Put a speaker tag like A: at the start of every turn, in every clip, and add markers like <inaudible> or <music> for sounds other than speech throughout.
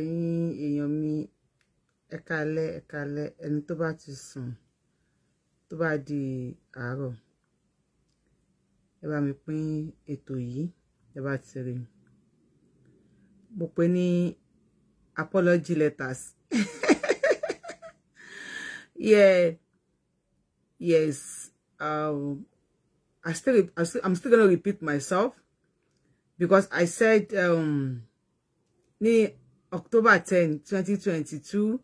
A: ẹ̀yin èèyàn mi ẹ kálẹ́ ẹ kálẹ́ ẹni tó bá ti sùn tó bá di àárọ̀ ẹ bá mi pín ètò yìí ẹ bá ti rí mo pè ní apology letters <laughs> yeah yes um, I still, I still I'm still gonna repeat myself because I said um ní October 10, 2022.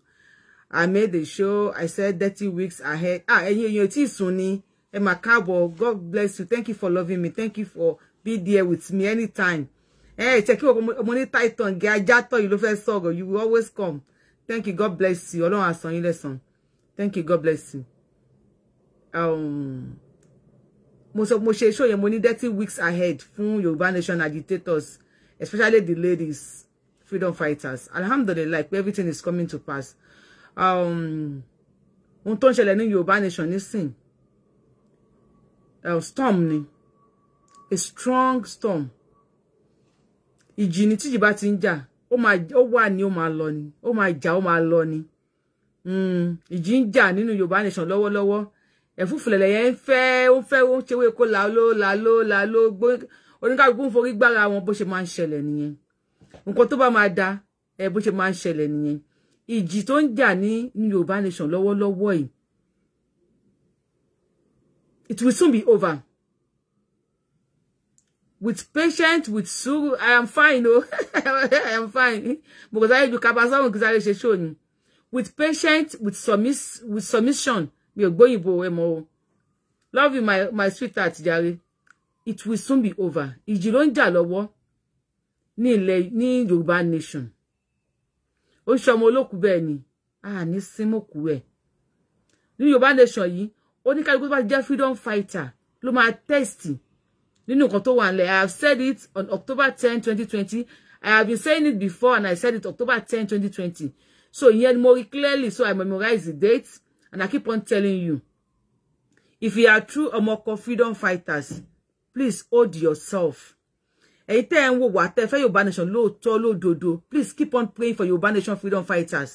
A: I made the show. I said 30 weeks ahead. Ah, and èèyàn tí sùn ni. Ẹ mà káàbọ̀. God bless you. Thank you for loving me. Thank you for being there with me anytime. Hey, check you ọmọ ní Titan. Ge ajato you ló fẹ́ sọ̀rọ̀. You will always come. Thank you. God bless you. Ọlọ́run á san yín lẹ́san. Thank you. God bless you. Um Most sọ mo show yẹn money ní 30 weeks ahead fún your Nation agitators, especially the ladies freedom fighters alhamdulillah pé everything is coming to pass um, ohun tó ń ṣẹlẹ̀ ní yorùbá nation nísìn um, storm ni a strong storm ìjì ni tíjì bá ti ń jà ó máa ó wà ní ó máa lọ ni ó máa jà ó máa lọ ni hmm, ìjì ń jà nínú yorùbá nation lọ́wọ́lọ́wọ́ ẹ̀fúfùlẹ̀lẹ̀ yẹn ń fẹ́ ó ń fẹ́ ó ń ṣe wéko làló làló làló gbó oníkàgbọ́n forí gbára wọn bó ṣe máa ń ṣẹlẹ̀ nìyẹn nǹkan tó bá máa da ẹ bó ṣe máa ń ṣẹlẹ̀ nìyẹn ìjì tó ń jà ní yorùbá nation lọ́wọ́lọ́wọ́ yìí it will soon be over with patience with sùúrù i am fine o oh. <laughs> i am fine mo kò sáré ju kaba sọ́run kí sáré ṣe ṣó ni with patience with, submiss with submission mi ò gbóyìnbó ẹ mọ o love you my my sweetheart jàre it will soon be over ìjì ló ń jà lọ́wọ́ ní ilẹ̀ ní yorùbá nation ó ṣe ọmọ olókùú bẹ́ẹ̀ ni a ní símòkú ẹ̀ ní yorùbá nation yìí oníkálukú tó bá jẹ́ freedom fighter ló máa tẹ́sítì nínú nǹkan tó wà nílẹ̀ i have said it on october ten twenty twenty i have been saying it before and i said it october ten twenty twenty so ìyẹn mo rí clearly so i memorize the date and i keep on telling you if you are true ọmọkọ freedom fighters please hold yourself ẹ̀yin tẹ́ ẹ̀ ń wò wá tẹ́ fẹ́ yorùbá nation lóòótọ́ lódodo please keep on praying for yorùbá nation freedom fighters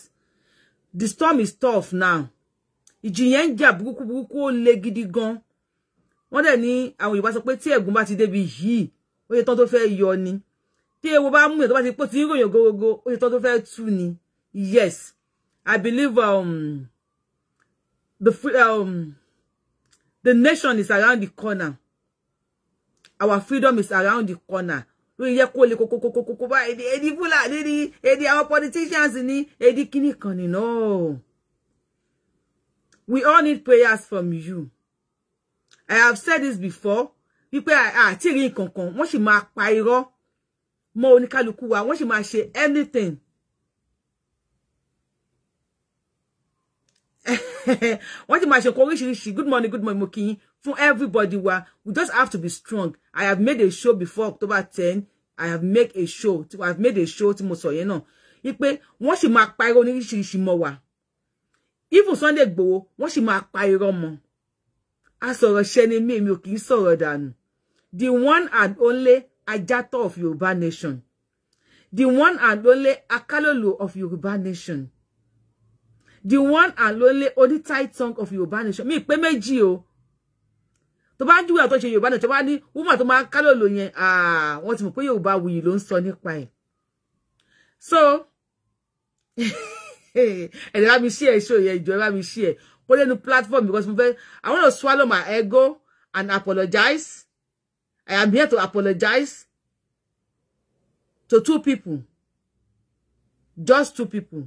A: the storm is tough now ìjì yẹn ń jà burúkú burúkú ó le gidi gan wọ́n dẹ̀ ní àwọn yorùbá sọ pé tí ẹ̀gún bá ti débi yìí ó yẹ tán tó fẹ́ yọ ni tí ewo bá mú yẹn tó bá ti pò tí ń ròyìn ó yẹ tán tó fẹ́ tú ni yes i believe um, the um, the nation is around the corner our freedom is around the corner ló yẹ kó lè kókókókókó bá Edi, edi fúlàní ni edi our politicians ni edi kini kan ni no we all need prayers from you i have said this before wípé àti rí nǹkan kan wọ́n sì máa pa irọ́ mọ́ oníkálukú wa wọ́n sì máa ṣe anything <laughs> wọ́n ti máa ṣe nǹkan oríṣiríṣi good morning good morning mo kí yín fún everybody wa we just have to be strong i have made a show before october ten i have made a show i have made a show tí mo sọ yẹn náà wípé wọ́n sì máa pa irọ́ oníṣiríṣi mọ́ wa even Sunday Igboho wọ́n sì máa pa irọ́ mọ́ a sọ̀rọ̀ ṣẹni mí èmi ò kì í sọ̀rọ̀ dànù the one and only Ajato of Yorùbá nation the one and only Akalolo of Yorùbá nation the one and only Onítìrí song of Yorùbá nation mi pé méjì o tó bá júwe àtọ́ṣe Yorùbá nation wá ní woman tó máa kálòlò yẹn wọ́n ti mọ̀ pé Yorùbá wuyì ló ń sọ nípa so <laughs> ẹ̀rẹ̀ bá mi ṣí ẹ̀ ṣó yẹn ìjọ ẹ̀ bá mi ṣí ẹ̀ kó platform because mo fẹ́ I want to swallow my ego and apologize I am here to apologize to two people just two people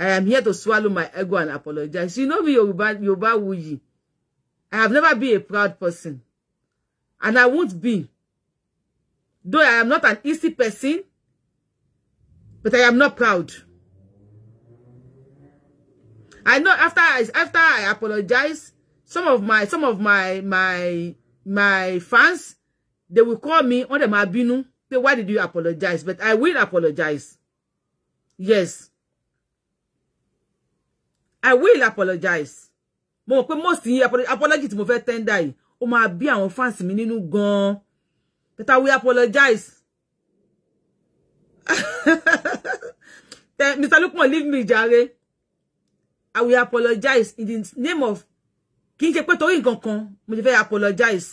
A: I am here to swallow my ego and apologize. You know me, Yoruba, Yoruba Wuyi. I have never been a proud person. And I won't be. Though I am not an easy person, but I am not proud. I know after I after I apologize, some of my some of my my my fans they will call me on the mabinu. Say, why did you apologize? But I will apologize. Yes. I will apologize. Mo mọ̀ most yin apology tí mo fẹ́ tender yìí ó máa bí àwọn fans mi nínú gan But I will apologize. <laughs> Mr. Lukman, leave me jàre. I will apologize in the name of kì í ṣe pé torí nǹkan kan mo fẹ́ apologize.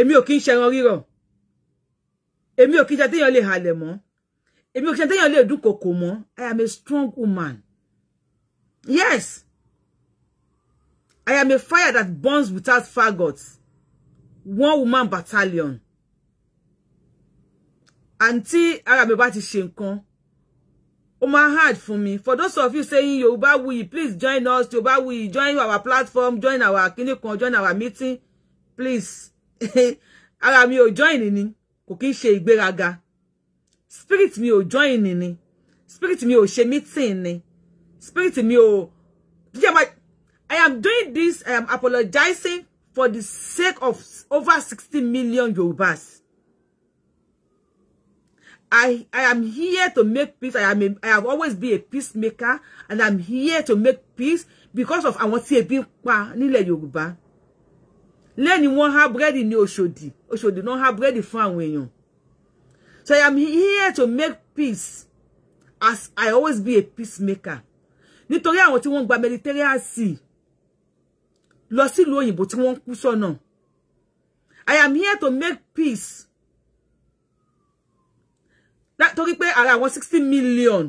A: Emi ò kì í ṣe ran rírọ̀. Èmi ò kì í ṣe téèyàn lè halẹ̀ mọ́. Èmi ò kì í ṣe téèyàn I am a strong woman. Yes. I am a fire that burns without fagots. One woman battalion. Àǹtí I am bá ti ṣe nǹkan. Ó máa hard fún mi. For those of you saying we, please join us. we join our platform, join our kini join our meeting. Please. I am your joining. ni. Kò kìí ṣe Spirit me ò join ni. Spirit me ò ṣe meeting spirit in me, oh yeah! o i am doing this i am um, apologizing for the sake of over 60 million yorubas I, I am here to make peace. I am a, I have always been a peacemaker and I'm here to make peace because of I want to see a big pa nílẹ̀ Yoruba. Lẹ́ni wọ́n há búrẹ́dì ní Òṣòdì. Òṣòdì náà há búrẹ́dì fún àwọn èèyàn. So I am here to make peace as I always be a peacemaker nítorí àwọn tí wọ́n gba Mediterranean lọ sílùú òyìnbó tí wọ́n kú sọ́nà I am here to make peace torí pé ara àwọn sixty million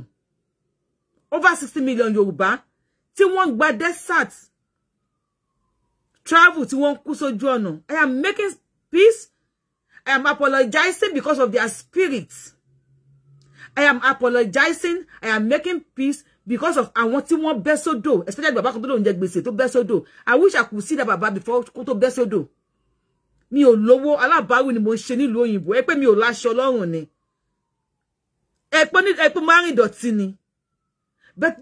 A: over sixty million Yorùbá tí wọ́n gba desert travel tí wọ́n kú sójú ọ̀nà I am making peace I am apologizing because of their spirits I am apologizing I am making peace because of àwọn tí wọ́n bẹ́ sódò especially bàbá kan tó lòun jẹ gbèsè tó bẹ́ sódò i wish i could see that bàbá before kó tó bẹ́ sódò mi ò lówó alábàáwí ni mo ń ṣe nílùú òyìnbó ẹ pé mi ò láṣọ lọ́rùn ni ẹ pé ní ẹ pé máa rìn ni but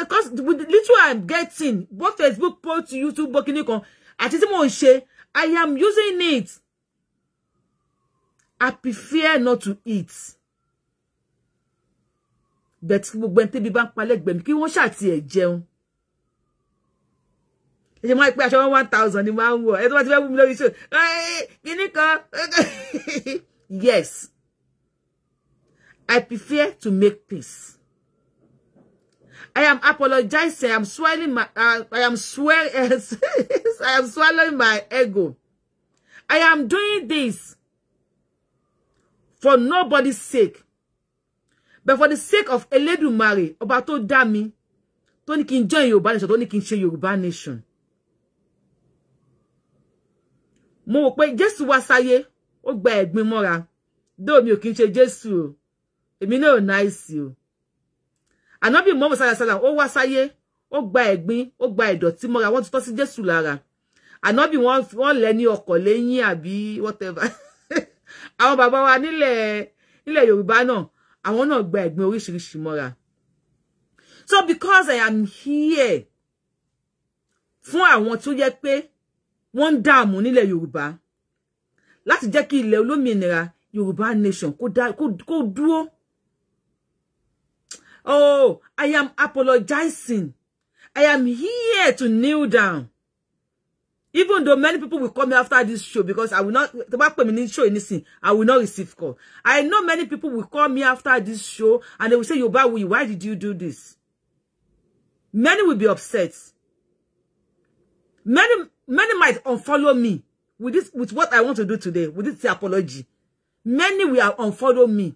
A: because with the i'm getting both facebook post youtube bókínì kan àti tí mo ń ṣe i am using it i prefer not to eat bẹ̀t kí gbogbo ẹni tébi bá ń palẹ̀ gbẹ̀mí kí wọ́n ṣàti ẹ̀ jẹun ẹ ṣe máa pé aṣọ wọn one thousand ni máa ń wọ ẹ tó bá ti fẹ́ wú mi lórí ṣò kíní kan <laughs> yes I prefer to make peace I am apologizing I am swallowing my uh, I am swear <laughs> I am swallowing my ego I am doing this for nobody's sake but for the sake of Elédùmarè ọba tó dá mi tó ní kí n join Yorùbá nation tó ní kí n ṣe mo wò pé Jésù wá sáyé ó gba ẹ̀gbin mọ́ra dóò mi ò kí n ṣe Jésù o nice náà ò náìsì o ànábì mọ́mọ́ sàlàsàlà ó wá sáyé ó gba ẹ̀gbin ó gba ìdọ̀tí mọ́ra wọ́n ti tọ́ sí Jésù lára ànábì wọ́n lẹ̀ ní ọkọ̀ lẹ́yìn àbí whatever <laughs> àwọn bàbá wa nílẹ̀ nílẹ̀ Yorùbá náà àwọn náà gba ẹ̀gbin oríṣiríṣi mọ́ra so because i am here fún àwọn tó yẹ pé wọ́n ń dààmú nílẹ̀ yorùbá láti jẹ́ kí ilẹ̀ olómìnira yorùbá nation kó dúró oh i am apologizing i am here to kneel down even though many people will call me after this show because I will not the back pè mí show anything I will not receive call I know many people will call me after this show and they will say Yoruba Wuyi why did you do this many will be upset many many might unfollow me with this with what I want to do today with this apology many will unfollow me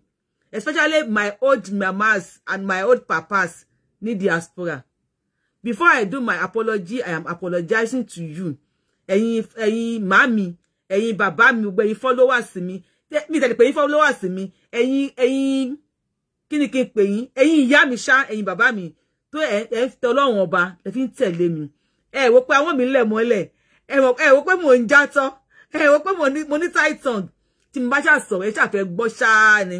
A: especially my old mamas and my old papas in diaspora before I do my apology I am apologizing to you ẹ̀yin ẹ̀yin màámi ẹ̀yin bàbá mi gbogbo ẹ̀yin followers mi mi tẹ̀lé pé ẹ̀yin followers mi ẹ̀yin ẹ̀yin kí ni kí n pè yín ẹ̀yin ìyá mi ṣá ẹ̀yin bàbá mi tó ẹ̀ ẹ̀ fi tọ́lọ́run ọba ẹ fi ń tẹ̀lé mi ẹ wo pé àwọn mi ń lẹ̀ mọ́lẹ̀ ẹ wo pé mò ń játọ́ ẹ wo pé mo ní tight tongue tí mo bá ṣàsọ̀rọ̀ ẹ ṣàfẹ́ gbọ́ ṣáá ni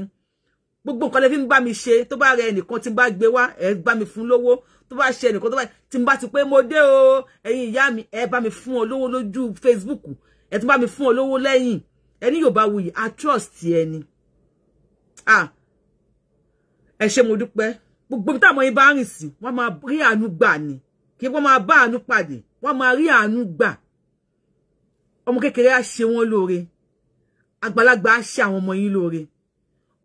A: gbogbo nǹkan lè fi ń bá mi ṣe tó bá rẹ ẹnìkan tí bá gbé wá ẹ bá mi fún lówó tó bá ṣe ẹnìkan tó bá tí n bá ti pé mo dé o ẹ̀yin ìyá mi ẹ bá mi fún ọ lówó lójú Facebook ẹ tún bá mi fún ọ lówó lẹ́yìn ẹni Yorùbá wuyì a trust ẹni ah ẹ ṣé mo dúpẹ́ gbogbo bí táwọn yìí bá rìn sí wọ́n máa rí àánú gbà ni kí wọ́n máa bá àánú pàdé wọ́n máa rí àánú gbà ọmọ kékeré á ṣe wọ́n lóore àgbàlagbà á ṣe àwọn ọmọ yín lóore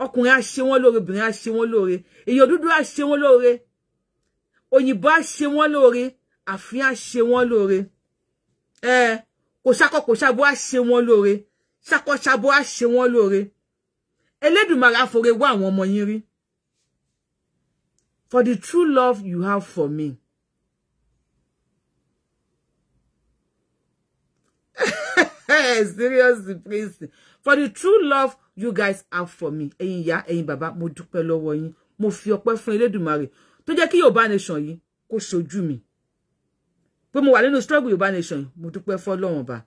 A: ọkùnrin á ṣe wọ́n lóore obìnrin á ṣe wọ́n lóore èèyàn dúdú á ṣe wọ́n lóore òyìnbó á ṣe wọ́n lóore àfin á ṣe wọ́n lóore ẹ kò ṣakọ kò ṣabo á ṣe wọ́n lóore ṣakọ ṣabo á ṣe wọ́n lóore Elédùmarè àforí wá àwọn ọmọ yín for the true love you have for me. <laughs> seriously please for the true love you guys have for me ẹ̀yin ìyá ẹ̀yin bàbá mo dúpẹ́ lọ́wọ́ yín mo fi ọpẹ́ fún Elédùmarè tó jẹ́ kí Yorùbá nation yìí kó ṣojú mi pé mo wà nínú struggle Yorùbá nation yìí mo dúpẹ́ fọ́lọ́run ọba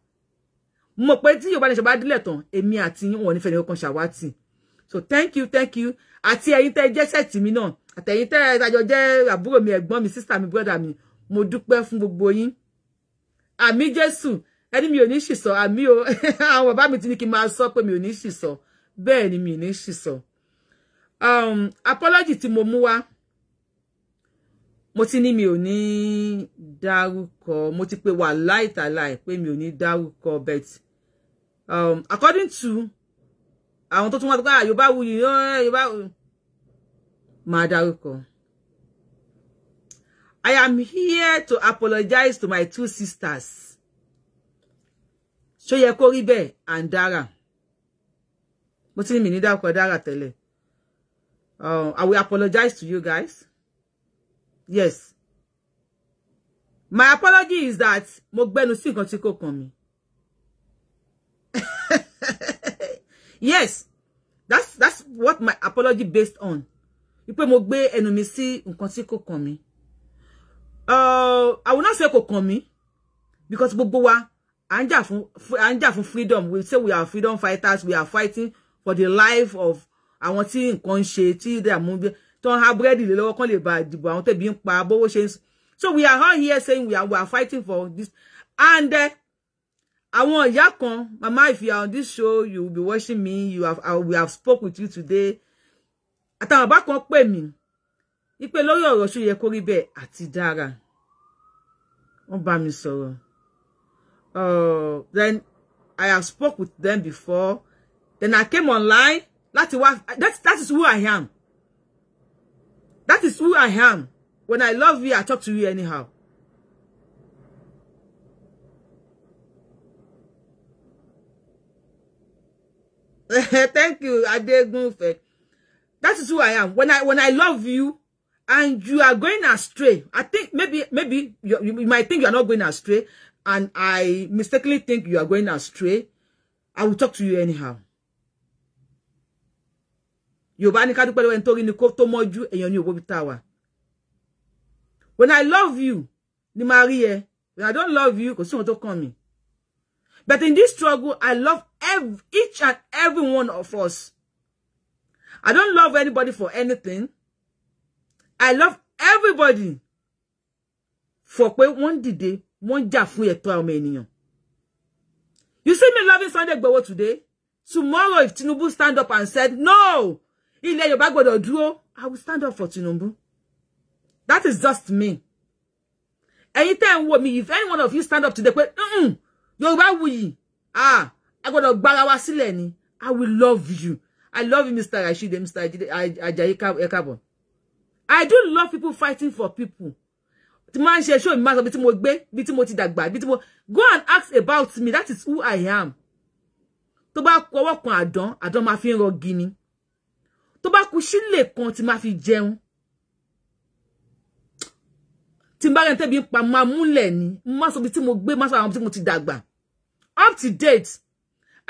A: mo mọ̀ pé tí Yorùbá nation bá dílẹ̀ tán èmi àti wọn nífẹẹ ní kankan ṣàwátì so thank you thank you Ati ẹ̀yin tẹ́ jẹ́ sẹẹtì mi náà àtẹ̀yin tẹ́ àjọ jẹ́ àbúrò mi ẹ̀gbọ́n mi sísà mi bọdà mi mo dúpẹ́ fún gbogbo yín àmì Jésù ẹni mi ò ní sì sọ àmì o <laughs> àwọn bàbá mi ti ní kí n máa sọ mi ò ní sì sọ ni mi ò ní sì sọ um, apology tí mo mú wá mo ti ní mi ò ní dárúkọ mo ti pe wà láìtàláì pé mi ò ní dárúkọ bet um, according to àwọn tó tún wá pé ah, yorùbá wuyì oh, eh, yorùbá máa dárúkọ. I am here to apologize to my two sisters. Ṣó yẹ kó rí bẹ́ẹ̀ and Dara. Mo ti ní mi ní dárúkọ Dara tẹ́lẹ̀. Um, I will apologize to you guys yes my apology is that mo gbẹnu sí nǹkan tí kò kàn mí <laughs> yes that's that's what my apology based on wípé mo gbé ẹnu mi sí nǹkan tí kò kàn mí uh, I will not say kò kàn mí because gbogbo wa à ń jà fún freedom we say we are freedom fighters we are fighting for the life of àwọn tí nǹkan ń ṣe tí dààmú bẹ́ẹ̀ tó ha búrẹ́dì lé lọ́wọ́ kán lè ba ìdìbò àwọn tẹ̀bí ń pa bówó ṣe so we are all here saying we are, we are fighting for this and eh, àwọn ìyá kan mama if you are on this show you will be watching me you have I, we have spoke with you today àtàwọn bàbá kan pè mí ipe lórí ọ̀rọ̀ ṣó yẹ kó rí bẹ́ẹ̀ àti dára wọ́n bá mi sọ̀rọ̀ uh, then I have spoke with them before then I came online láti wá that, that is who I am That is who I am. When I love you, I talk to you anyhow. <laughs> Thank you, Adegunfe. That is who I am. When I when I love you and you are going astray, I think maybe maybe you, you might think you are not going astray, and I mistakenly think you are going astray. I will talk to you anyhow. Yorùbá ní ká lọ́wọ́ ẹni tó rí ni kó tó mọ́jú èèyàn ní òwò bí tá a wà. When I love you ni màá rí ẹ when I don't love you kò sí ohun tó kàn mí. But in this struggle I love every, each and every one of us. I don't love anybody for anything. I love everybody for pé wọ́n dìde wọ́n jà fún ẹ̀tọ́ àwọn ènìyàn. You see me loving Sunday Igboho today. Tomorrow if Tinubu stand up and said no ilẹ̀ Yorùbá gbọ́dọ̀ dúró I will stand up for Tinubu that is just me ẹ̀yin tẹ́ ń wò mí if any one of you stand up today pé Yorùbá wuyì ah I gbọ́dọ̀ gbára wa sílẹ̀ ni I will love you I love you Mr. Rashid Mr. Ajayi Ekabo I do love people fighting for people tí máa ń ṣe show mi máa sọ bí tí mo gbé bí tí mo ti dàgbà bí tí mo go and ask about me that is who I am tó bá kọwọ́ kan àdán àdán máa fi ń rọ gini tó bá ku sílè kan tí máa fi jẹun tí n bá rẹ̀ pa máa múlẹ̀ ni má sọ bí tí mo gbé má sọ àwọn tí mo ti dàgbà up to date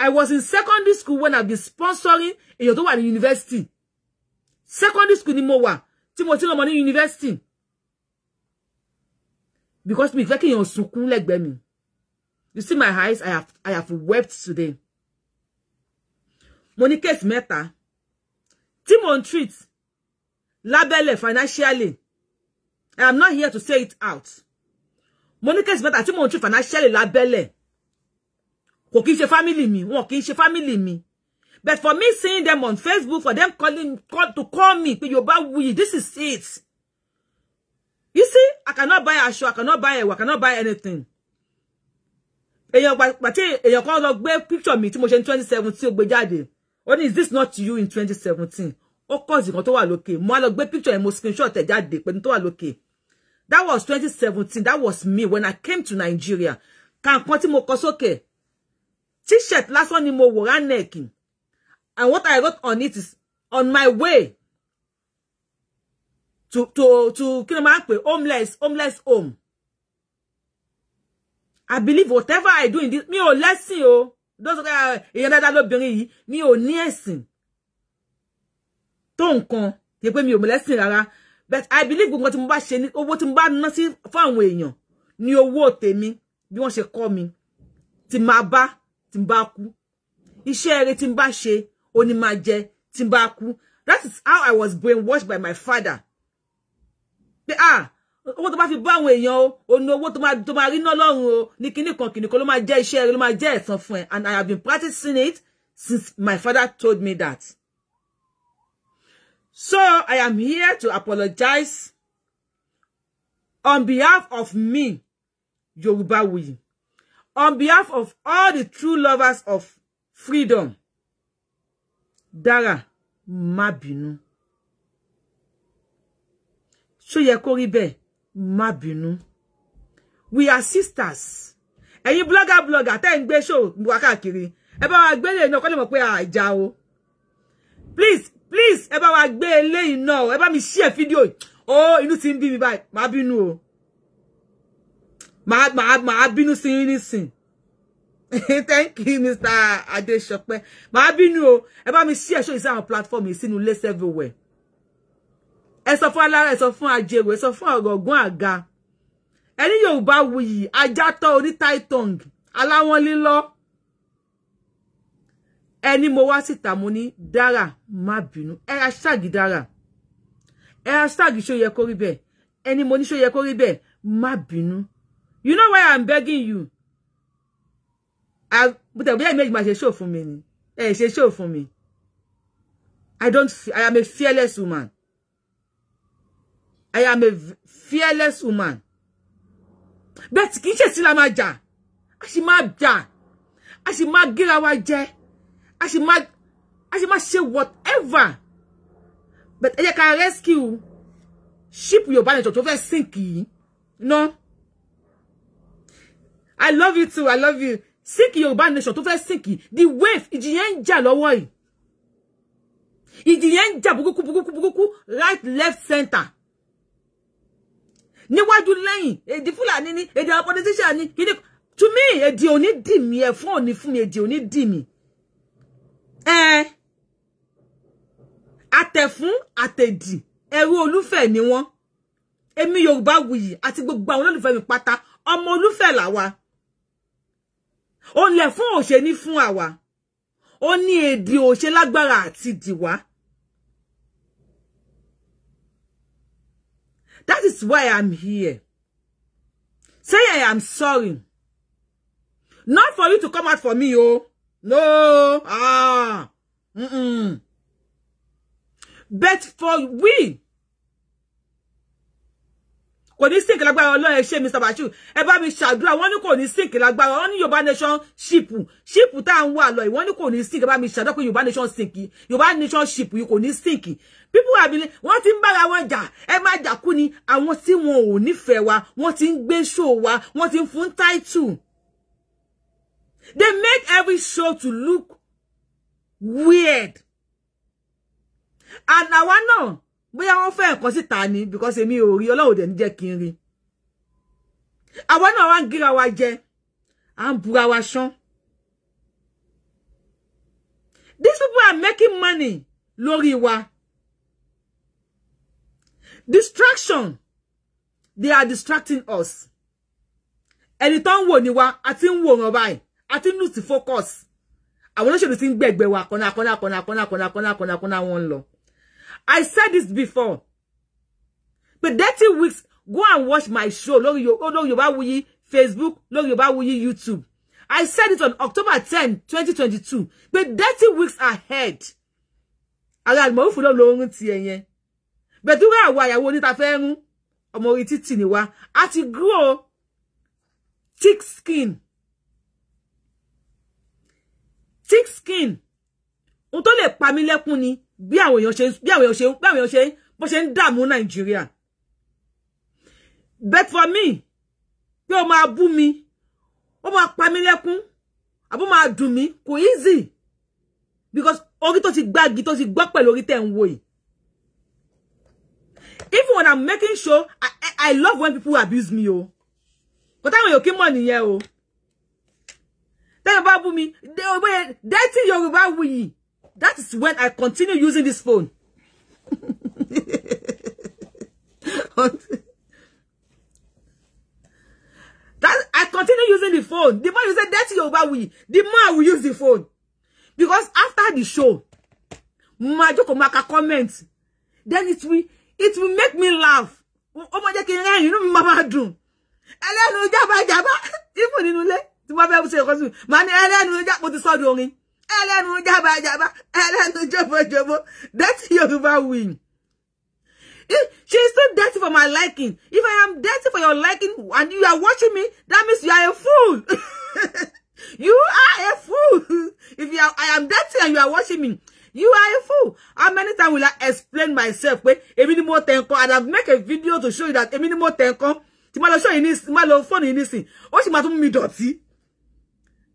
A: I was in secondary school when I been sponsoring èèyàn tó wà ní university secondary school ni mo wà tí mo ti rán ọmọ ní university because mi fẹ́ kí èèyàn sunkún lẹ́gbẹ̀ẹ́ mi you see my eyes I have I have wept today mo ní case mẹ́ta tí mò ń treat lábẹ́lẹ̀ financially I am not here to say it out Monica is better tí mò treat financially lábẹ́lẹ̀ kò she family mi wọn she family mi but for me seeing them on Facebook for them calling call, to call me pé Yorubawuyi this is it you see I cannot buy a aṣọ I cannot buy ẹ̀wà I cannot buy anything And you're èèyàn kan lọ picture me, tí mo ṣe ní twenty seven tí ó ó ní is this not you in 2017? seventeen ó kọ́ọ̀sì kan tó wà lókè mo á lọ gbé picture yẹn mo screenshot ẹ̀ jáde pẹ̀lú tó wà lókè that was 2017. that was me when I came to Nigeria kankan tí mo kọ sókè t-shirt lásán ni mo wò ranek and what I wrote on it is on my way to to to kí ni máa ń pè homeless homeless home I believe whatever I do in this mi ò lẹ́sìn o dóso ká uh, èèyàn dáadáa lóbìnrin yìí mi ò ní ẹ̀sìn tó nǹkan yẹ mi ò mọ̀lẹ́sìn rárá but i believe gbogbo tí mo bá ṣe ní owó tí mo bá ná sí fún àwọn èèyàn ní owó tèmi bí wọ́n ṣe kọ́ mi tí máa bá tí bá kú iṣẹ́ eré tí bá ṣe ó ní máa jẹ tí bá that is how i was brainwashed by my father Be ah owó tó bá fi bá àwọn èèyàn o òun ni owó tó máa rí náà lọ́rùn o ní kíní kan kìnìkó ló máa jẹ́ iṣẹ́ rẹ ló máa jẹ́ ẹ̀san fún ẹ and I have been practicing it since my father told me that so I am here to apologize on behalf of me Yorubawuyi on behalf of all the true lovers of freedom Dara má bínú ṣó yẹ kó rí bẹ́ẹ̀ Ma binu, we are sisters ẹ̀yin blogger blogger tẹ́ ń gbé show wa kiri. ẹ bá wa gbe eléyìí náà kọ́ lè mọ̀ pé o please please ẹ bá wa gbé eléyìí náà ẹ bá mi share video. Oh, inu ti ń mi báyìí Ma binu. o ma ma ma binu sí ni nísìn <laughs> thank you mr adesope Ma binu. o ẹ bá mi share show yìí sí platform yìí sínú everywhere ẹ sọ fún alára ẹ sọ fún ajérò ẹ sọ fún ọ̀rọ̀gún àga ẹni yorùbá wuyì ajátọ́ onítàìtọ́ǹg aláwọn lílọ ẹni mo wá síta mo ní dára má bínú ẹ hashtag dára ẹ hashtag ṣó yẹ kó rí bẹ́ẹ̀ ẹni mo ní ṣó yẹ kó rí bẹ́ẹ̀ má bínú you know why i'm begging you tẹ̀bí ẹ̀ méjì máa ṣe ṣó fún mi ni ẹ ṣe ṣó fún mi i don't i am a fearless woman I am a fearless woman. But kì í ṣe sí la máa jà. A sì máa jà. A sì máa gíra wa jẹ. A sì máa a sì máa ṣe whatever. But ẹ jẹ́ rescue ship your nìjọ to fẹ́ sink No. I love you too. I love you. Sink Yorùbá nation to fẹ́ sink The wave ìjì yẹn ń jà lọ́wọ́ yìí. Ìjì yẹn ń jà bukuku bukuku bukuku right left center níwájú lẹ́yìn èdè Fúlàní ni èdè àwọn politician ni kí ni to me èdè òní dì e fun òní fún mi èdè òní dì mí. àtẹ̀fún àtẹ̀dì ẹrú olúfẹ̀ ni wọ́n èmi Yorùbá wuyì ati gbogbo àwọn olólùfẹ́ mi pátá ọmọ olúfẹ̀ làwa òun lẹ̀ fún òṣè ní fún àwa ó ní èdè òṣè lágbára àti dìwá That is why I'm here. Say I am sorry. Not for you to come out for me, oh. No. Ah. Mm-mm. But for we. When you sink lágbára Ọlọ́run ẹ ṣé Mr. Bashiru. Ẹ bá mi ṣàdúrà wọ́n ní kò ní sink lágbára. Wọ́n ní Yorùbá nation ship. Ship tá ń wà lọ. Wọ́n ní kò ní sink about me, mi ṣàdúrà pé Yorùbá nation sink. Yorùbá nation ship yìí kò ní sink people are believe wọ́n ti ń bára wọn jà ẹ má jà kú ni àwọn tí wọn ò nífẹ̀ẹ́ wa wọ́n ti ń gbé show wa wọ́n ti ń fún title they make every show to look weird and àwa náà bóyá wọ́n fẹ́ nǹkan síta ni because èmi ò rí Ọlọ́run dẹ̀ ní jẹ́ kí n rí àwa náà wá ń gíra wa jẹ à ń bura wa ṣán these people are making money lórí wa distraction they are distracting us ẹni tó ń wò ní wa a ti ń wòran báyìí a ti ń lose focus àwọn olóṣèlú ti ń gbẹ̀gbẹ̀ wa kọ́nà kọ́nà kọ́nà kọ́nà kọ́nà kọ́nà kọ́nà I said this before but thirty weeks go and watch my show ba Yorùbáwuyì Facebook ba Yorùbáwuyì YouTube I said it on October ten twenty twenty two pé thirty weeks ahead ara mo náà ló ń rántí ẹ bẹ̀túrà àwa àyàwó oníta fẹ́ rún ọmọ orí títì ni wa a ti grow thick skin thick skin ohun tó lè pa mí lẹ́kún ni bí àwọn èèyàn ṣe bí àwọn èèyàn ṣe bí àwọn èèyàn ṣe bó ṣe ń dààmú nàìjíríà bet for me pé o máa bú mi ó máa pa mí lẹ́kún àbó máa dùn mí kò easy because orí tó ti gbági tó ti gbọ́ pẹ̀lú orí tẹ̀ ń wò yìí even when i'm making sure i i, I love when people abuse me oh. but àwọn èèyàn kí mọ̀ nìyẹn o tẹ́lẹ̀ bá bú mi dẹ́tí yorùbá wuyì that is when i continue using this phone <laughs> that i continue using the phone the more you say dirty Yoruba we, the more i will use the phone because after the show ma jókòó ma ka comment then it will it will make me laugh ó máa jẹ́ kí n rẹ́rìn inú mi máa máa dùn ẹlẹ́nu jábàjábà ìfún nínú ilé tí wọ́n fẹ́ ṣe ìkọ́sí màá ní ẹlẹ́nu jábò ti sọ́dún orin ẹlẹ́nu jábàjábà ẹlẹ́nu jọ̀bọ̀jọ̀bọ̀ that Yorùbá win. She is too dirty for my liking. If I am dirty for your liking and you are watching me, that means you are a fool. <laughs> you are a fool. If you are, I am dirty and you are watching me, You are a fool. How many times will I explain myself? Pé A minimum tenko. tẹ̀ and I've make a video to show you that a minimum tenko. tẹ̀ nǹkan. Tí ma lọ show yín ní ma lọ phone yín nísìn. Ó sì ma tún mi dọ̀tí.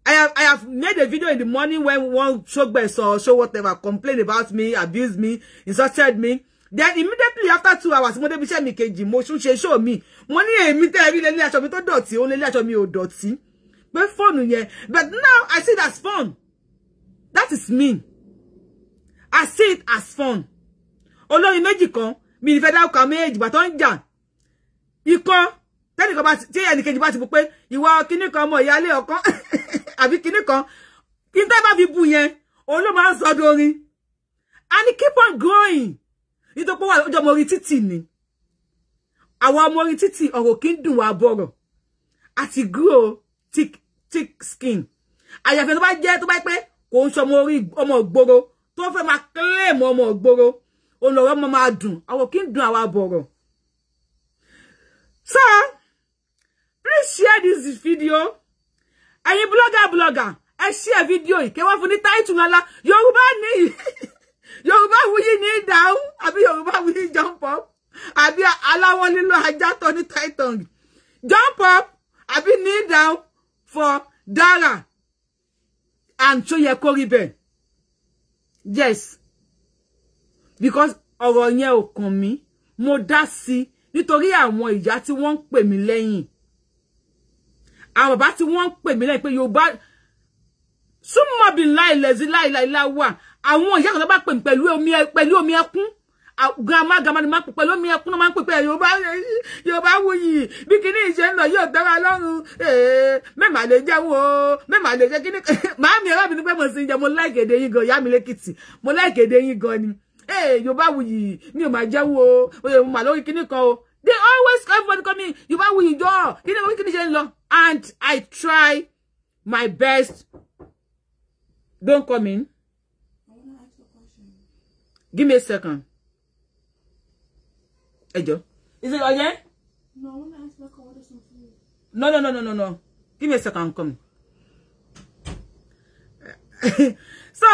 A: I have I have made a video in the morning when one showgbess or show whatever complain about me, abuse me, insulted me. Then immediately after two hours, mother be iṣẹ́ mi kejì, mo tún show me money. ní èmi tẹ́ rí lélé aṣọ me tó dọ̀tí, ó lélé me mi ò dọ̀tí. Pé fóònù But now I see that's fun. That is me. I see it as fun. Olórin méjì kan mi ní fẹ́ dárúkọ àwọn méjì bàtọ́ ń jà. Ikọ́ tẹ́nìkan bá tí ẹnìkejì bá ti bu pé ìwà kinní kan ọmọ ìyáálé ọ̀kan <laughs> àbí kinní kan kí n tẹ́ bá fi bu yẹn òun ló máa ń sọ dorin. And it keep on growing. Nítorí pé wà lójọ́ ọmọ orí títì ni. Àwọn ọmọ orí títì ọ̀rọ̀ kì í dùn wá bọ̀rọ̀. Àti grow thick thick skin. Àyàfẹ́ tó bá jẹ́ tó bá pẹ́ kò ń ṣọmọ orí ọmọ ògbóró tó fẹ́ máa claim ọmọ ògbóró olọ̀rọ̀ ọmọ máa dùn àwọn kí ń dùn àwa bọ̀rọ̀. So, please share this video. Ẹ̀yin blogger blogger, ẹ share video yìí, kẹ́ wá fún ní title ńlá Yorùbá nìyí. <laughs> Yorùbá wuyi ní ìdáhùn àbí Yorùbá wuyi jump up àbí aláwọ̀ lílo ajá tó ní title jump up àbí kneel down for Dara and tó yẹ kó bẹ́ẹ̀ yes because ọ̀rọ̀ yẹn ò kàn mí mo dá sí nítorí àwọn ìyá tí wọ́n ń pè mí lẹ́yìn àwọn bàbá tí wọ́n ń pè mí lẹ́yìn pé Yorùbá súnmọ́ bí láìlẹ̀sí láìláìláwà àwọn ìyá kan tó bá pè mí pẹ̀lú omi ẹkún grandma grandma ni máa ń pèpè lómi ẹkún náà máa ń pèpè yorùbá yorùbá wuyì bí kinní ìṣe ń lọ yóò tẹ́ra lọ́rùn mẹ́mà lè jẹun o mẹ́mà lè jẹ kinní <laughs> màá mi ẹ̀rọ mi ní pé mo sì ń mo láìkè èdè yín gan ìyá mi lẹ́kìtì mo láìkè èdè yín gan ni yorùbá wuyì mi ò máa jẹun o oyè mo mà kan o they always everybody coming yorùbá wuyì jọ kinní kan kinní ṣe ń lọ and I try my best don't come in give me a second. Ejo. Is it Oye? No, I want to ask Becca what some food. No, no, no, no, no, no. Give me a second, come. <laughs> so,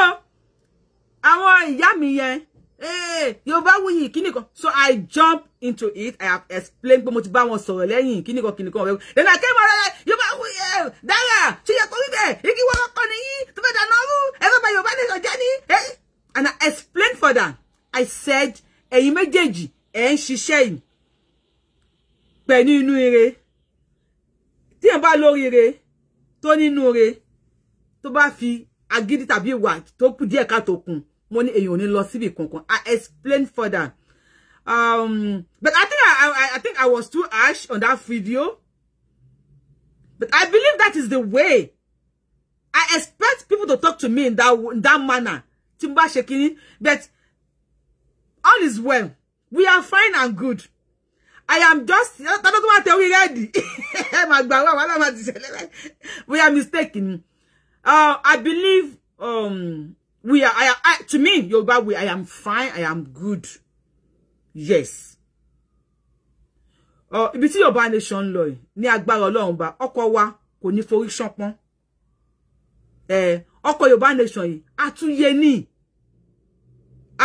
A: àwọn ìyá mi yẹn, eh, Yorùbáwùyí kíni kan. So I jump into it. I have explained pé much ti bá wọn sọ̀rọ̀ lẹ́yìn kíni kan kíni kan. Then I came out Yorùbáwùyí eh, dára, ṣe yẹ kó rí bẹ́ẹ̀, igi wọ́n kọ́ ni yín, tó fẹ́ dáná rú, ẹ fẹ́ bá Yorùbá nation jẹ́ ni. Eh, and I explained for that. I said, ẹ̀yin méjèèjì, ẹ̀ ń ṣiṣẹ́ yìí pẹ̀lú inú ire tí èèyàn bá lóríire tó nínú ire tó bá fi agídí tàbí ìwà tó kù díẹ̀ ká tó kùn mo ní èèyàn ò ní lọ kankan I explain further um, but I think I, I, I think I was too harsh on that video but I believe that is the way I expect people to talk to me in that in that manner tí n bá ṣe kínní but all is well we are fine and good i am just tọ́dọ́ tó máa tẹ̀wé rẹ́ẹ̀dì ẹ we are mistaken uh, i believe um, we are I, I, to me Yorùbá we i am fine i am good yes uh, ibi see your nation lọ yìí ní agbára Ọlọ́run ba ọkọ̀ wa kò ní forí ṣánpọ́n eh, ọkọ̀ Yorùbá nation yìí àtúnyẹ ní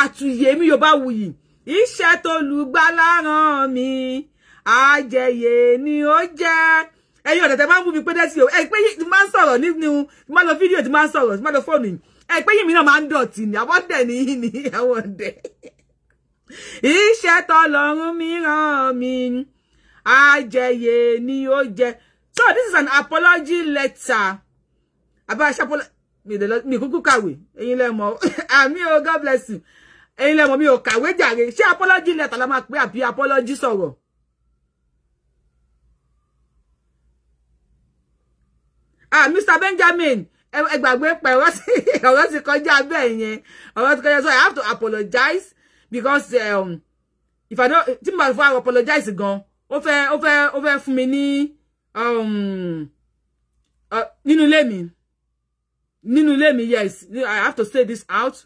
A: àtúnyẹ mi Yorùbá wuyì iṣẹ́ t'Olùgbàlà rán mi àjẹyè ni ó jẹ́ ẹ̀yin ọ̀dọ̀ tẹ máa ń bú mi pé dẹ́sí o ẹ pé tí máa ń sọ̀rọ̀ nínú tí máa lọ fídíò tí máa ń sọ̀rọ̀ tí máa lọ fóònù yìí ẹ pé yìí mi náà máa ń dọ̀tí ni àwọ̀dẹ̀ ni yìí ni àwọ̀dẹ̀ iṣẹ́ t'Ọlọ́run mi rán mi àjẹyè ni ó jẹ́ so this is an apology letter abáṣapọ́lá mi kúkú kàwé ẹ̀yin lẹ́mọ̀ <laughs> àmì o God bless you ẹ̀yin lẹ́mọ̀ mi ò kàwé jàre ṣé apology letter la máa pé àbí apology sọ̀rọ̀ ah Mr Benjamin ẹ pa ọ̀rọ̀ sí <laughs> ọ̀rọ̀ sí kọjá bẹ́ẹ̀ yẹn ọ̀rọ̀ sí kọjá so I have to apologize because um, if I don't tí mo bá fọ apologize gan ó fẹ́ ó fẹ́ ó fẹ́ fún mi ní um, uh, nínú ilé mi nínú ilé mi yes I have to say this out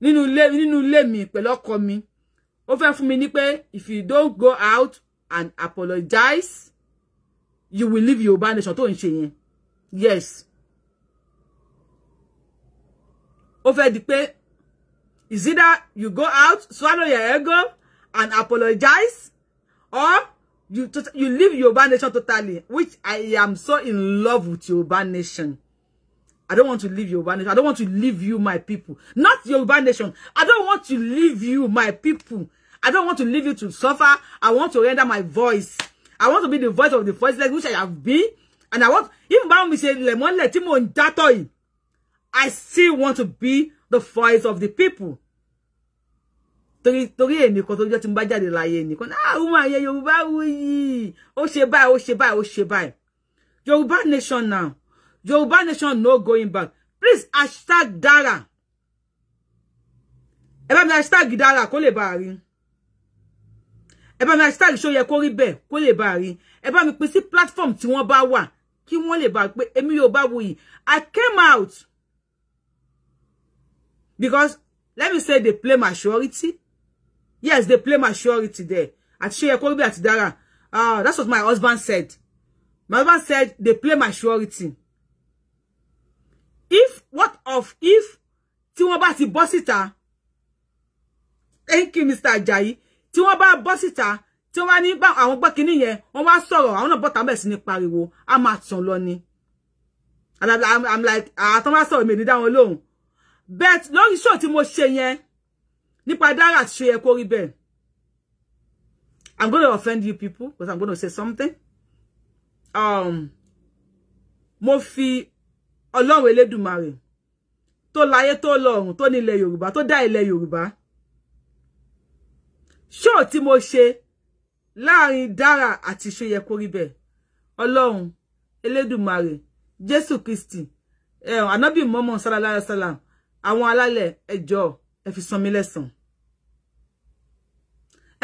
A: nínú ilé nínú ilé mi pẹ̀lú ọkọ mi ó fẹ́ fún mi ní pé if you don't go out and apologize you will leave Yorùbá nation tó ń ṣe yẹn yes ó fẹ́ di pé is that you go out swallow your ego and apologize or you you leave Yorùbá nation totally which I am so in love with Yorùbá nation. I don't want to leave Yoruba nation. I don't want to leave you, my people. Not Yoruba nation. I don't want to leave you, my people. I don't want to leave you to suffer. I want to render my voice. I want to be the voice of the voiceless, which I have been. And I want, Even if Bami say, Lemon Letimo and Datoi, I still want to be the voice of the people. Torí torí ẹnìkan torí jẹ́ tí n bá jáde láyé ẹnìkan ah woman ayé Yorùbá wuyi ó ṣe báyìí ó ṣe báyìí ó ṣe báyìí Yorùbá nation now Yoruba nation no going back. Please hashtag Dara. Eba bá mi hashtag Dara kó lè bá rí. mi hashtag show ye kó rí bẹ́ẹ̀ kó lè bá rí. mi pín sí platform ti won bá wà kí wọ́n lè bá pé èmi Yoruba wuyi. I came out because let me say they play majority. Yes, they play majority there. At Shoye Koribe at Dara. Uh, that's what my husband said. My husband said they play majority if what of if tí wọ́n bá ti bọ́ thank you Mr. Jai. tí wọ́n bá bọ́ síta tí wọ́n bá ní bá àwọn gbọ́ kinní yẹn wọ́n wá sọ̀rọ̀ àwọn náà bọ́ta bẹ̀rẹ̀ pariwo a máa tàn lọ ni and I'm, I'm like àtọ́ wá sọ̀rọ̀ mi ní dáwọn lóhùn bet lórí show tí mo ṣe yẹn nípa dára àti ṣe yẹ kó rí bẹ́ẹ̀ I'm gonna offend you people because I'm gonna say something um mo fi ọlọ́run elédùmarè tó láyé tó lọ́run tó ní ilẹ̀ yorùbá tó dá ilẹ̀ yorùbá ṣóò tí mo ṣe láàrin dára àti ṣóyẹ kó rí bẹ́ẹ̀ ọlọ́run elédùmarè jésù kristi ànábì mọ́mọ́ sálálá sálà àwọn alálẹ̀ ẹjọ́ ẹ fi san mí lẹ́sàn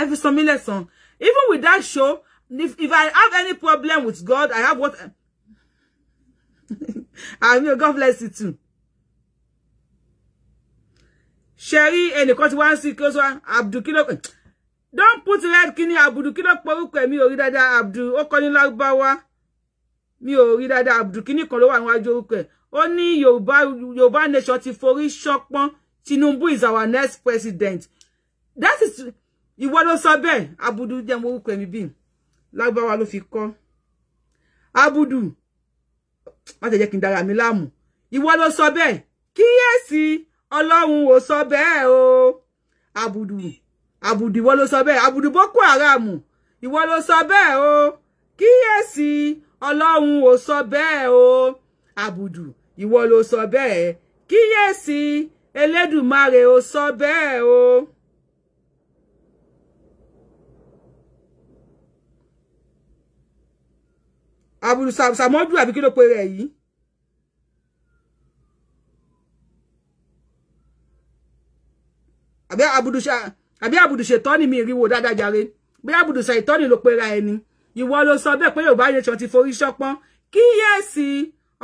A: ẹ fi san mí lẹ́sàn even with that show if, if I have any problem with God I have what àmì God bless you too. Sherry ẹnìkan ti wá ń sí kí ó sọ Abdul Don't put red kini Abdul kí ló pọ̀ orúkọ ẹ̀ mi ò rí dáadáa Abdul ó kọ́ ní Lárúbáwá. Mi ò rí dáadáa Abdul kí nation ti forí ṣọpọ́n is our next president. That is You want to bẹ́ẹ̀ Abudu jẹ́ mo orúkọ ẹ̀mí bíi Lárúbáwá Abudu má ṣe jẹ́ kí n dára mi láàmú ìwọ ló sọ bẹ́ẹ̀ kíyèsí ọlọ́run ò sọ bẹ́ẹ̀ o abudu abudu iwo lo sọ bẹ́ẹ̀ àbùdù boko haram ìwọ ló sọ bẹ́ẹ̀ o kiyesi ọlọ́run ò sọ bẹ́ẹ̀ o abudu iwo lo sọ bẹ́ẹ̀ kíyèsí elédùmarè ò sọ bẹ́ẹ̀ o. àbùrù sàmọ́dù àbí kí ló pe rẹ̀ yìí. àbí àbùdùṣà àbí àbùdùṣà ìtọ́ni mi ìrìwò dáadáa jàre bí àbùdùṣà ìtọ́ni ló pera ẹni ìwọ ló sọ bẹ́ẹ̀ pé yorùbá nation ti forí ṣọpọ́n kíyèsí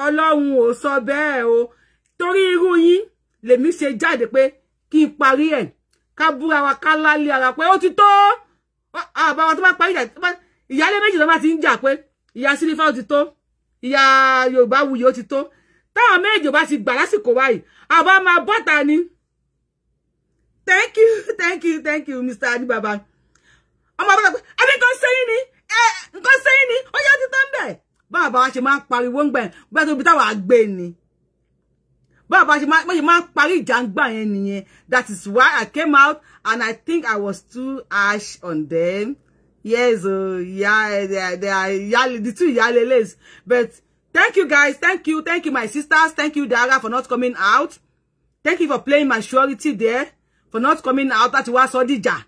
A: ọlọ́run ò sọ bẹ́ẹ̀ o torí irú yín lèmi ṣe jáde pé kí n parí ẹ̀ ká búra wa ká lálé ara pé ó ti tó àbáwọn tó bá parí ìjà ìyálé méjì tó bá ti ń jà pé ìyá sílífà ó ti tó ìyá yorùbá wuyì ó ti tó táwọn méjì bá ti gbà lásìkò wáyìí àbá máa bọ́ta ni thank you thank you thank you mr adibaba ọmọ bàbá pé ẹbí kan sẹ́yìn ni nǹkan sẹ́yìn ni ó yẹ títọ́ ń bẹ̀ bàbá wa ṣe máa ń pariwo ń gbà yẹn bẹ́ẹ̀ tó bí táwa gbé ni bàbá ṣe máa ń parí ìjà ń gbà yẹn nìyẹn that is why i came out and i think i was too harsh on them yes oh uh, yeah they are, they are yale, the two yaleles but thank you guys thank you thank you my sisters thank you Dara for not coming out thank you for playing my surety there for not coming out láti was sọ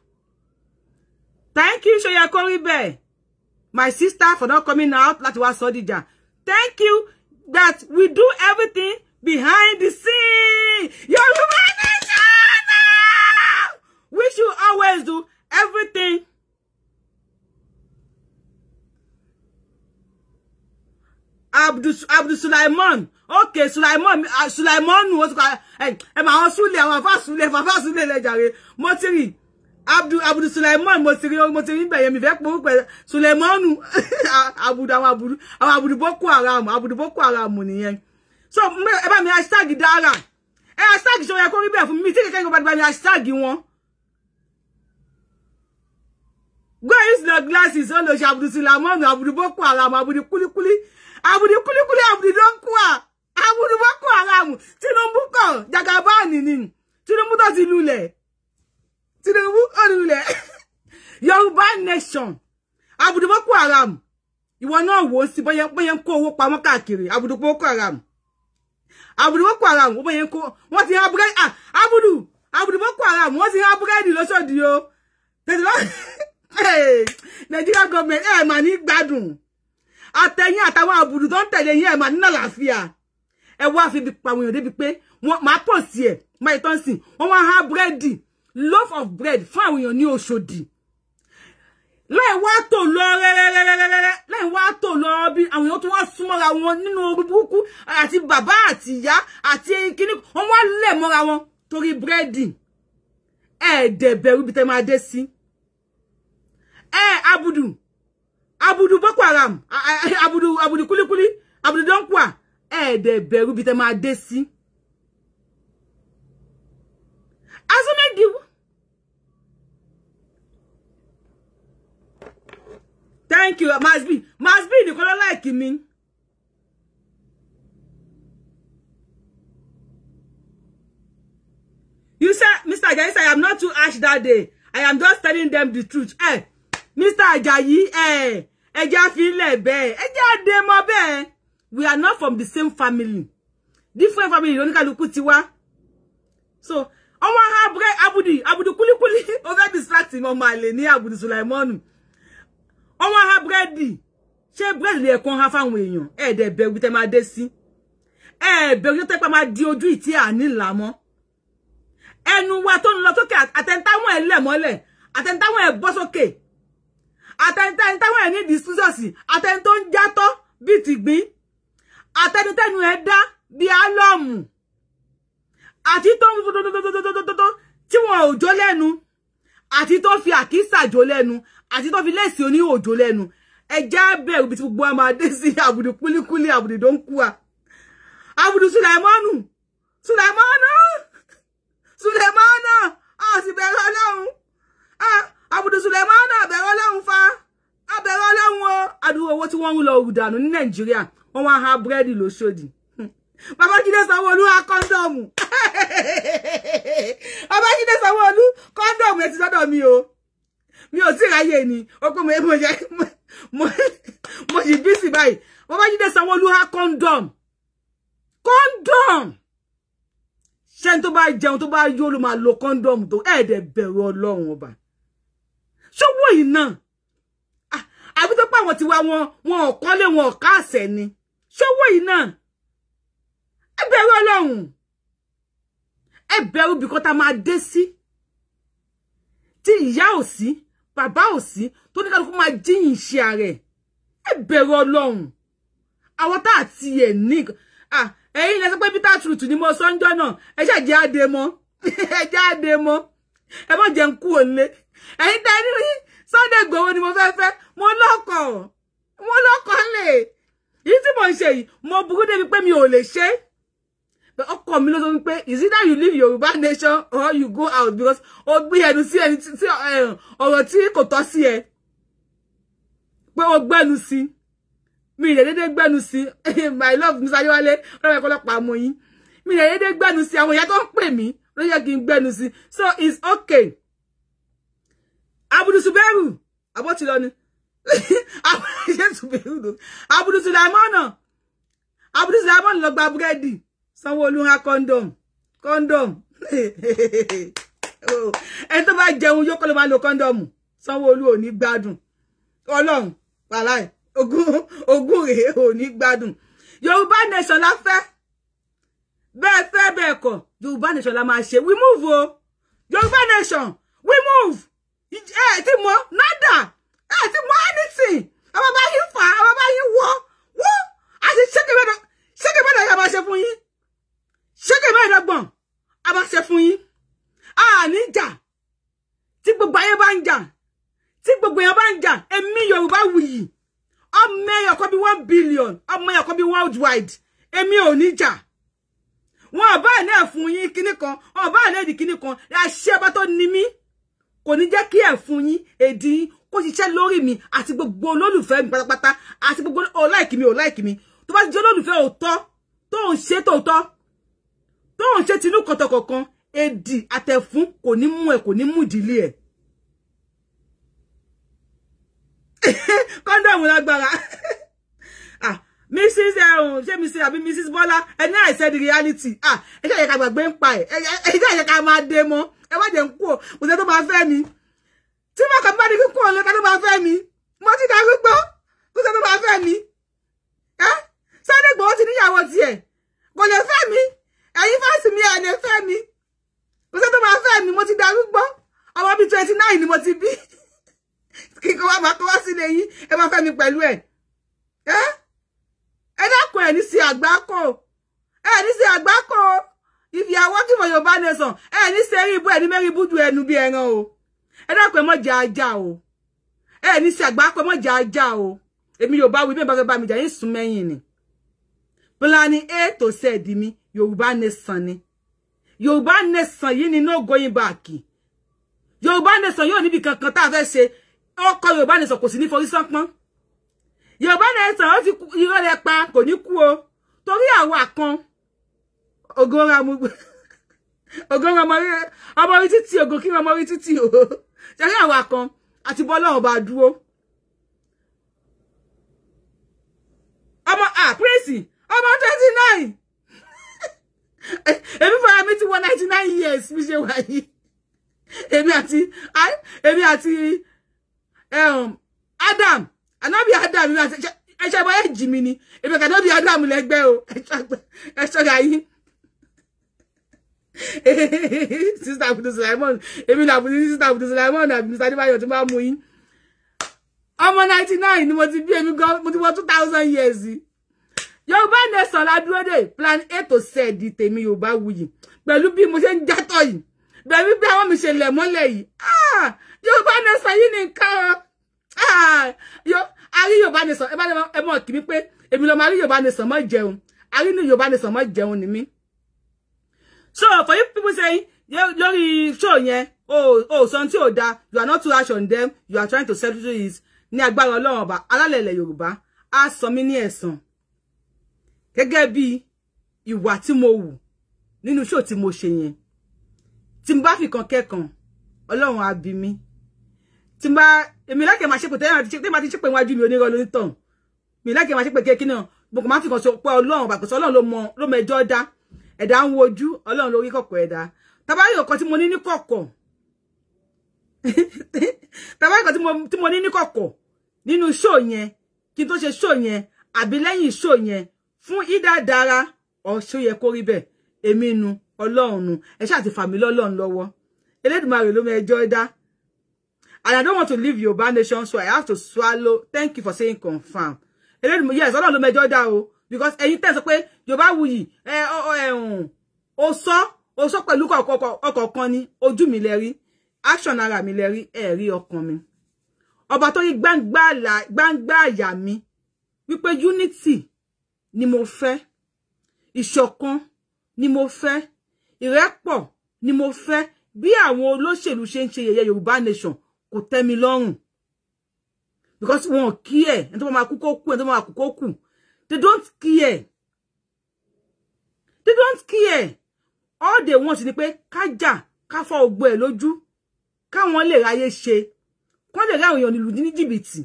A: thank you Shoya Koribe my sister for not coming out láti was sọ thank you that we do everything behind the scene Yoruba Nation wish you always do everything Abdul Sulaiman ok, Sulaiman ah, Sulaiman o tuka ẹ eh, eh, ma wọn sule àwọn afa sule afa sule le jàre mo ti rí Abdul Abdul Sulaiman mo ti rí mo ti rí nbe yẹn mi fẹ́ po pe Sulaiman <laughs> abudu àwọn abudu àwọn abudu Boko Haram abudu Boko Haram nìyẹn so ẹ bá mi hashtag Dara ẹ hashtag so yẹ kó rí bẹ́ẹ̀ fún mi ti keke ko bá mi hashtag wọn go use the glasses o lo Abdul Sulaiman Abdul Boko Haram Abdul kulikuli àbùdí kúlíkúlí àbùdí ló ń kú à àbùdí boko haram Tinubu kọ jagaban ni Tinubu tó ti lulẹ̀ Tinubu ó lulẹ̀ <laughs> Yorùbá nation àbùdí boko haram ìwọ náà wò ó sí bóyá bóyá ń kó owó pamọ́ káàkiri àbùdí boko haram àbùdí boko haram ó bóyá ń kó wọ́n ti hàn búrẹ́dì àbùdù àbùdí boko haram wọ́n ti hàn búrẹ́dì lọ́sọ̀dì o tẹ̀síwájú <laughs> Nigeria government ẹ̀ eh, mà ní gbádùn àtẹ̀yìn àtàwọn àbùdù tó ń tẹ̀lé yín ẹ̀ máa nínà làáfíà ẹ wá fi bí pàwọn èèyàn débi pé wọn máa pọ̀ sí ẹ̀ máa ìtàn sìn wọn wá há búrẹ́dì loaf of bread fún àwọn èèyàn ní Òṣòdì láì wá tò lọ rẹ́rẹ́rẹ́rẹ́rẹ́ láì wá tò lọ bí àwọn èèyàn tó wá súnmọ́ra wọn nínú orí burúkú àti bàbá àti ìyá àti kíní wọn wá lẹ̀ mọ́ra wọn torí búrẹ́dì ẹ̀ẹ́dẹ̀bẹ̀rù bí tẹ́ máa dé sí ẹ̀ abudu abudu boko haram abudu abudu kulikuli abudu donkwa ẹ̀ẹ́dẹ̀ bẹ̀rù bí tẹ máa dé sí azumediwu thank you masbi masbi nìkan ló like me. You say, Mr. Ajayi, I am not too harsh that day. I am just telling them the truth. Eh, Mr. Ajayi, eh, ẹjẹ́ àfilẹ̀ bẹ́ẹ̀ ẹjẹ́ àdèmọ bẹ́ẹ̀ we are not from the same family different family oníkàlùkù ti wá so ọmọ abúlé abudu abudu kulikuli <laughs> ó fẹ́ distract mi ọmọ àlè ní abudu sulaimonu ọmọ abúrẹ́dì ṣé búrẹ́dì lè kàn á fáwọn èèyàn ẹ̀ẹ́dẹ̀ bẹ̀rù tẹ́ máa dé sí ẹ̀ẹ́bẹ̀rù tó tẹ́pá máa di ojú ìtí ànílà mọ́ ẹnu wa tó ń lọ sókè àtẹ̀ntáwọn ẹ̀ lẹ̀ mọ́lẹ̀ àtẹ̀ntáwọn ẹ̀ bọ́ sókè àtẹnitẹni táwọn ẹ̀ ní discussions àtẹni tó ń játọ́ bíi ti gbín àtẹnitẹnu ẹ̀ dá bíi álọ́ọ̀mù àti tó tí wọn ò jó lẹ́nu àti tó fi àkísà jó lẹ́nu àti tó fi léèsì oníhò jó lẹ́nu ẹjẹ́ bẹ̀rù bí ti gbogbo ẹ̀ máa dé sí àbùdù kúlíkúlí àbùdù tó ń kú wa àbùdù sùlẹ̀mọ́nù sùlẹ̀mọ́nù sùlẹ̀mọ́nù àti bẹ̀rù ọlọ́run Abudu abudulsulemana abẹ̀rẹ̀ ọlọ́run fa abẹ̀rẹ̀ ọlọ́run o àdúrà owó tí wọ́n ń lọ òrùdànù ní nàìjíríà wọ́n wá ha búrẹ́dì lóṣòdì <laughs> babájídé sanwóolu ha kọ́ńdọ̀mù <laughs> babájídé sanwóolu kọ́ńdọ̀mù etí sọ́dọ̀ mi o mi ò tí ráyè ni ó pé mo mo yẹ mo yìí bí sí báyìí babájídé sanwóolu ha kọ́ńdọ̀mù kọ́ńdọ̀mù ṣẹ́ni tó bá jẹun tó bá yó ló ma lo kọ́ńdọ̀mù tó ẹ̀ẹ́dẹ̀ bẹ̀rù ọlọ́run ọba ṣówó iná ah, àbí tó pé àwọn tiwa wọn wọn ò kọ́lé wọn ò káàsẹ̀ ni ṣówó iná ẹ bẹ̀rù ọlọ́run ẹ bẹ̀rù bìkan tá máa dé sí tí ìyá ò sí bàbá ò sí tó ní kálukú máa jíyìn ṣe ààrẹ ẹ bẹ̀rù ọlọ́run àwọn tá àti ẹ̀ ní ah, ẹ̀yin lẹ sọ pé peter truth ni mo sọ ń jọ náà ẹ ṣàjẹ́ àdèmọ́ <laughs> ẹ jẹ́ àdèmọ́ ẹ má jẹun kú òun lé ẹ̀yin tẹ́ rí Sunday Igboho ni mo fẹ́ fẹ́ mo lọ́kọ̀ mo lọ́kọ̀ lè yìí tí mo ń ṣe yìí mo burú débi pé mi ò lè ṣe é ọkọ mi ló sọ wípé is either you leave Yorùbá nation or you go out because o gbé ẹnu sí ẹni tí eh, ọ̀rọ̀ tí kò tọ́ sí ẹ pé o gbẹ́nu sí mi ìrẹ̀ dédé gbẹ́nu sí <laughs> my love Musa Adéwálé ọlọ́run ẹ̀kọ́ ọlọ́pàá àmọ́ yín mi ìrẹ̀ dédé gbẹ́nu sí àwọn ìyá tó ń pè mí ló yẹ kí n gbẹ́nu sí so it's okay abudusubẹ́rù abọ́tìlọ ni <laughs> abudusubẹ́rù ló abudusulaimọ́nà abudusulaimọ́nà lọ gba búrẹ́dì sanwó-olu ra kọ́ndọ̀m kọ́ndọ̀m <laughs> ẹni tó bá jẹun yóò kọ́ ló máa lo kọ́ndọ̀mù sanwó-olu ò ní gbádùn ọlọ́run wàláì ogún ogún rèé ò ní gbádùn yorùbá nation la fẹ́ bẹ́ẹ̀ fẹ́ bẹ́ẹ̀ kọ́ yorùbá nation la máa ṣe we move o yorùbá nation we move ẹ ti mọ nada ẹ ti mọ anything ọmọ bá yín fà á ọmọ bá yín wọ wọ àti ṣẹkẹmẹdà ṣẹkẹmẹdà yà bá ṣe fún yín ṣẹkẹmẹdà gbọn a bá ṣe fún yín a ní jà tí gbogbo ayé bá ń jà tí gbogbo èèyàn bá ń jà èmi Yorùbá wuyì ọmọ ẹyọ kan bí one billion ọmọ ẹyọ kan bí worldwide èmi ò ní jà wọn ọba ẹ̀ náà fún yín kinní kan ọba ẹ̀ náà di kinní kan àṣẹ ọba tó ní mí kò ní jẹ́ kí ẹ̀fun yín èdè yín kó ṣiṣẹ́ lórí mi àti gbogbo olólùfẹ́ mi pátápátá àti gbogbo ọláìkì mi ọláìkì mi tó bá ti jẹ́ olólùfẹ́ òótọ́ tó ń ṣe tòótọ́ tó ń ṣe tinú kọ̀tọ̀kọ̀kan èdè àtẹ̀fún kò ní mú ẹ kò ní mú ìdílé ẹ. kọ́ńdọ̀mù <laughs> lágbára <laughs> ah mrs ẹhún eh, oh, ṣé mrs Abi, mrs Bola, and now i said the reality ah ẹ ṣe àyẹ̀ká gbàgbé ń pa ẹ̀ ẹ ṣe àyẹ̀ká máa dé mọ́ ẹ wá jẹ́ ń kú ò kò sẹ́ tó máa fẹ́ mi tí mo kàn bá ní kíkú òun lẹ́ka tó máa fẹ́ mi mo ti dàrú gbọ́ kò sẹ́ tó máa fẹ́ mi ẹ Sunday Igboho ti níyàwó tiẹ̀ kò lè fẹ́ mi ẹ̀yin fásitì mi ẹ̀ lè fẹ́ mi kò sẹ́ tó máa fẹ́ mi mo ti dàrú gbọ́ ọmọ bíi twenty nine ni mo ti bí <laughs> kíkọ́ wá máa kọ́ wá sílé yín ẹ máa fẹ́ mi pẹ̀lú ẹ̀ ẹ́ ẹ dákun ẹ ní sí àgbákò ẹ ní sí àgbákò if you are working for Yorùbá nation ẹ ní ṣe rí ibú ẹ ní mẹ́rin ibú ju ẹnu bí ẹran o ẹ dákun ẹ mọ̀ jẹ́ ajá o ẹ ní sí àgbákò ẹ mọ̀ jẹ́ ajá o èmi Yorùbá wí bí ìbá fẹ́ bá mi jà yín sùn mẹ́yìn ni plan A tó ṣe di mi Yorùbá nation ni Yorùbá nation yìí ni no going back Yorùbá nation yóò níbi kankan tá a fẹ́ ṣe ọkọ̀ Yorùbá nation kò sí ní forí sánpọ́n Yorùbá nation ó ti irọ́ lẹ pa kò ní kú o torí àwọn àkan ògóra mu ògóra <laughs> ọmọ rí ọmọ rí títì ògò kí ọmọ rí títì o torí àwọn àkan àti bọ́ lọ́wọ́ bá dúró. ọmọ àpírẹ́sì ọmọ twenty nine <laughs> èmi fara mi ti wọ ninety nine years bí ṣe wà yìí èmi àti èmi àti um, Adam ànábì ádámù ẹṣẹ bọ ẹ jì mí ni <laughs> èmi kà ànábì ádámù lẹgbẹ o ẹ ṣọ́ra yín sista abudu sulaimon èmi là abudu sista abudu sulaimon àbí mr adébáyọ̀ tó bá mú yín ọmọ ninety nine ni mo ti bí èmi gan mo ti wọ two thousand years yorùbá nation ládúró dé plan a to z di tèmi yorùbá wuyì pẹ̀lú bí mo ṣe ń játọ̀ yìí bẹ̀rù bí àwọn mi ṣe lẹ̀ mọ́lẹ̀ yìí ah! yorùbá nation yìí nìkan o yo ari Yorùbá nation ẹ bá lè ẹ mọ̀ kí mi pé èmi ló máa rí Yorùbá nation mọ́ ari ni Yorùbá nation mọ́ jẹun ni mí so for you people saying lórí show yẹn oh oh something ò dáa you are not too harsh on them you are trying to settle it ni agbára Ọlọ́run ba alalele Yorùbá á sọ mí ní ẹ̀san gẹ́gẹ́ bí ìwà tí mo wù nínú show tí mo ṣe yẹn tí n bá fi kan kẹ́kan Ọlọ́run á bí mi tí n èmi láìkẹ́ e máa ṣépè tẹ́lẹ̀ máa ti ṣépè wájú mi onírọ́ lórí tọ̀hún mi láìkẹ́ e máa ṣépè kékeré náà mo kò máa fi kàn sọ pé ọlọ́run bàkùsọ ọlọ́run ló mọ ló mọ ẹjọ́ dá ẹ̀dá ń wojú ọlọ́run ló rí kọ̀kọ̀ ẹ̀dá tàbárí ọ̀kan tí mo ní ní kọ̀kọ̀ <laughs> tàbárí ọ̀kan tí mo ní ní kọ̀kọ̀ nínú ṣó yẹn kí n tó ṣe ṣó yẹn àbí lẹ́yìn ṣó yẹn fún ìdá dára ọ̀ṣó yẹ kó rí bẹ́ẹ̀ èmi nu ọlọ́run nu ẹ ṣáà ti fà mí lọ́lọ́run lọ́wọ́ Elédùmarè ló mọ ẹjọ́ And I don't want to leave Yoruba nation, so I have to swallow. Thank you for saying confirm. Yes, I don't know dá o. Because ẹ̀yin tẹ́ sọ pé Yorùbá wuyì ẹ ọ ẹ̀hún. oh sọ o sọ pẹ̀lú ọkọ̀ọ̀kan ni ojú mi lẹ rí. Action ara mi lẹ rí ẹ̀ rí ọkàn mi. Ọba tó yí gbangba àyà mi wípé unity ni mo fẹ́. Ìṣọ̀kan ni mo fẹ́. Ìrẹ́pọ̀ ni mo fe, Bí àwọn olóṣèlú ṣe ń ṣe yẹ̀yẹ́ Yorùbá nation kò tẹ́ mi lọ́rùn because wọn care ẹni tó máa kú kó kú ẹni tó they don't care they don't care all they want ni pé ká jà ká fọ́ ògbó ẹ̀ lójú káwọn lè ráyé ṣe kán lè ráwọn èèyàn nílùú ní jìbìtì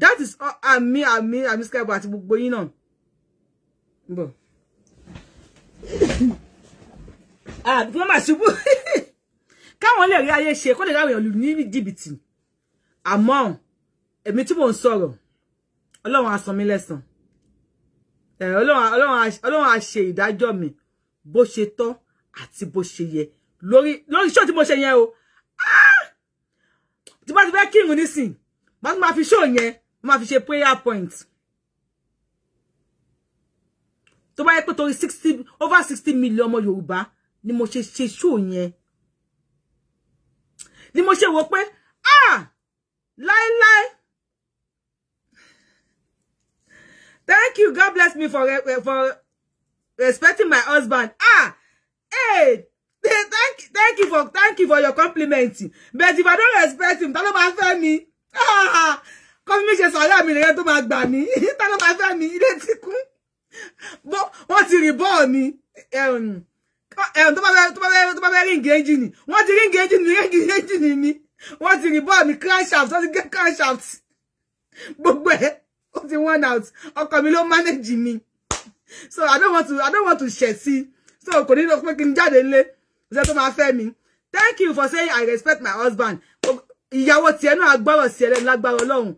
A: that is àmì I àmì skype àti gbogbo yín náà bọ àbí <coughs> ah, kí wọn máa ṣubú. <laughs> káwọn lè rí ayé ṣe kó lè ráwọn èèyàn lù ní jìbìtì àmọ́ èmi tí mò ń sọ̀rọ̀ ọlọ́run á san mí lẹ́san ọlọ́run á ṣe ìdájọ́ mi bó ṣe tọ́ àti bó ṣe yẹ lórí ṣó tí mo ṣe yẹn o ah! tí bá ti fẹ́ kírun nísìn má tún máa fi ṣó yẹn má fi ṣe prayer point tó bá yẹ pé torí sixty over sixty million ọmọ Yorùbá ni mo ṣe ṣe ṣó yẹn ni mo ṣe wò pé ah láéláé thank you god bless me for for respecting my husband ah hey thank thank you for thank you for your compliment but if i don't respect him ta ló máa fẹ́ mi ah kọ́mí mi ṣe sọ̀rọ̀ mi nìyẹn tó máa gbà mí <laughs> ta ló máa fẹ́ mi ilé ti kú wọ́n ti rìbọ́ọ̀ mi. Um, so i don't want to i don't want to ṣẹ̀ sí so kò ní lọ pé kí n jáde lé ṣe tó mi thank you for saying i respect my husband ìyàwó tiẹ̀ náà agbọ́rọ̀ sí ẹlẹ́nu lágbára ọlọ́run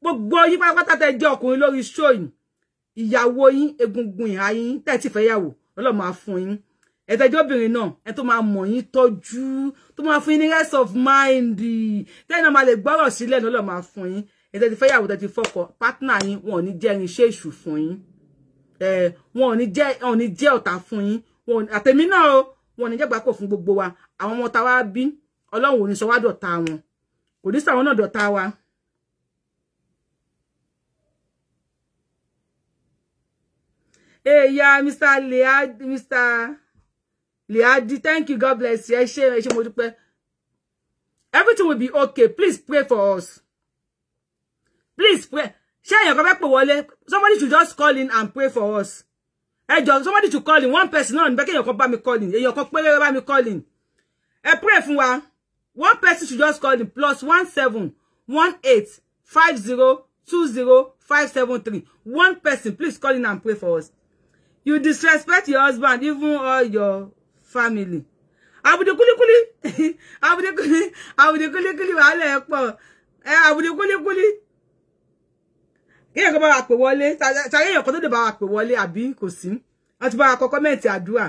A: gbogbo yín pátápátá tẹ́ jẹ́ ọkùnrin lórí ṣóyìn ìyàwó yín egungun ìhà yín tẹ́ ti fẹ́ yàwó ọlọ́run máa fún yín ẹ̀tẹ́jọ́bìnrin náà ẹ tó máa mọ̀ yín tọ́jú tó máa fún yín ní rest of mind tẹ́yìn náà máa lè gbọ́rọ̀ sílẹ̀ lọ́lọ́ máa fún yín ẹ̀tẹ́ ti fẹ́yàwó tẹ́ ti fọ́kọ pátánà yín wọn ò ní jẹ́ irinṣẹ́ èṣù fún yín wọn ò ní jẹ́ wọn ò ní jẹ́ ọ̀tá fún yín àtẹ̀mí náà o wọn ò ní jẹ́ gbàkọ̀ fún gbogbo wa àwọn ọmọ tá wa bí ọlọ́run ò ní sọ wá dọ̀tá wọn kò ní sàwọn náà dọ̀tá wa. èèyàn mr leah mr. Liadi, thank you. God bless you. Ẹ ṣé, ẹ ṣé, mo Everything will be okay. Please pray for us. Please pray. Share your comment Somebody should just call in and pray for us. Hey, jọ̀ọ́, somebody should call in. One person on back your bá mi call in. Your péré bá mi call in. Ẹ pray for one. One person should just call in plus one seven one eight five zero two zero five seven three. One person, please call in and pray for us. You disrespect your husband, even all your family àbùdè kúlíkúlí àbùdè kúlí àbùdè kúlíkúlí wàhálà ẹ pọ̀ ẹ àbùdè kúlíkúlí kéèyàn kan bá wa pè wọlé tàyẹ̀yàn kan wa pè wọlé àbí kò sí wọn ti bá wa kọ kọ́mẹ̀ntì àdúrà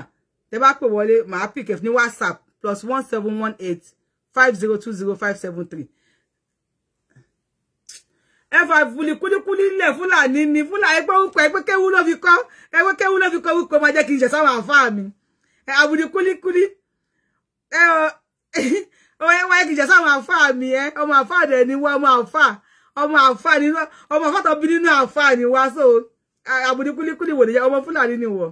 A: tẹ bá pè wọlé màá pìkẹ́ ní whatsapp plus one seven one eight five zero two zero five seven three ẹfà fulikúlikúlí ńlẹ̀ fúlàní ni fúlàní pé orúkọ ẹgbẹ́ kéwú ló fi kọ́ ẹgbẹ́ kéwú ló fi kọ́ orúkọ máa jẹ́ kí n ṣẹ̀ sáwọn àfáà mi àbùdí kúlíkúlí ẹ ọ <laughs> eh? ọmọ yẹn wáyé kìjà sáwọn àfà mi ẹ ọmọ àfà dẹ ni wá ọmọ àfà ọmọ àfà nínú ọmọ àfà tó bí nínú àfà ni wá so àbùdí kúlíkúlí wò nìyẹn ọmọ fúlàní ni wọ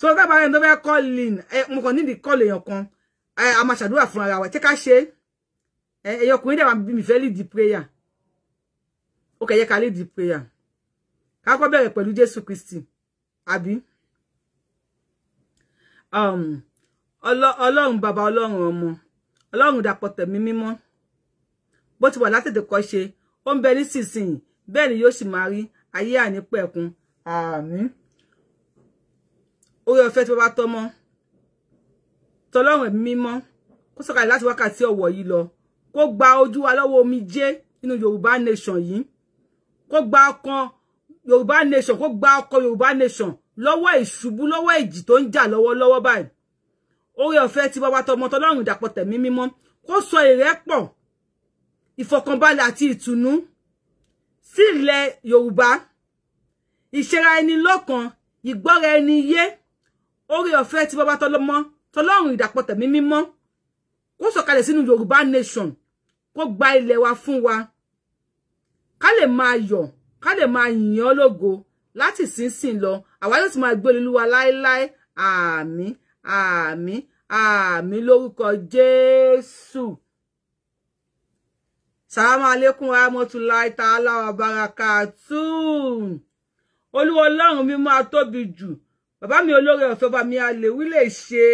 A: so dábàá yẹn tó fẹ́ kọ́lìn ẹ mo kàn nídìí kọ́lìn èèyàn kan ẹ a máa ṣàdúrà fún ara wa tí ká ṣe ẹ ẹyọ ọkùnrin dẹ̀ wà bí mi fẹ́ lead the prayer ó kẹ̀ yẹ ká lead the prayer ká kọ́ bẹ̀rẹ̀ pẹ̀lú Jésù Kristi àbí. Um, ọlọ́run bàbá ọlọ́run ọmọ ọlọ́run dàpọ̀ tẹ̀mí mímọ́ bó ti wà látètè kọ́ ṣe ó ń bẹ nísinsìnyí bẹ́ẹ̀ ni yóò sì máa rí ayé ànípẹ̀kun àmín orí ọ̀fẹ́ tí bàbá tọmọ tọlọ́run ẹ̀mí mímọ́ kó sọ̀kalẹ̀ láti wákàtí ọ̀wọ̀ yìí lọ kó gba ojú wa lọ́wọ́ omijé nínú yorùbá nation yìí kó gba ọkàn yorùbá nation kó gba ọkàn yorùbá nation lọ́wọ́ ìṣubú lọ́wọ́ ìjì tó ń jà lọ́wọ́lọ́wọ́ báyìí oore ọ̀fẹ́ ti bàbá tọmọ tọlọ́run dàpọ̀ tẹ̀mí mímọ́ kó sọ ìrẹ́pọ̀ ìfọ̀kànbalẹ̀ àti ìtùnú sí ilẹ̀ Yorùbá ìṣera ẹni lọ́kan ìgbọ́ra ẹni yé oore ọ̀fẹ́ ti bàbá tọlọ́mọ tọlọ́run ìdàpọ̀ tẹ̀mí mímọ́ kó sọ̀kalẹ̀ sínú Yorùbá nation kó gba ilẹ̀ wa fún wa ká lè máa yọ̀ ká lè máa yìn ọ́ lógo láti sínsìn lọ àwa yóò ti máa gbé olúwa láéláé àmín àmín àmín lórúkọ jésù sàrámà alẹ́kùn ramọ́túnlá ìtàlá ọ̀bàràkàtù olúwa ọlọ́run mi máa tóbi jù bàbá mi olóore ọ̀fẹ́ bá mi alẹ́ wí lè ṣe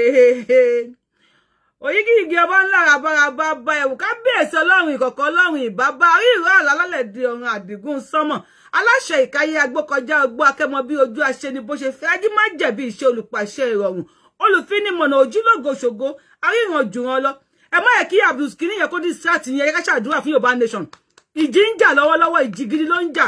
A: oyígígi ọba ńlá rabaraba bá ẹwù kábíyèsí ọlọ́run ìkọ̀kọ̀ ọlọ́run ìbábá rí ìró àlá lálẹ́ di ọ̀run àdìgún sánmọ̀ aláṣẹ ìkáyé agbókọjá ọgbó akẹ́mọ bí ojú aṣẹ ni bó ṣe fẹ́ ajímájẹ̀bi ìṣe olùpàṣẹ ìrọ̀rùn olùfinimọ̀nà òjúlógo ṣògo aríran jùran lọ ẹ má yẹ kí abdulskini yẹ kó distract yẹn ká ṣàdúrà fún yorùbá nation ìjì ń jà lọ́wọ́lọ́wọ́ ìjì gidi ló ń jà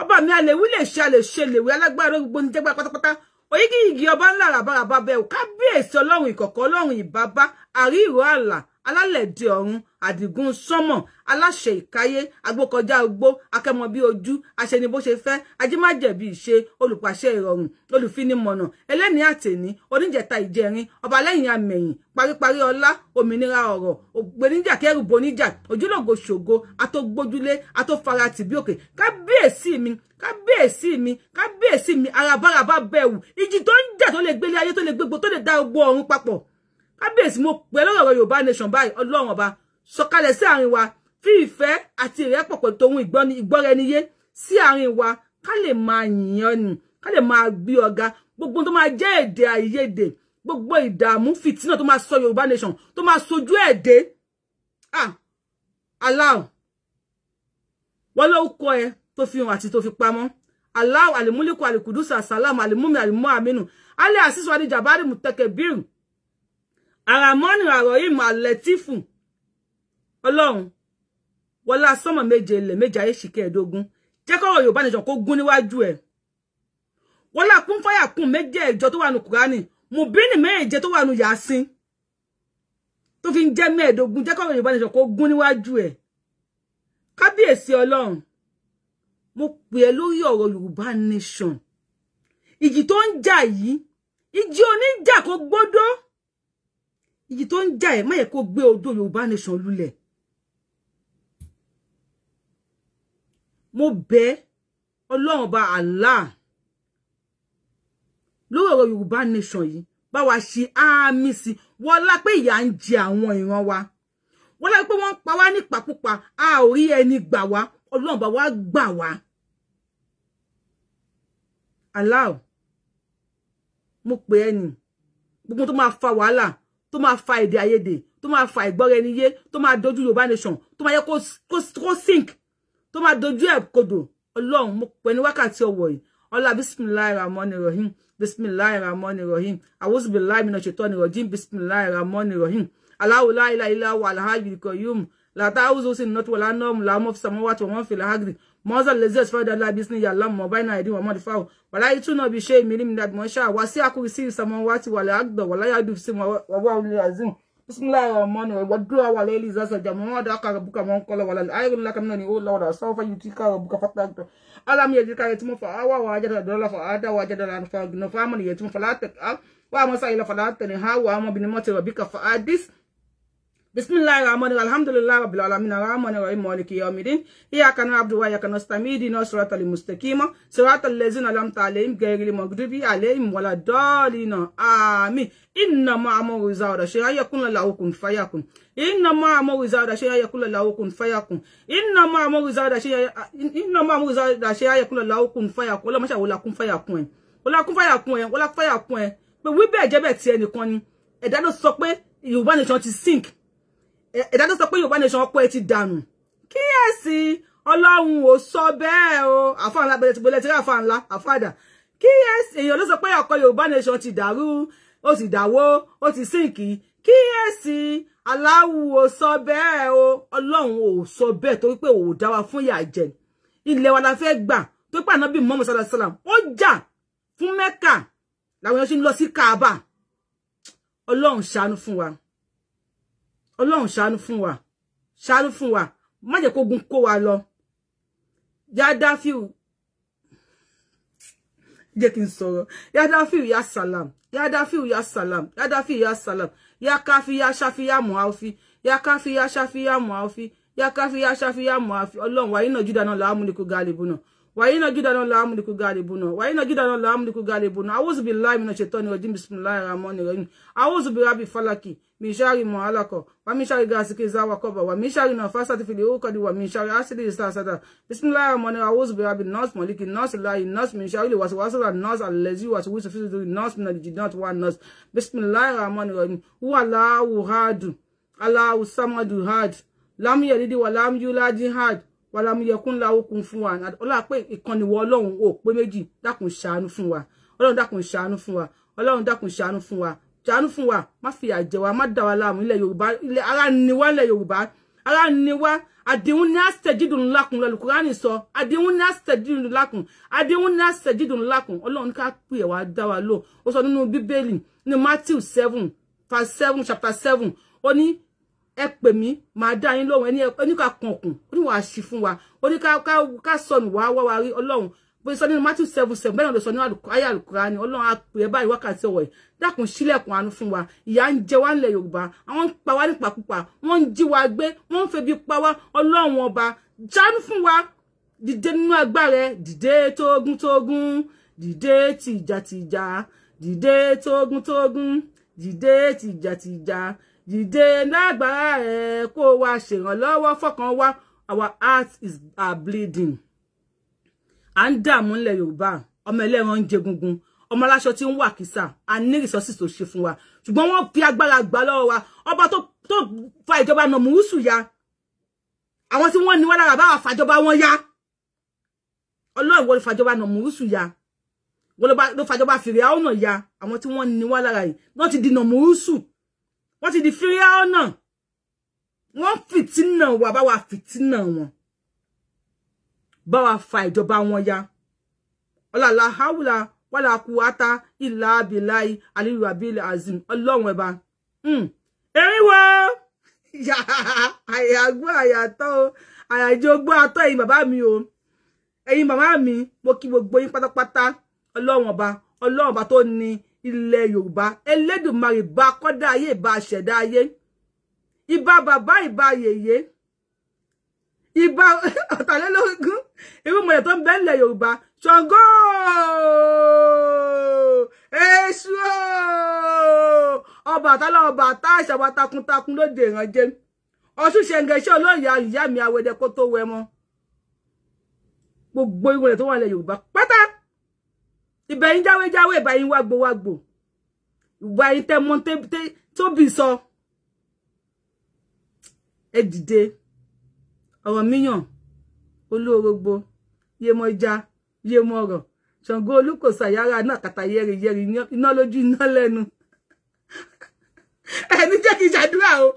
A: ọba mi àlèwí lè ṣe àlè ṣe lèwé alágbára gbogbo ní jẹgbà pátápátá oyigi igi ọba ńlá ràbàràbà bẹ ò kábíyèsí ọlọ́run ìkọ̀kọ̀ ọlọ́run ìbábá àrí ìró àlà alálẹ̀dẹ ọ̀run àdìgún sánmọ̀ aláṣẹ ìkáyé agbókọjá ogbó akẹ́mọ bí ojú aṣẹni bó ṣe fẹ́ ajímájẹ̀bi ìṣe olùpàṣẹ ìrọ̀rùn olùfinimọ̀nà ẹlẹ́ni àtẹ̀ní oníjẹta ìjẹrin ọba lẹ́yìn amẹ̀yìn paríparí ọlá òmìnira ọ̀rọ̀ ògbéníjà kẹrù boníjà ojúlógo ṣògo atógbójúlé atófaratì bí òkè kábíyèsí mi kábíyèsí mi kábíyèsí mi arabaraba bẹ̀wù ìjì tó ń jà tó lè gbélé ayé tó lè gbégbó tó lè dá gbogbo ọ̀run papọ̀ kábíyèsí mo pẹ́ lọ́rọ̀ yorùbá nation báyìí ọlọ́run ọba sọ̀kalẹ̀ sí àárín wa fi ìfẹ́ àti ìrẹ́pọ̀ pẹ̀lú tòun ìgbọ́ni ìgbọ́raẹniyé sí àárín wa ká lè máa yìnyàn nì ká lè máa gbé ọ̀gá gbogbo tó máa jẹ́ èdè àìyedè gbogbo ìdààmú fìtínà tó máa sọ Yorùbá nation tó máa sojú ẹ̀dẹ́ ah aláwọ̀ wọ́n ló kọ́ ẹ tó fi hàn àti tó fi pamọ́ aláwọ̀ àlèmúlẹ́kù àlèkùdùsù àsálàmù àlèmúmi àlèmú àmínú alẹ́ àṣìṣọ́ adéjàbárì mùtẹ́kẹ̀ bírù àràmọ́nì àròyìn màlẹ́tífù ọlọ́run wala somo méje ilẹ̀ méje ayé ṣìkẹ́ ẹ̀dógún jẹ́ kọ́rọ̀ yorùbá nation kó gún níwájú ẹ̀ wọlá kún fáyà kún méje ìjọ tó wà nù kúránì mùbínì méje tó wà nù yàásín tó fi ń jẹ́ mẹ́ẹ̀ẹ́dógún jẹ́ kọ́rọ̀ yorùbá nation kó gún níwájú ẹ̀ kábíyèsí ọlọ́run mo pè é lórí ọ̀rọ̀ yorùbá nation ìjì tó ń jà yìí ìjì oníjà kò gbódó ìjì tó ń jà ẹ̀ má yẹ kó gbé odò nation lulẹ̀ mo bẹ̀ ọlọ́run ọba Allah lórí ọ̀rọ̀ yorùbá nation yìí bá wa ṣe àmì sí wọlá pé ìyà ń jẹ àwọn ìran wa wọlá pé wọ́n pa wá nípakúpa a ò rí ẹni gbà wá ọlọ́run bá wa gbà wá. Allah mo pè ẹ́ nì gbogbo tó máa fa wàhálà tó máa fa èdè àìyedè tó máa fa ìgbọ́ra ẹni yé tó máa dojú yorùbá nation tó máa yẹ kó sink tó máa dojú ẹ̀ kodò ọlọ́run mo pè ní wákàtí ọwọ́ yìí ọlá bisimilahi ramoni rahim bisimilahi ramoni rahim awusubilahi mina ṣetani rajim bisimilahi ramoni rahim aláwo láìla ilá wa alhaji kò yum làtà áwùzọ sí nọtí wọlá náà làwọn fi sàmúwà tí wọn fi làhágìrì mọ́nsá lẹ́sẹ̀ fẹ́ẹ́ dáadáa bí sinmi yàrá mọ̀ báyìí náà ẹ̀dín wọn mọ́ni fáwọn wàlá yìí túnà bí ṣe èmi ní mi dàbí wọn ṣáà wá sí àkúrú sí ìsàmúwà tí wàlá àgbà wàlá yàdù sí wọn wọ́n wọ́n azim Bismillahirrahmanirrahim. Wadu wa leli zasa jamu wa da ka buka mon kola wala. Ayi la kam nani o oh, lawda sawfa yuti ka buka fatta to. Alam ya jika yetimu fa awa wa ajada dola fa ada wa ajada lan fa no fa man yetimu fa la tak wa ma sa ila fa la tan ha wa ma bin mati rabbika fa bismillahi rahmani alhamdulillahi rabbil alamin arrahmani rahim maliki yawmiddin iyyaka na'budu wa iyyaka nasta'in ihdinas siratal mustaqim siratal ladzina an'amta alaihim ghayril maghdubi alaihim waladdallin amin inna ma'amuru zawda shay'a yakun lahu kun fayakun inna ma'amuru zawda shay'a yakun lahu kun fayakun inna ma'amuru zawda shay'a inna ma'amuru zawda shay'a yakun lahu kun fayakun la masha wala kun fayakun wala kun fayakun wala fayakun pé wí bẹ́ẹ̀ jẹ́ bẹ́ẹ̀ ti ẹnìkan ni ẹ̀dá ló sọ pé Yorùbá nation ti sink E tó sọ pé Yorùbá nation ọkọ ẹ ti dànù kíyèsí Ọlọ́run ò sọ bẹ́ẹ̀ o àfa ńlá bẹ̀rẹ̀ ti bolẹ̀ tí àfa ńlá àfa àdà kíyèsí èèyàn ló sọ pé ọkọ Yorùbá nation ti dàrú ó ti dàwó ó ti sínkì kíyèsí aláwù ò sọ bẹ́ẹ̀ o Ọlọ́run ò sọ bẹ́ẹ̀ torí pé òwò dá wa fún ìyà jẹ ilẹ̀ wa la fẹ́ gbà tó pé ànábì Muhammad sallallahu alaihi wasallam ó jà fún Mẹ́kà làwọn èèyàn ṣe ń lọ Kaaba Ọlọ́run ṣàánú fún wa ọlọ́run ṣàánú fún wa ṣàánú fún wa má jẹ́ kógun kó wa lọ yádáfíù jẹ́ kí n sọ̀rọ̀ yádáfíù yá sàlám yádáfíù yá sàlám yádáfíù yá sàlám yákáfí yá ṣáfí yá mọ̀ áwọ́fí yákáfí yá ṣáfí yá mọ̀ áwọ́fí yákáfí yá ṣáfí yá mọ̀ áwọ́fí ọlọ́run wàyí náà júdà náà làámú ni kò gaàlì bù náà wàyí náà júdà náà làámú ni kò gaàlì bù náà wàyí náà júdà náà làámú ni kò gaàlì bù náà awúzùbí láì mi náà ṣètọ́ ni ọdún bisimilayi ramọ́ ni rẹ́yìn awúzùbí rábì fálákì Mishari shari mu'alako wa Mishari shari gasiki za wa koba wa min shari nafasati fil uqad wa min shari asidi istasada bismillahir rahmanir rahim a'udhu bi rabbin nas malikin nas ilahin nas min shari waswasil nas allazi waswisu fi sudurin nas min aljinat wa nas bismillahir rahmanir rahim ala allahu hadu allahu samadu had lam yalid wa lam yulad had wa lam yakun lahu kufuwan ola pe ìkan ni wo Ọlọ́hun o pe méjì dákun ṣàánú fún wa Ọlọ́hun dákun ṣàánú fún wa Ọlọ́hun dákun ṣàánú fún wa jàánú fún wa má fi àjẹ wa má dà wá láàmú ilẹ̀ yorùbá ilẹ̀ ara ni wá ilẹ̀ yorùbá ara ni wá àdéhùn ní àṣẹjídùn lákùn lọlùkúránì sọ àdéhùn ní àṣẹjídùn lákùn àdéhùn ní àṣẹjídùn lákùn ọlọ́run ká pè wá dá wa lò ó sọ nínú bíbélì ní matthew seven verse seven chapter seven oni ní ẹ pè mí màá dá yín lóhùn oni ká kànkùn oni ní wàá ṣí fún wa ó ní ká sọnù wàá wá wa rí ọlọ́run bó ṣe sọ nínú matthew seven seven bẹ́ẹ̀ náà ló sọ nínú àyà àlùkùrá ni ọlọ́run àpè báyìí wákàtí ọwọ́ ẹ̀ dákun sílẹ̀kùn àánú fún wa ìyà ń jẹ wá nílẹ̀ yorùbá àwọn ń pa wá nípakúpa wọ́n ń jí wa gbé wọ́n ń febi pa wá ọlọ́run ọba jánu fún wa dìde nínú agbára ẹ dìde tógún tógún dìde tìjàtìjà dìde tógún tógún dìde tìjàtìjà dìde lágbára ẹ kó wa ṣèrànlọ́wọ́ fọkàn wa our heart is bleeding à ń dààmú ńlẹ̀ yorùbá ọmọ ẹlẹ́ran ń jẹ gungun ọmọ kisa. Ani ń wà kìsà a ní resources tó ṣe fún wa ṣùgbọ́n wọ́n fi agbára gbà lọ́wọ́ wa ọba tó fa ìjọba nàmúrúsù ya àwọn tí wọ́n ní wọ́n lára bá wà fàjọba wọn ya ọlọ́run wọ́n fàjọba nàmúrúsù ya wọ́n ló fàjọba fìrìà ọ̀nà ya Awon tí wọ́n ní wọ́n lára yìí ti di nàmúrúsù wọ́n ti di fìrìà ọ̀nà wọ́n fìtínà wà bá wà fìtínà wọn bá wa fa ìjọba wọn ya ọlàlà haúlà kuata kùwátà ìlà abiláì alirabili azim ọlọ́run ẹ̀bà ẹ̀ríwọ̀ hmm. <laughs> àyàgbọ́ àyàtọ̀ àyàjọgbọ́ àtọ̀ ẹ̀yin bàbá mi o ẹ̀yin màmá mi mo kí gbogbo yín pátápátá ọlọ́run ọba ọlọ́run ọba tó ní ilẹ̀ yorùbá elédùnmarè bá kọ́dá ayé ìbá ṣẹ̀dá ayé iba bàbá ìbá yèyé ìbá <laughs> ọ̀tàlélógún irú mọ̀lẹ̀ tó ń bẹ nílẹ̀ yorùbá ṣàngó èṣù ọbàtálá ọbàtá ìṣàwà takuntakun lóde ìrànjẹ ọ̀ṣun ṣẹ̀ǹgẹ̀ṣẹ̀ olóyè ya mi awẹ́dẹ kó tó wẹ mọ́ gbogbo irú mọ̀lẹ̀ tó wà nílẹ̀ yorùbá pátá ìbẹ̀yìn jáwéjáwé ìbẹ̀yìn wágbowágbò ìbẹ̀yìn tẹmọ́ tóbi sọ ẹ dìde ọ̀rọ̀ míyàn olórogbo yemọja yemọrọ ṣàngó olúkòso àyàrá náà kàtà yẹri iná lójú iná lẹnu <laughs> ẹni jẹ́ kí n o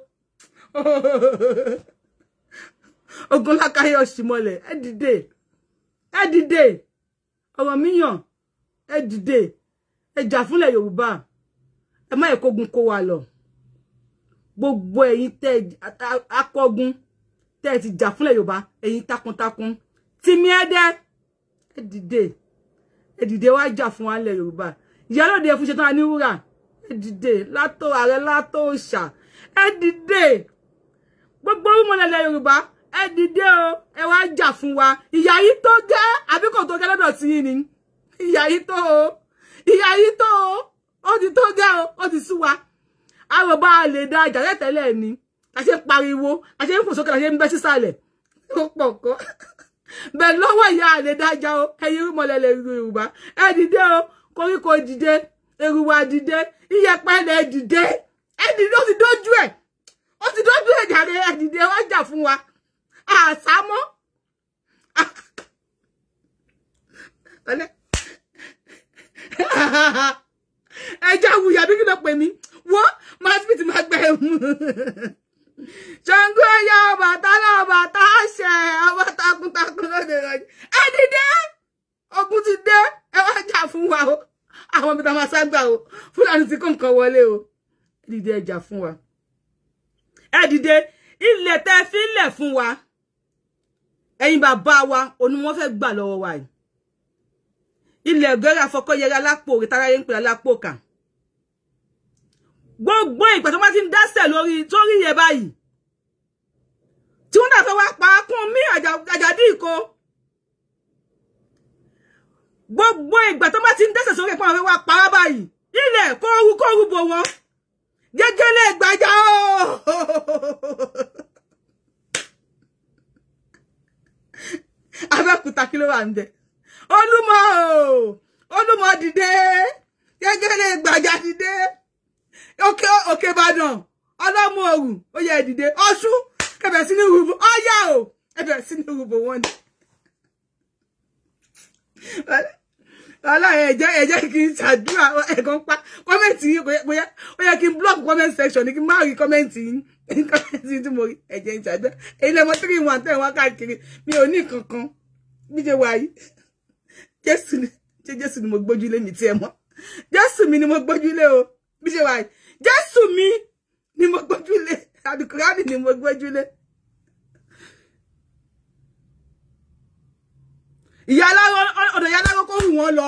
A: <laughs> ogunlákayọ̀ yorùbá gbogbo tẹ́ ti jà fúnlẹ̀ Yorùbá ẹ̀yin takuntakun Timi Ẹdẹ ẹ dìde ẹ dìde wa jà fún wa nílẹ̀ Yorùbá Ìyálóde Fúnṣetán Aníwúrà ẹ dìde látó ààrẹ látó òòṣà ẹ dìde gbogbo orúmọ nílẹ̀ Yorùbá ẹ dìde o e wa jà fún wa ìyà yìí tó gẹ́ àbí kò tó gẹ́ lọ́dọ̀ tí yín ni ìyà yìí tó o ìyà yìí tó o ó ti tó gẹ́ o ó ti sú wa àròbá lè da ìjà tẹ́tẹ́lẹ̀ ni la ṣe pariwo la ṣe ń fò sókè la ṣe ń bẹ́ sísàlẹ̀ ó pọ̀ kọ́ bẹ́ẹ̀ lọ́wọ́ ìyá àlè dájá o ẹ̀yin rúmọ̀lẹ̀ lè ru yorùbá ẹ dìde o koríko dìde èrùwà dìde iyẹ̀pẹ̀ lè dìde ẹ dìde ó ti dójú ẹ̀ ó ti dójú ẹ̀ jàre ẹ dìde wá jà fún wa àsámọ́ ẹja wuya bí kí ló pè mí wọ́n máa ti fi ti máa gbẹ ẹ̀mú. Ṣàngó ẹyẹ Ọbàtálá Ọbàtá àṣẹ ọba takuntakun lóde ìrọ̀jì de dìde ogun ti dé ẹ wá jà fún wa o àwọn ibi tá a máa ságbà o fúlàní tí kò nǹkan wọlé o ẹ dìde ẹ jà fún wa ẹ dìde ilẹ̀ tẹ fi ń lẹ̀ fún wa ẹ̀yin bàbá wa òun ni wọ́n fẹ́ gbà wa yìí ilẹ̀ gẹ́rẹ́ àfọkọ́yẹrẹ alápò òrìtara yẹn ń pè alápò kàn gbogbo ìgbà tó bá ti ń dásẹ̀ lórí torí yẹ báyìí tí wọ́n dàfẹ́ wá pa kún mí àjàdí ìkó gbogbo ìgbà tó bá ti ń dásẹ̀ sórí ìpọ́n àwọn wá pa báyìí ilẹ̀ kóoru kóoru bò wọ́n gẹ́gẹ́lẹ́ gbajà ó <laughs> abẹ́kúta kí ló wà ń bẹ̀ olúmọ olúmọ dìde gẹ́gẹ́lẹ́ gbajà dìde òkè òkè ìbàdàn ọlọ́mọ òrù ó yẹ ìdìde ọ̀ṣun kẹbẹ̀ sí ní rúbù ọ̀yà o ẹbẹ̀ sí ní rúbù wọn ni. ọlọ́run ẹ̀jẹ̀ ẹ̀jẹ̀ kì í ṣàdúrà ẹ̀kan pa kọ́mẹ̀ntì yìí ó yẹ kí n block comment section ní kí n má rí kọ́mẹ̀ntì yìí kọ́mẹ̀ntì yìí tí mo rí ẹ̀jẹ̀ ń ṣàdúrà èyí lẹ́mọ three in one ten wá káàkiri mi ò ní kankan bí ṣe wà yìí jésù ni jésù ni mo gbójúlé mi tiẹ̀ mọ́ jésù mi ni mo gbójúlé o bí ṣe wà yìí jésù mi ni mo gbójúlé àdùkúránì ni mo gbójúlé ìyá aláwọ ọ̀dọ̀ ìyá aláwọ kó hù wọ́n lọ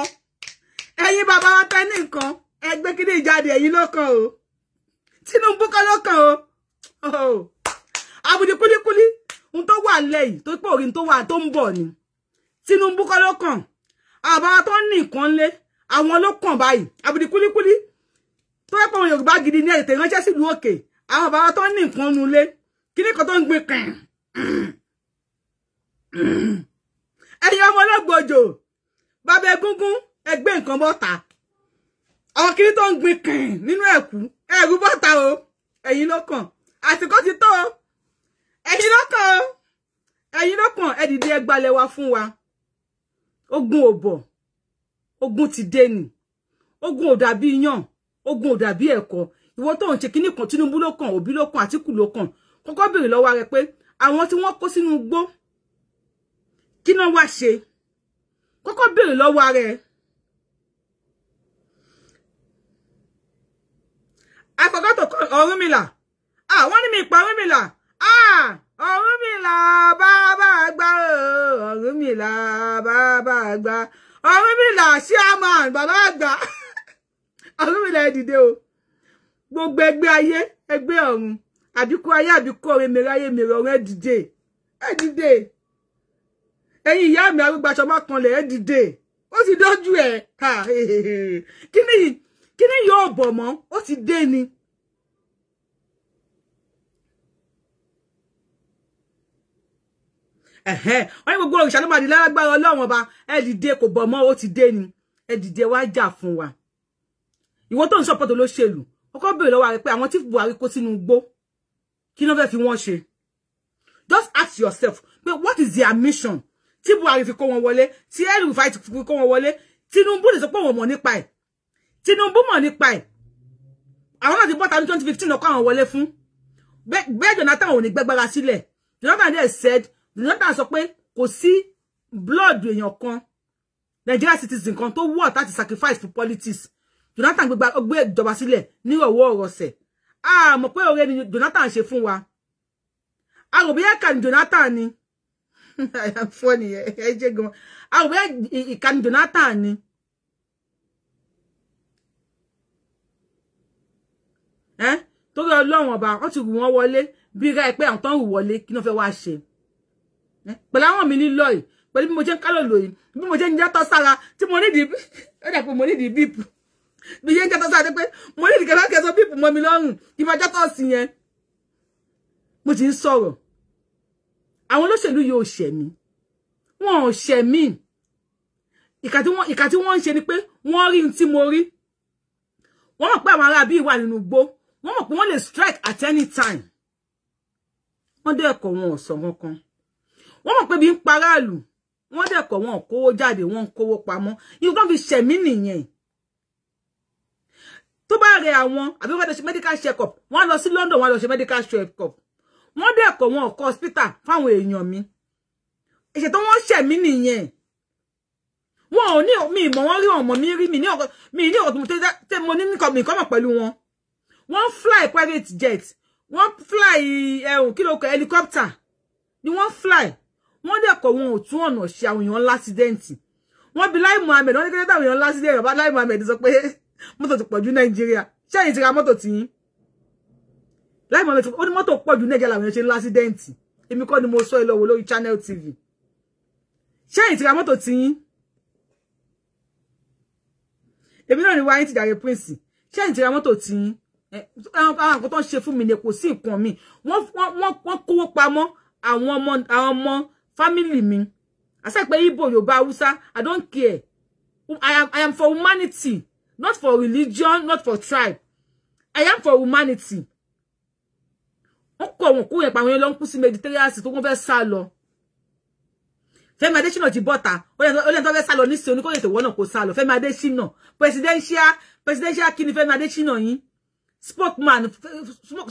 A: ẹ̀yin bàbá wa tẹ́ ní nǹkan ẹgbẹ́ kíní ìjáde ẹ̀yin ló kàn o tinubu kọ́ ló kàn o àbùdí kúlíkúlí ohun to wà lẹ́yìn tó pé òrin tó wà tó ń bọ̀ ni tinubu kọ́ ló kàn àbá tó ní nǹkan lé àwọn ló kàn báyìí àbùdí tó yẹ pé àwọn yorùbá gidi ní ètè ránṣẹ́ sílùú òkè àwọn bàbá tó ní nǹkan nu ilé kíní kan tó ń gbin kàn ẹ̀yin ọmọ ọlọ́gbọ̀jọ bàbá egúngún ẹgbẹ́ nǹkan bọ́ta àwọn kíní tó ń gbin kàn nínú ẹ̀kú ẹ̀rú bọ́ta o ẹ̀yin ló kàn àsìkò ti tó o ẹ̀yin ló kàn o ẹ̀yin ló kàn ẹ dìde ẹgbàlẹ̀ wa fún wa ogun ò bọ̀ ogun ti dé ni ogun ò dàbí yàn ogun ò dàbí ẹ̀kọ́ ìwọ tó ń ṣe kínní kan Tinubu ló Òbí ló kàn Àtíkù ló béèrè lọ́wọ́ rẹ pé àwọn tí wọ́n kó sínú igbó kí náà wá ṣe kọ́kọ́ béèrè lọ́wọ́ rẹ akọgọtò Ọ̀rúnmìlà ah wọ́n ní mi pa Ọ̀rúnmìlà ah Ọ̀rúnmìlà bàbá àgbà Ọ̀rúnmìlà bàbá àgbà Ọ̀rúnmìlà ṣé a máa bàbá àgbà olúmìnira ìdìde o gbogbo ẹgbẹ́ ayé ẹgbẹ́ ọ̀run àbíkú ayé àbíkú ọ̀rẹ́ mèrè ayé mèrè ọ̀run ẹ dìde ẹ dìde ẹ̀yin ìyá mi arúgbàṣọ má kanlẹ̀ ẹ dìde ó ti dójú ẹ̀ kí ni yóò bọ̀ mọ́ ó ti dé ni. wọ́n ní gbogbo òrìṣà ló máa di lágbára ọlọ́run ọba ẹ dìde kò bọ̀ mọ́ ó ti dé ni ẹ dìde wá jà fún wa ìwọ tó ń support olóṣèlú ọkọ béèrè lọ́wọ́ rẹ̀ pé àwọn tí Buhari kó sínú igbó kí ló fẹ́ fi wọ́n ṣe just ask yourself but what is their mission tí Buhari fi kó wọn wọlé tí El-Rufai fi kó wọn wọlé Tinubu lè sọ pé òun mọ̀ nípa ẹ̀ Tinubu mọ̀ nípa ẹ̀ àwọn náà ti bọ́ta ní twenty fifteen ọkọ àwọn wọlé fún bẹ́ẹ̀ Jonathan ò ní gbẹ́gbára sílẹ̀ Jonathan dẹ̀ said Jonathan sọ pé kò sí blood èèyàn kan Nigerian citizen kan tó wọ̀ láti sacrifice for politics Jonathan gbé gbé ìjọba sílẹ̀ ní ọwọ́ ọ̀rọ̀sẹ̀ a mọ̀ pé ọ̀rẹ́ ni Jonathan ṣe fún wa a rò bí ẹ̀ka ni Jonathan ni <laughs> fọ́ni ẹ jẹ́ gan a rò bí ìka ni Jonathan ni. torí to ọba wọ́n ti rù wọ́n wọlé bí ra ẹ pé àwọn tó ń rù wọlé kí ló fẹ́ wá ṣe pẹ̀lú àwọn mi nílọ yìí pẹ̀lú bí mo jẹ́ ń kálọ̀ lòyìn bí mo jẹ́ ń jẹ́ tọ́ sára tí mo nídìí <laughs> ó dà pé mo nídìí bíìpù bí yẹn jẹ́tọ́ sáré pé mo ní ìdíkẹ́ lọ́kẹ́ sọ bíbù mọ́ mi lọ́rùn kí máa jẹ́tọ́ sí yẹn mo ti ń sọ̀rọ̀ àwọn olóṣèlú yìí ò ṣẹ̀ mí wọn ò ṣẹ̀ mí ìkà tí wọ́n ń ṣe ni pé wọ́n rí tí mo rí wọ́n mọ̀ pé àwọn ará bíi wà nínú igbó wọ́n mọ̀ pé wọ́n lè strike at any time wọ́n dẹ́kọ̀ wọn ò sọ wọn kan wọ́n mọ̀ pé bí ń paráàlú wọ́n dẹ́kọ̀ wọn ò kówó jáde wọ́n ń kówó pamọ́ yìí kan fi ṣẹ̀mí nìyẹn tó bá rẹ àwọn àbí wọ́n fẹ́ medical check up wọ́n lọ sí London wọ́n lọ ṣe medical check up wọ́n dẹ̀ kọ̀ wọn ọ̀kọ́ hospital fáwọn èèyàn mi ìṣètò wọn ṣẹ̀ mí nìyẹn wọn ò ní mi ìmọ̀ wọn rí ọmọ mi rí mi ní ọkọ mi ní ọkọ tẹ mo ní nìkan mi kọ́mọ̀ pẹ̀lú wọn wọ́n fly private jet wọ́n fly ẹ̀hún eh, kilo ló helicopter ni wọ́n fly wọ́n dẹ̀ kọ̀ wọn ò tún ọ̀nà ṣe àwọn èèyàn lásìdẹ́ǹtì wọ́n bi Lai Mohammed wọ́n ní kí ló dé àwọn èèyàn Lai Mohammed sọ pé Moto ti pọ̀jù nàìjíríà ṣẹ́yìn ti ra mọ́tò tí yín láì mọ́tò ó ní mọ́tò pọ̀jù nàìjíríà làwọn ṣe ń lásídẹ́ǹtì èmi kọ́ ni mo sọ ẹ lọ wò Channel TV ṣẹ́yìn ti ra mọ́tò tí yín èmi náà ni wáyé ti dàrẹ prince ṣẹ́yìn ti ra mọ́tò tí yín eh, àwọn nǹkan tó ń ṣe fún mi ni kò sí nǹkan mi wọ́n kówó pamọ́ àwọn ọmọ àwọn ọmọ family mi Asa pé ibo yorùbá haúsá i don't care I am i am for humanity not for religion, not for tribe. I am for humanity. Wọ́n kọ̀ wọ́n kú yẹn pa àwọn yẹn lọ ń kú sí Mediterranean tó wọ́n fẹ́ sá lọ. Fẹ́mi Adéṣínà ti bọ́ta, ó lẹ́nu tó fẹ́ sá lọ ní sèé oníkóyè tèwọ́ náà kò sá lọ. Fẹ́mi Adéṣínà, presidential presidential kí ni Fẹ́mi Adéṣínà yín? Spokesman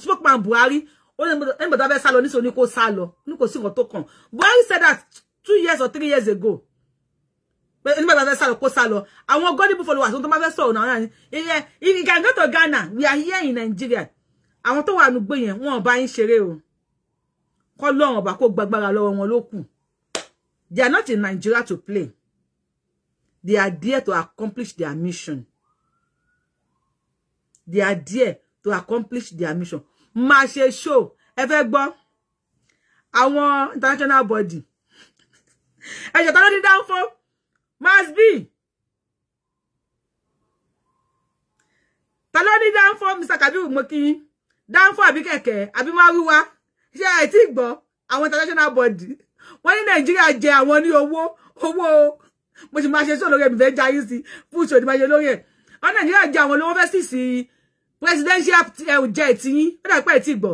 A: Spokesman Buhari, ó lẹ́nu tó fẹ́ sá lọ ní sèé oníkó sá lọ. Ní kò sí nǹkan tó kàn. Buhari said that two years or three years ago pé nígbà tá a fẹ́ sálọ kó sálọ àwọn gọ́dìbù followers tó máa fẹ́ sọ̀rọ̀ náà ní ilẹ̀ you can go to Ghana we are here in Nigeria àwọn tó wà nùgbò yẹn wọn ò bá yín ṣeré o kọ́ lọ́rùn ọ̀bà kó gbàgbára lọ́wọ́ wọn ló kù they are not in Nigeria to play they are there to accomplish their mission they are there to accomplish their mission máa ṣe show ẹ fẹ́ gbọ́ àwọn international body ẹ̀ṣẹ̀ tó ló ní dáhùn Must be. Taloni down for mr kabiru Moki. Down for dánfọ àbí kẹkẹ àbí máa wíwá ṣé ẹ ti gbọ́ àwọn international body When in Nigeria, I want you a owó mo sì But you sí olórí ẹbí fẹẹ jayé sí fún ìṣòdì máa ṣe lórí ẹ wọ́n nàìjíríà jẹ àwọn olówó fẹẹ sì presidential eh, jet yín ó dàpẹ́ ẹ̀ ti gbọ́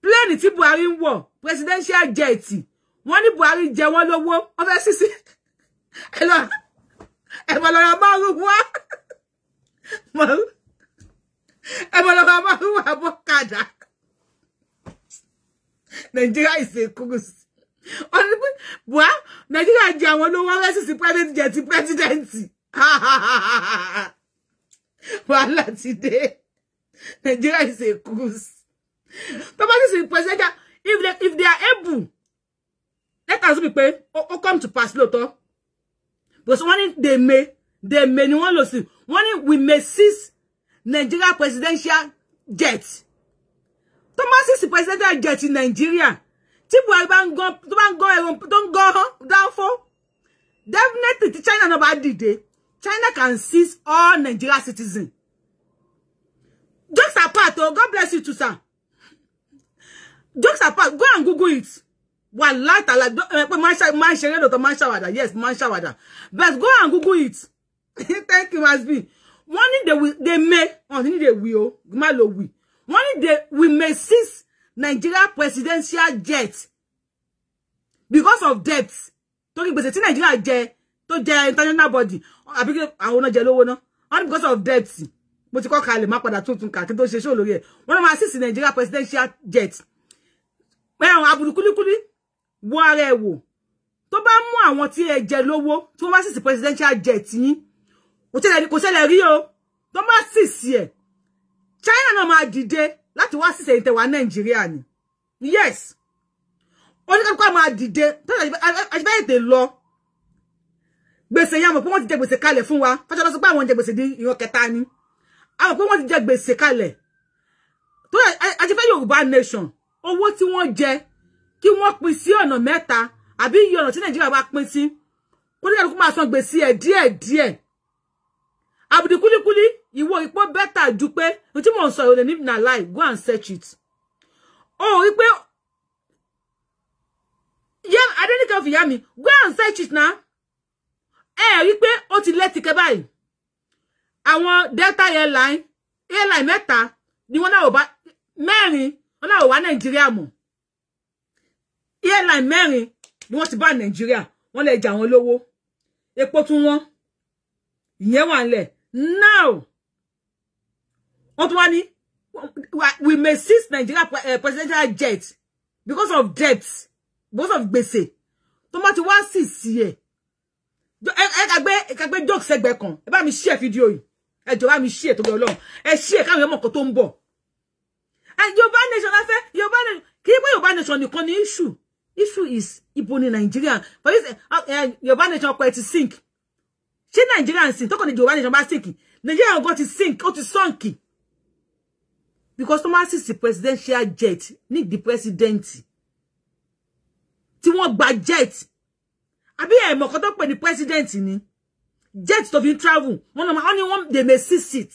A: pléènì tí buhari ń wọ̀ presidential jet wọ́n ní buhari jẹ wọ́n lówó wọ́n fẹ́ sísí ẹ bọ̀ lọ́ra márùn wá ẹ bọ̀ lọ́ra márùn wá bọ́ kàdá Nigeria is a cruise ọdún pé buhá nàìjíríà jẹ àwọn olówó rẹsì sí private jet ti pẹ́sidẹ́ǹtì <laughs> wàhálà ti dé Nigeria is a cruise tó bá sì sí president if they if they are able let us be paid or or come to pass lóòótọ́ because wọ́n ní they may they may no one lose. sí wọ́n we may seize Nigeria presidential jet Thomas is the presidential jet in Nigeria tí Buhari bá ń gan tó bá ń gan ẹ̀rọ tó ń definitely tí China náà bá dìde China can seize all Nigeria citizens jokes apart oh God bless you too sir jokes apart go and Google it wà látàlá pé máa ń ṣe rédò tó yes máa ń but go and google it <laughs> thank you Masbi. be wọ́n they will they may wọ́n ní they will o má lo will wọ́n they we may seize Nigeria presidential jet because of debts. torí gbèsè tí Nigeria jet, tó jẹ international body àbí àwọn náà jẹ lówó náà wọ́n ní because of debts, mo you call? kalẹ̀ má padà tuntun kà kí tó ṣe ṣó lórí ẹ̀ wọ́n ní máa Nigeria presidential jet ẹ̀wọ̀n aburukúlíkúlí wo ara ẹ wò tó bá mú àwọn e ẹ jẹ lówó tí wọ́n bá sì sí presidential jet yín kò tẹ́lẹ̀ rí kò ṣẹlẹ̀ rí o tó bá sì e ẹ̀ China náà máa dìde láti wá sísè ìtẹ̀wá Nàìjíríà ni yes oníkàkọ́ máa dìde tó ṣe tètè lọ gbèsè yẹn mọ̀ pé wọ́n ti jẹ gbèsè kalẹ̀ fún wa fájọ́ lọ sọ pé àwọn jẹ gbèsè di ìran kẹta ni a mọ̀ pé wọ́n ti jẹ gbèsè kalẹ̀ tó àjẹfẹ́ Yorùbá nation owó tí wọ́n jẹ kí wọ́n pín sí ọ̀nà mẹ́ta àbí iye ọ̀nà tí nàìjíríà bá pín sí kúlíkàlùkù máa san gbèsè ẹ̀ díẹ̀ díẹ̀ àbùdí kúlíkúlí ìwọ ipò bẹ́tà ju pé o tí mò ń sọ ìròlè ní nàláì go and search it Oh, Yeah, I don't know if you fìyà me. go and search it náà ẹ rí pé ó ti lẹ́tìkẹ́ báyìí àwọn delta airline airline mẹ́ta ni wọ́n láwọ̀ bá mẹ́rin wọ́n láwọ̀ wá Nigeria mọ̀ airline mẹ́rin bí wọ́n ti bá nàìjíríà wọ́n lè jà wọ́n lówó epo tún wọ́n ìyẹn wà ńlẹ̀ now wọ́n tún wá ní we may seize Nigeria eh, presidential jet because of debt because of gbèsè tó bá ti wá sì sí ẹ̀ ẹ kàgbé ẹ kàgbé jokes ẹgbẹ́ kan ẹ bá mi share fídíò yìí ẹ jọ bá mi share tó bẹ ọlọ́run ẹ share káwọn ọmọ kan tó ń bọ̀ yorùbá nation la fẹ́ yorùbá nation kì í pé yorùbá nation nìkan ní issue issue is ibo ni Nigeria for this uh, uh, Yorùbá nation kò ti sink ṣé Nigeria sink tó kàn ní Yorùbá nation bá sink Nigeria go to sink ó to sunk because Thomas is the presidential jet need the president Ti wọ́n gba jet àbí mo mọ̀kọ́ tó pè ní president ni jet to fi travel One of my only one they may seize it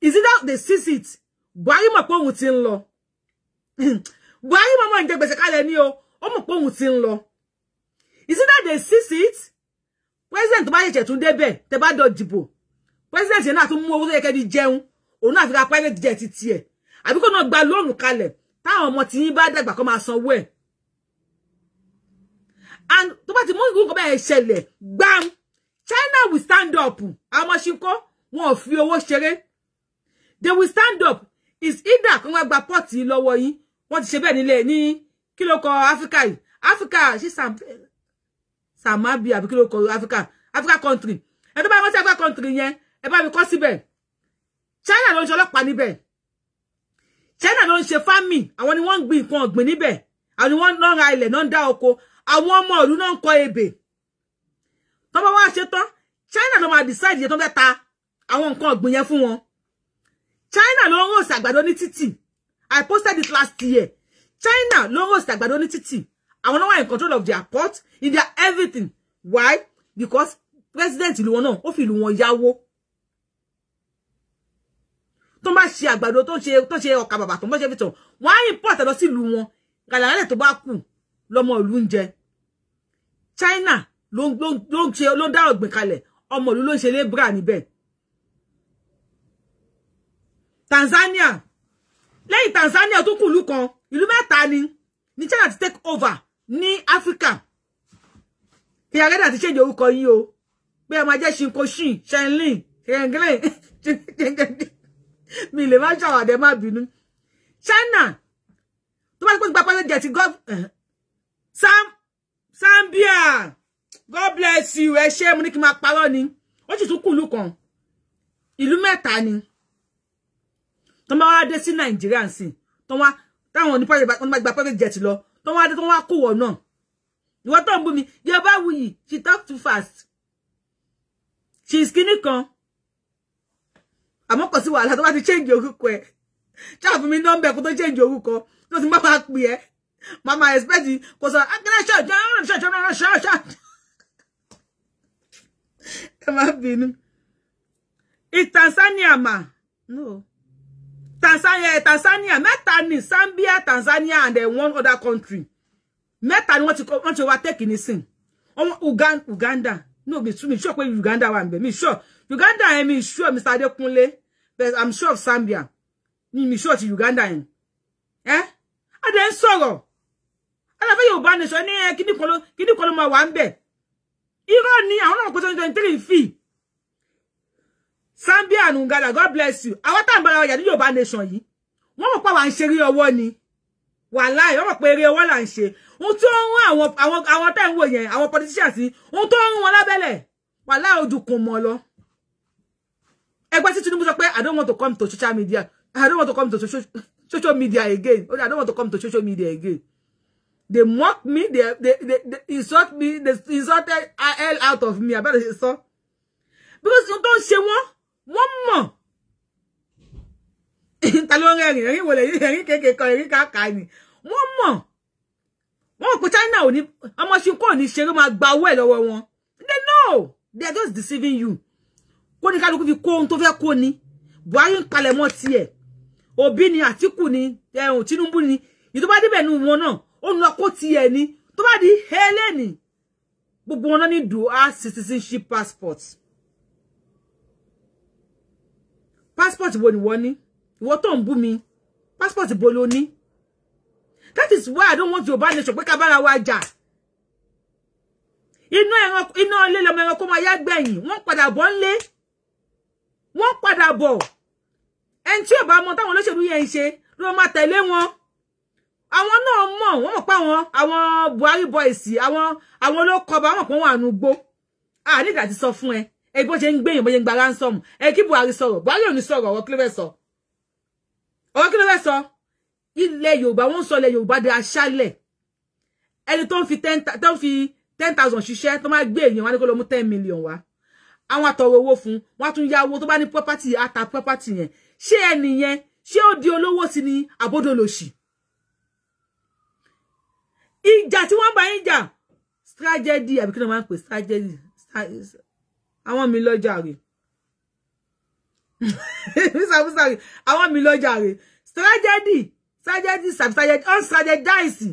A: is it that they seize it Buhari mọ̀ pé ko ti ń lọ <clears throat> Buhari mama ń jẹ gbèsè kalẹ̀ ni o ó mọ̀ pé òun ti ń lọ is it that they see it president bá yẹ̀tẹ̀ tún débẹ̀ tẹ bá dọ̀ dìbò president yẹn náà tún mú owó tó yẹ kẹ́ di jẹun òun náà fi ra private jet tiẹ̀ àbí kó náà gba lóònù kalẹ̀ táwọn ọmọ tí yín bá dàgbà kó máa sanwó ẹ̀ and to bá ti mú ìgbóhùn kan bẹ́ẹ̀ ṣẹlẹ̀ gbam China will stand up àwọn ọmọ ṣinkó wọn ò fi owó ṣeré they will stand up is either kí wọ́n gba pọ́ọ̀tì lọ́wọ́ yín wọ́n ti ṣe bẹ́ẹ̀ nílé ní Ni ló kọ Africa yìí áfíríkà ṣí sàmábì àbí kí ló Africa áfíríkà country ẹ tó bá wọn sí áfíríkà country yẹn ẹ bá mi kọ síbẹ̀ china ló ń ṣe ọlọ́pàá níbẹ̀ china ló ń ṣe farming àwọn ni wọ́n ń gbin nǹkan ọ̀gbìn níbẹ̀ àwọn ni wọ́n ń ra ilẹ̀ náà ń dá oko àwọn ọmọ ìlú náà ń kọ ebè tó bá wá ṣe tán china ló máa decide yẹn tó fẹ́ ta àwọn nǹkan ọ̀gbìn yẹn fún wọn china ló ń rò sí àgbàdo ní títì I posted it last year. China ló roast àgbàdo ní títì. Àwọn náà wà in control of their port, in their everything. Why? Because president ìlú wọn náà ó fi ìlú wọn yáwó. Tó bá ṣe àgbàdo tó ṣe tó ṣe ọkà bàbà tó bá ṣe fitan. Wọ́n á import lọ sí ìlú wọn. Gàlàgàlẹ̀ tó bá kù lọ́mọ long long long China long ló ṣe ló dá ọ̀gbìn kalẹ̀. Ọmọ ìlú ló ń ṣe lébra níbẹ̀. Tanzania lẹ́yìn Tanzania tó kù ìlú kan ìlú mẹ́ta ni ní China ti take over ní Africa ìyá gẹ́dà ti change orúkọ yìí o pé ẹ máa jẹ́ shinkoshin shenlin shenglin <laughs> mi lè má ṣàwàdẹ má bínú China tó bá ti pé gba pẹ́sẹ́ jẹ́ ti gov eh, sam Sambia. God bless you ẹ ṣé mo ní kí n máa parọ́ ni ó sì tún kù kan ìlú mẹ́ta ni tọ́n bá wá dé sí Nàìjíríà nsin tọ́n wá táwọn ní private wọ́n bá gba private jet lọ tọ́n wá dé tọ́n wá kó wọ náà ìwọ tó ń bú mi Yorùbáwùyí she talk too fast she is kíní kan àmọ́ kò sí wàhálà tó bá ti change orúkọ ẹ̀ ṣáà fún mi nọ́mbà kó tó change orúkọ tó ti máa pè ẹ́ màmá expect kò sọ akẹ́lẹ́ ṣọ́ọ̀jọ́ ṣọ́ọ̀jọ́ ṣọ́ọ̀jọ́ ẹ má bínú it's Tanzania ma no. Tanzania, eh, Tanzania, mẹ́ta ni Zambia, Tanzania, and then eh, one other country. Mẹ́ta ni wọ́n ti wọ́n ti overtake nísìn. Uganda, Uganda. No, me sure, me sure pé Uganda wà ńbẹ̀. Me sure. Uganda yẹn eh, mi sure Mr. Adekunle, but I'm sure of Zambia. Me mi sure ti Uganda yẹn. Eh? A dẹ̀ ń sọ̀rọ̀. Ala fẹ́ Yorùbá nation So kíní kan ló kíní kan ló máa wà ńbẹ̀. Irọ́ ni àwọn náà kó 2023 fee. Sambia and Uganda, God bless you. Àwọn tá à ń bára wa jà ní Yorùbá nation yìí. Wọ́n mọ̀ pé àwa ń ṣe eré ọwọ́ ni. Wàláì, wọ́n mọ̀ pé eré ọwọ́ là ń ṣe. Ohun tó ń rún àwọn àwọn politicians yìí, ohun tó ń rún wọn lábẹ́lẹ̀. Wàláì ojú I don't want to come to social media. I don't want to come to social, media again. Oh, I don't want to come to social media again. They mock me, they, they, they, they insult me, they insulted hell out of me. I better say so. Because you don't say one wọ́n mọ̀ <laughs> ta ló ń rẹ́rìn ẹ̀rín wọlé ẹ̀rín kékeré kan ẹ̀rín kàkà ni wọ́n mọ̀ wọ́n pé China ò ní ọmọ ṣukú ò ní ṣeré máa gba owó ẹ̀ lọ́wọ́ wọn they know they are just deceiving you kó ní kálukú fi kó ohun tó fẹ́ kó ni Buhari ń palẹ̀ mọ́ tiẹ̀ Obi ni Àtíkù ni ẹ̀hún Tinubu ni ìtọ́ bá débẹ̀ nu wọn náà ó ń lọ tiẹ̀ ni tó bá di hélèni gbogbo wọn náà ní dual citizenship passports. passport wo ni wọ́n ní ìwọ tó ń mi passport bo ló ní that is why i don't want Yorùbá nation pé ká bára wa jà inú ẹran iná ilé lọmọ ẹranko máa yá gbẹ̀yìn wọ́n padà bọ̀ ńlé wọ́n padà bọ̀ ẹni tí ò bá mọ táwọn olóṣèlú yẹn ń ṣe ló máa tẹ̀lé wọn Awon náà mọ̀ wọ́n mọ̀ pé àwọn àwọn Buhari boys àwọn àwọn olókọba wọ́n mọ̀ pé wọ́n àánú gbó àníkà ti sọ fún ẹ ẹ bó ṣe ń gbéyàn bó ṣe ń gba ransom ẹ kí Buhari sọ̀rọ̀ Buhari ò ní sọ̀rọ̀ ọ̀rọ̀ kí ló fẹ́ sọ ọ̀rọ̀ kí ló fẹ́ sọ ilẹ̀ Yorùbá wọ́n ń sọ ilẹ̀ Yorùbá di aṣálẹ̀ fi ten thousand ṣiṣẹ́ tó máa gbé èèyàn wá ní kó lọ mú ten million wa. àwọn àtọ̀rọ̀ owó fun, wa tún yá owó tó bá ní property ata property yẹn ṣé ẹni yẹn ṣé ó di olówó sí ni àbódòlòṣì ìjà tí wọ́n bá ń jà tragedy àbí kí ló máa ń pè tragedy àwọn mi lọ jàre sàbùsàrè àwọn mi lọ jàre tragedy tragedy sàbùsàrè unstrategize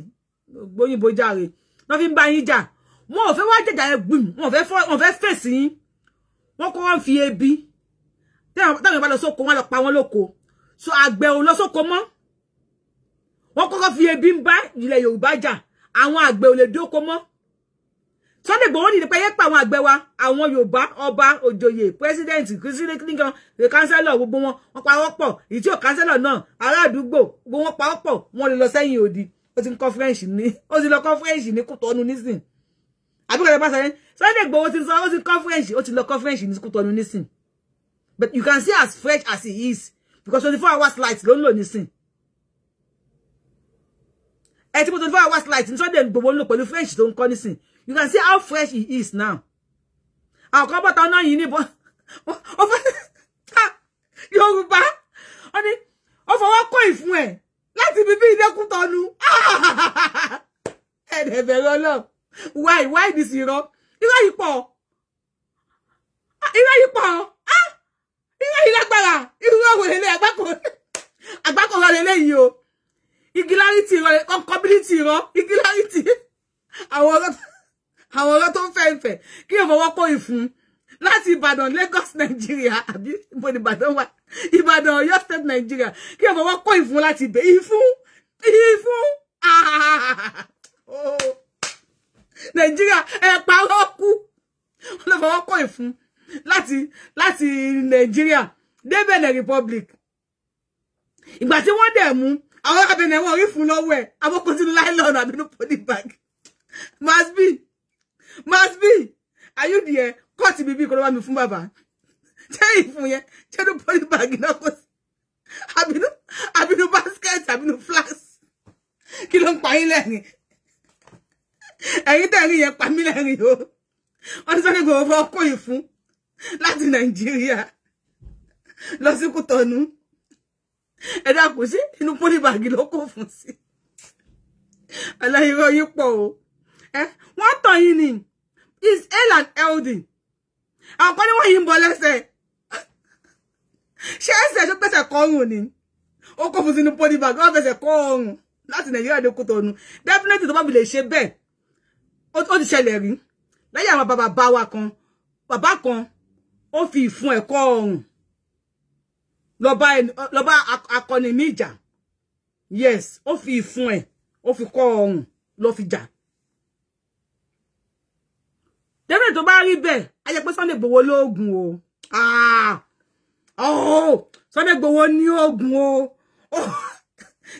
A: gbóyìnbó jàre wọ́n fi ń bá yín jà wọn ò fẹ́ wá jẹjà ẹ gbìm wọn ò fẹ́ wọn fẹ́ fèsì yín wọ́n kọ́ wọn fi ebi táwọn ìbá lọ sóko wọ́n lọ pa wọ́n lóko so àgbẹ̀ ò lọ sóko mọ́ wọ́n kọ́kọ́ fi ebi ń bá ilẹ̀ Yorùbá jà àwọn àgbẹ̀ ò lè dóko mọ́ Sunday Igboho ni pé yẹ pa àwọn àgbẹ̀ wa àwọn Yorùbá ọba òjòyè president kìsìlẹ nìkan kánsẹ́lọ̀ gbogbo wọn wọn pa wọ́n pọ̀ èyí tí ò kánsẹ́lọ̀ náà ará àdúgbò gbogbo wọn pa wọ́n pọ̀ wọn lè lọ sẹ́yìn odi ó ti ń kọ́ French ní ó ti lọ kọ́ French ní Kútọ́nù nísìn àbíkọ̀ ìjọba sẹ́yìn Sunday Igboho ti sọ ó ti conference. French ó ti conference kọ́ French ní Kútọ́nù nísìn but you can see as French as he is because twenty four hours light ló ń lò nísìn ẹ ti mú twenty four hours light ní Sunday Igboho ń lò French tó ń kọ́ nísìn You can see how fresh he is now. I'll come back now you need Yorùbá. Ó ní ó fọwọ́ kó ìfun ẹ̀ láti bíbí ilẹ̀kùn ha. <laughs> Ẹ̀dẹ̀ bẹ̀rẹ̀ ọlọ́run. Why why this irọ́? Irọ́ yìí pọ̀. Irọ́ yìí pọ̀. Ah! Irọ́ yìí lágbára. Irọ́ wò lélẹ̀ àgbákò. Àgbákò rọ lélẹ́yìí o. Igi lárí ti irọ́. Kọ́ńkọ́bílítì irọ́. Igi lárí ti. Àwọn ọ̀rọ̀ àwọn ọ̀rọ̀ tó ń fẹ́ ń fẹ́ kí o fọwọ́ pọ̀ ìfun láti ìbàdàn lagos nàìjíríà <laughs> àbí mo ní ìbàdàn wa ìbàdàn ọ̀yọ́ state nàìjíríà kí o fọwọ́ pọ̀ ìfun láti ibẹ̀ ìfun ìfun <laughs> oh! nàìjíríà ẹ parọ́ kú wọn lọ fọwọ́ pọ̀ ìfun láti láti nàìjíríà dé Benin republic ìgbà tí wọ́n dẹ̀ mú àwọn abẹnẹ̀wọ̀n orí fún lọ́wọ́ ẹ̀ abọ́kùnrin láìlọ́ọ̀nù àbínú poli bag must be must be are you there kọ́ọ̀tì bíbí kọ́ ló wá mi fún bàbá ṣé ìfun yẹn ṣé ló pọ́lí báàgì náà kò sí àbínú àbínú basket no? flask kí ló ń pa yín lẹ́rìn ẹ̀yin tẹ̀rín yẹn pa mí lẹ́rìn o wọ́n sọ ní gbogbo fọ́ kó ìfun láti nàìjíríà lọ sí kútọ́nù ẹ dákun sí inú pọ́lí báàgì ló kó fún sí aláìrọ yín pọ̀ o ẹ wọ́n tàn yín ni is ill and healthy àwọn kan ní wọ́n yìí ń bọ lẹ́sẹ̀ ṣé ẹsẹ̀ tó pẹ̀sẹ̀ kọ́ ọ̀hún ni ó kó fún sínú pọ́lí bag wọ́n fẹsẹ̀ kọ́ in láti nàìjíríà dé Kòtònú definitely tó bá mi lè ṣe bẹ́ẹ̀ ó ti ṣẹlẹ̀ rí lẹ́yìn àwọn bàbá bá wa kan bàbá kan ó fi ìfun ẹ̀kọ́ ọ̀hún lọ bá akọni mi ìjà yes ó fi ìfun ẹ̀ ó fi kọ́ ọ̀hún lọ fi jà débẹ̀ tó bá rí bẹ́ẹ̀ a jẹ́ pé Sunday Igboho lóògùn o ọ̀hún ah! oh! Sunday Igboho ní oògùn o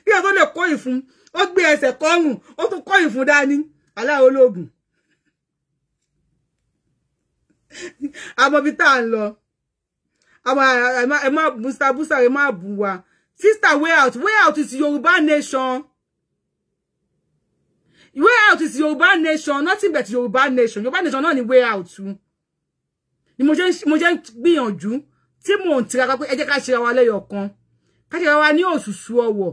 A: bí ọ̀tọ́ lè kó ìfun ó gbé ẹsẹ̀ kọ́rùn ó tún kó ìfun dání aláwo lóògùn àmọ́bí <laughs> tá à ń lọ àmọ́ ẹ má bùsà bùsà ẹ má bù wá sister way out way out is Yorùbá nation way out is Yoruba nation nothing but Yoruba nation Yoruba nation not ni way out ni mo jẹ́ mo jẹ́ gbìyànjú tí mò ń tiraka pé ẹ jẹ́ ká ṣe ra wa lẹ́yọ̀ kan ká ṣe ra wa ní òṣùṣù ọwọ̀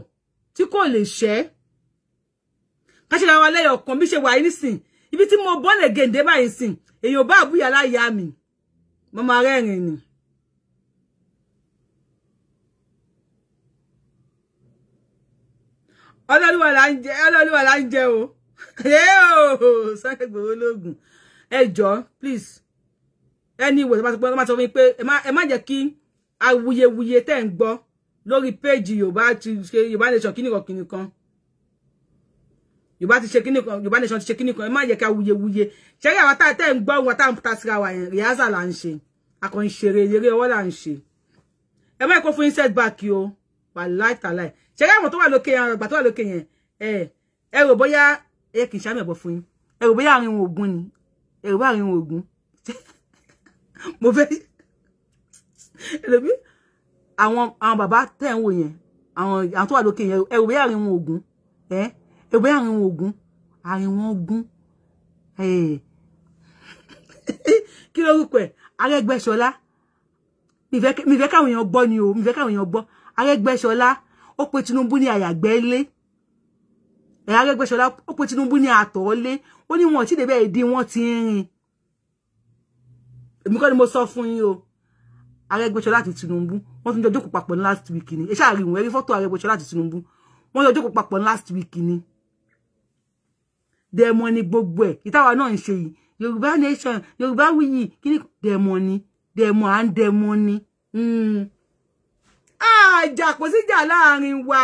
A: tí kò lè ṣẹ́ ká ṣe ra wa lẹ́yọ̀ kan bí ṣe wà yìí nísìn ibi tí mo bọ́lẹ̀ gèdè báyìí sìn èèyàn bá àbúyà láyà mi mo máa rẹ́rìn ni. ọlọ́lúwa là ń jẹ ọlọ́lúwa là ń jẹ o. Sunday <laughs> Igboho oh, lóògùn ẹ jọ̀ọ́ please anyway tó bá sọ fún mi pé ẹ má jẹ́ kí awuyewuye tẹ́ ń gbọ́ lórí péjì yorùbá ti ṣe yorùbá nation kíníkan kíníkan yorùbá ti ṣe kíníkan yorùbá nation ti ṣe kíníkan ẹ má jẹ́ kí awuyewuye ṣẹ́rí àwa tẹ́ ń gbọ́ wọn tá à ń ta síra wa yẹn rìhásà là ń ṣe akọ̀ǹṣeré eré ọwọ́ là ń ṣe ẹ má kó fún yín setback o wà láìtàláì ṣẹ́rí àwọn tó wà lókè yẹn àgbà tó wà lókè yẹn ẹ ẹ rò bóyá ẹ kì í ṣàmẹ̀bọ̀ fún yín ẹ̀rù bóyá àárín ògùn ni ẹ̀rù bá àárín ògùn <laughs> mo fẹ́ ẹlòmí àwọn àwọn bàbá tẹ̀ ń wò yẹn àwọn àwọn tó wà lókè yẹn ẹ̀rù bóyá àárín ògùn ẹ̀ ẹ̀rù bóyá àárín ògùn àárín wọn gún <laughs> kí lórúkọ ẹ̀ Arẹ́gbẹ́ṣọlá mi fẹ́ káwọn èèyàn gbọ́ ni o mi fẹ́ káwọn èèyàn gbọ́ Arẹ́gbẹ́ṣọlá ó pe Tinubu ní àyàgbẹ́ ẹ̀yà Arẹ́gbẹ́ṣọlá ó pe Tinubu ní àtọ̀ọ́lé ó ní wọn ò tí ì débẹ̀ ìdí wọn ti ń rìn èmi kọ́ ni mo sọ fún yín o Arẹ́gbẹ́ṣọlá àti Tinubu wọ́n tún jọ jókòó papọ̀ ní last week ni eṣáà rí wọn ẹrí fọ́tò Arẹ́gbẹ́ṣọlá àti Tinubu wọ́n jọ jókòó papọ̀ ní last week ni dẹ̀mọ ni gbogbo ẹ̀ ìtawà náà ń ṣe yìí Yorùbá nation Yorùbá wuyì kí ni dẹ̀mọ ni dẹ̀mọ à ń dẹ̀mọ ni hmm. àjà kò síjà láàrin wa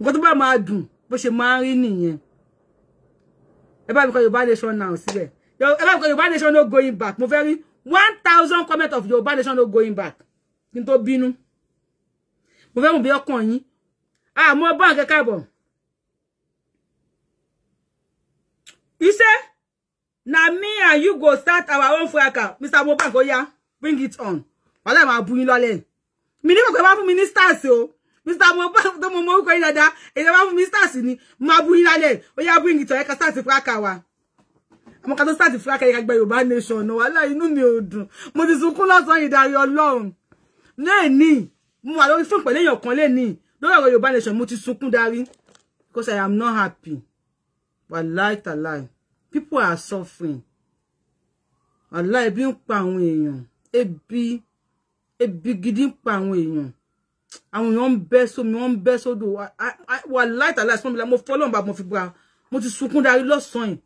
A: nǹkan tó bá máa dùn bó ṣe máa ń rí nìyẹn ẹ bá mi kọ yorùbá nation now síbẹ̀ ẹ bá mi kọ yorùbá nation no going back mo fẹ́ rí one thousand comment of yorùbá nation no going back kí n tó bínú mo fẹ́ mú bí ọkàn yín àmọ́ báńkì káàbọ̀ iṣẹ́ na me and you go start our own fiacre mr mobank oya bring it on wàhálà máa bu yín lọ́lẹ̀ mi ní kòkòrò bá fún ministers o mr mopa tó mọ orúkọ yín dáadáa mr sí ni máa bú yín lálẹ́ ó yá bú start to wa àwọn kan tó start fúráka yìí kagbẹ́ yorùbá nation ọ̀nà wàhálà inú No, ò dùn mo ti sunkún lọ́sàn-án ìdarí ọlọ́run lẹ́ẹ̀ni mo wà lórí fún pẹ̀lú èèyàn kan lẹ́ẹ̀ni lórí ọ̀rọ̀ nation mo ti because i am not happy but wàláì tàláì people are suffering wàláì ebi ń pa àwọn A ebi a big, ń pa àwọn èèyàn àwọn èèyàn ń bẹ́ sómi wọ́n ń bẹ́ sódò wà láìtàlá ìsọ́nmi la mo fọ́lọ́n bá mo fi bra mo ti sunkún darí lọ́sàn-án yìí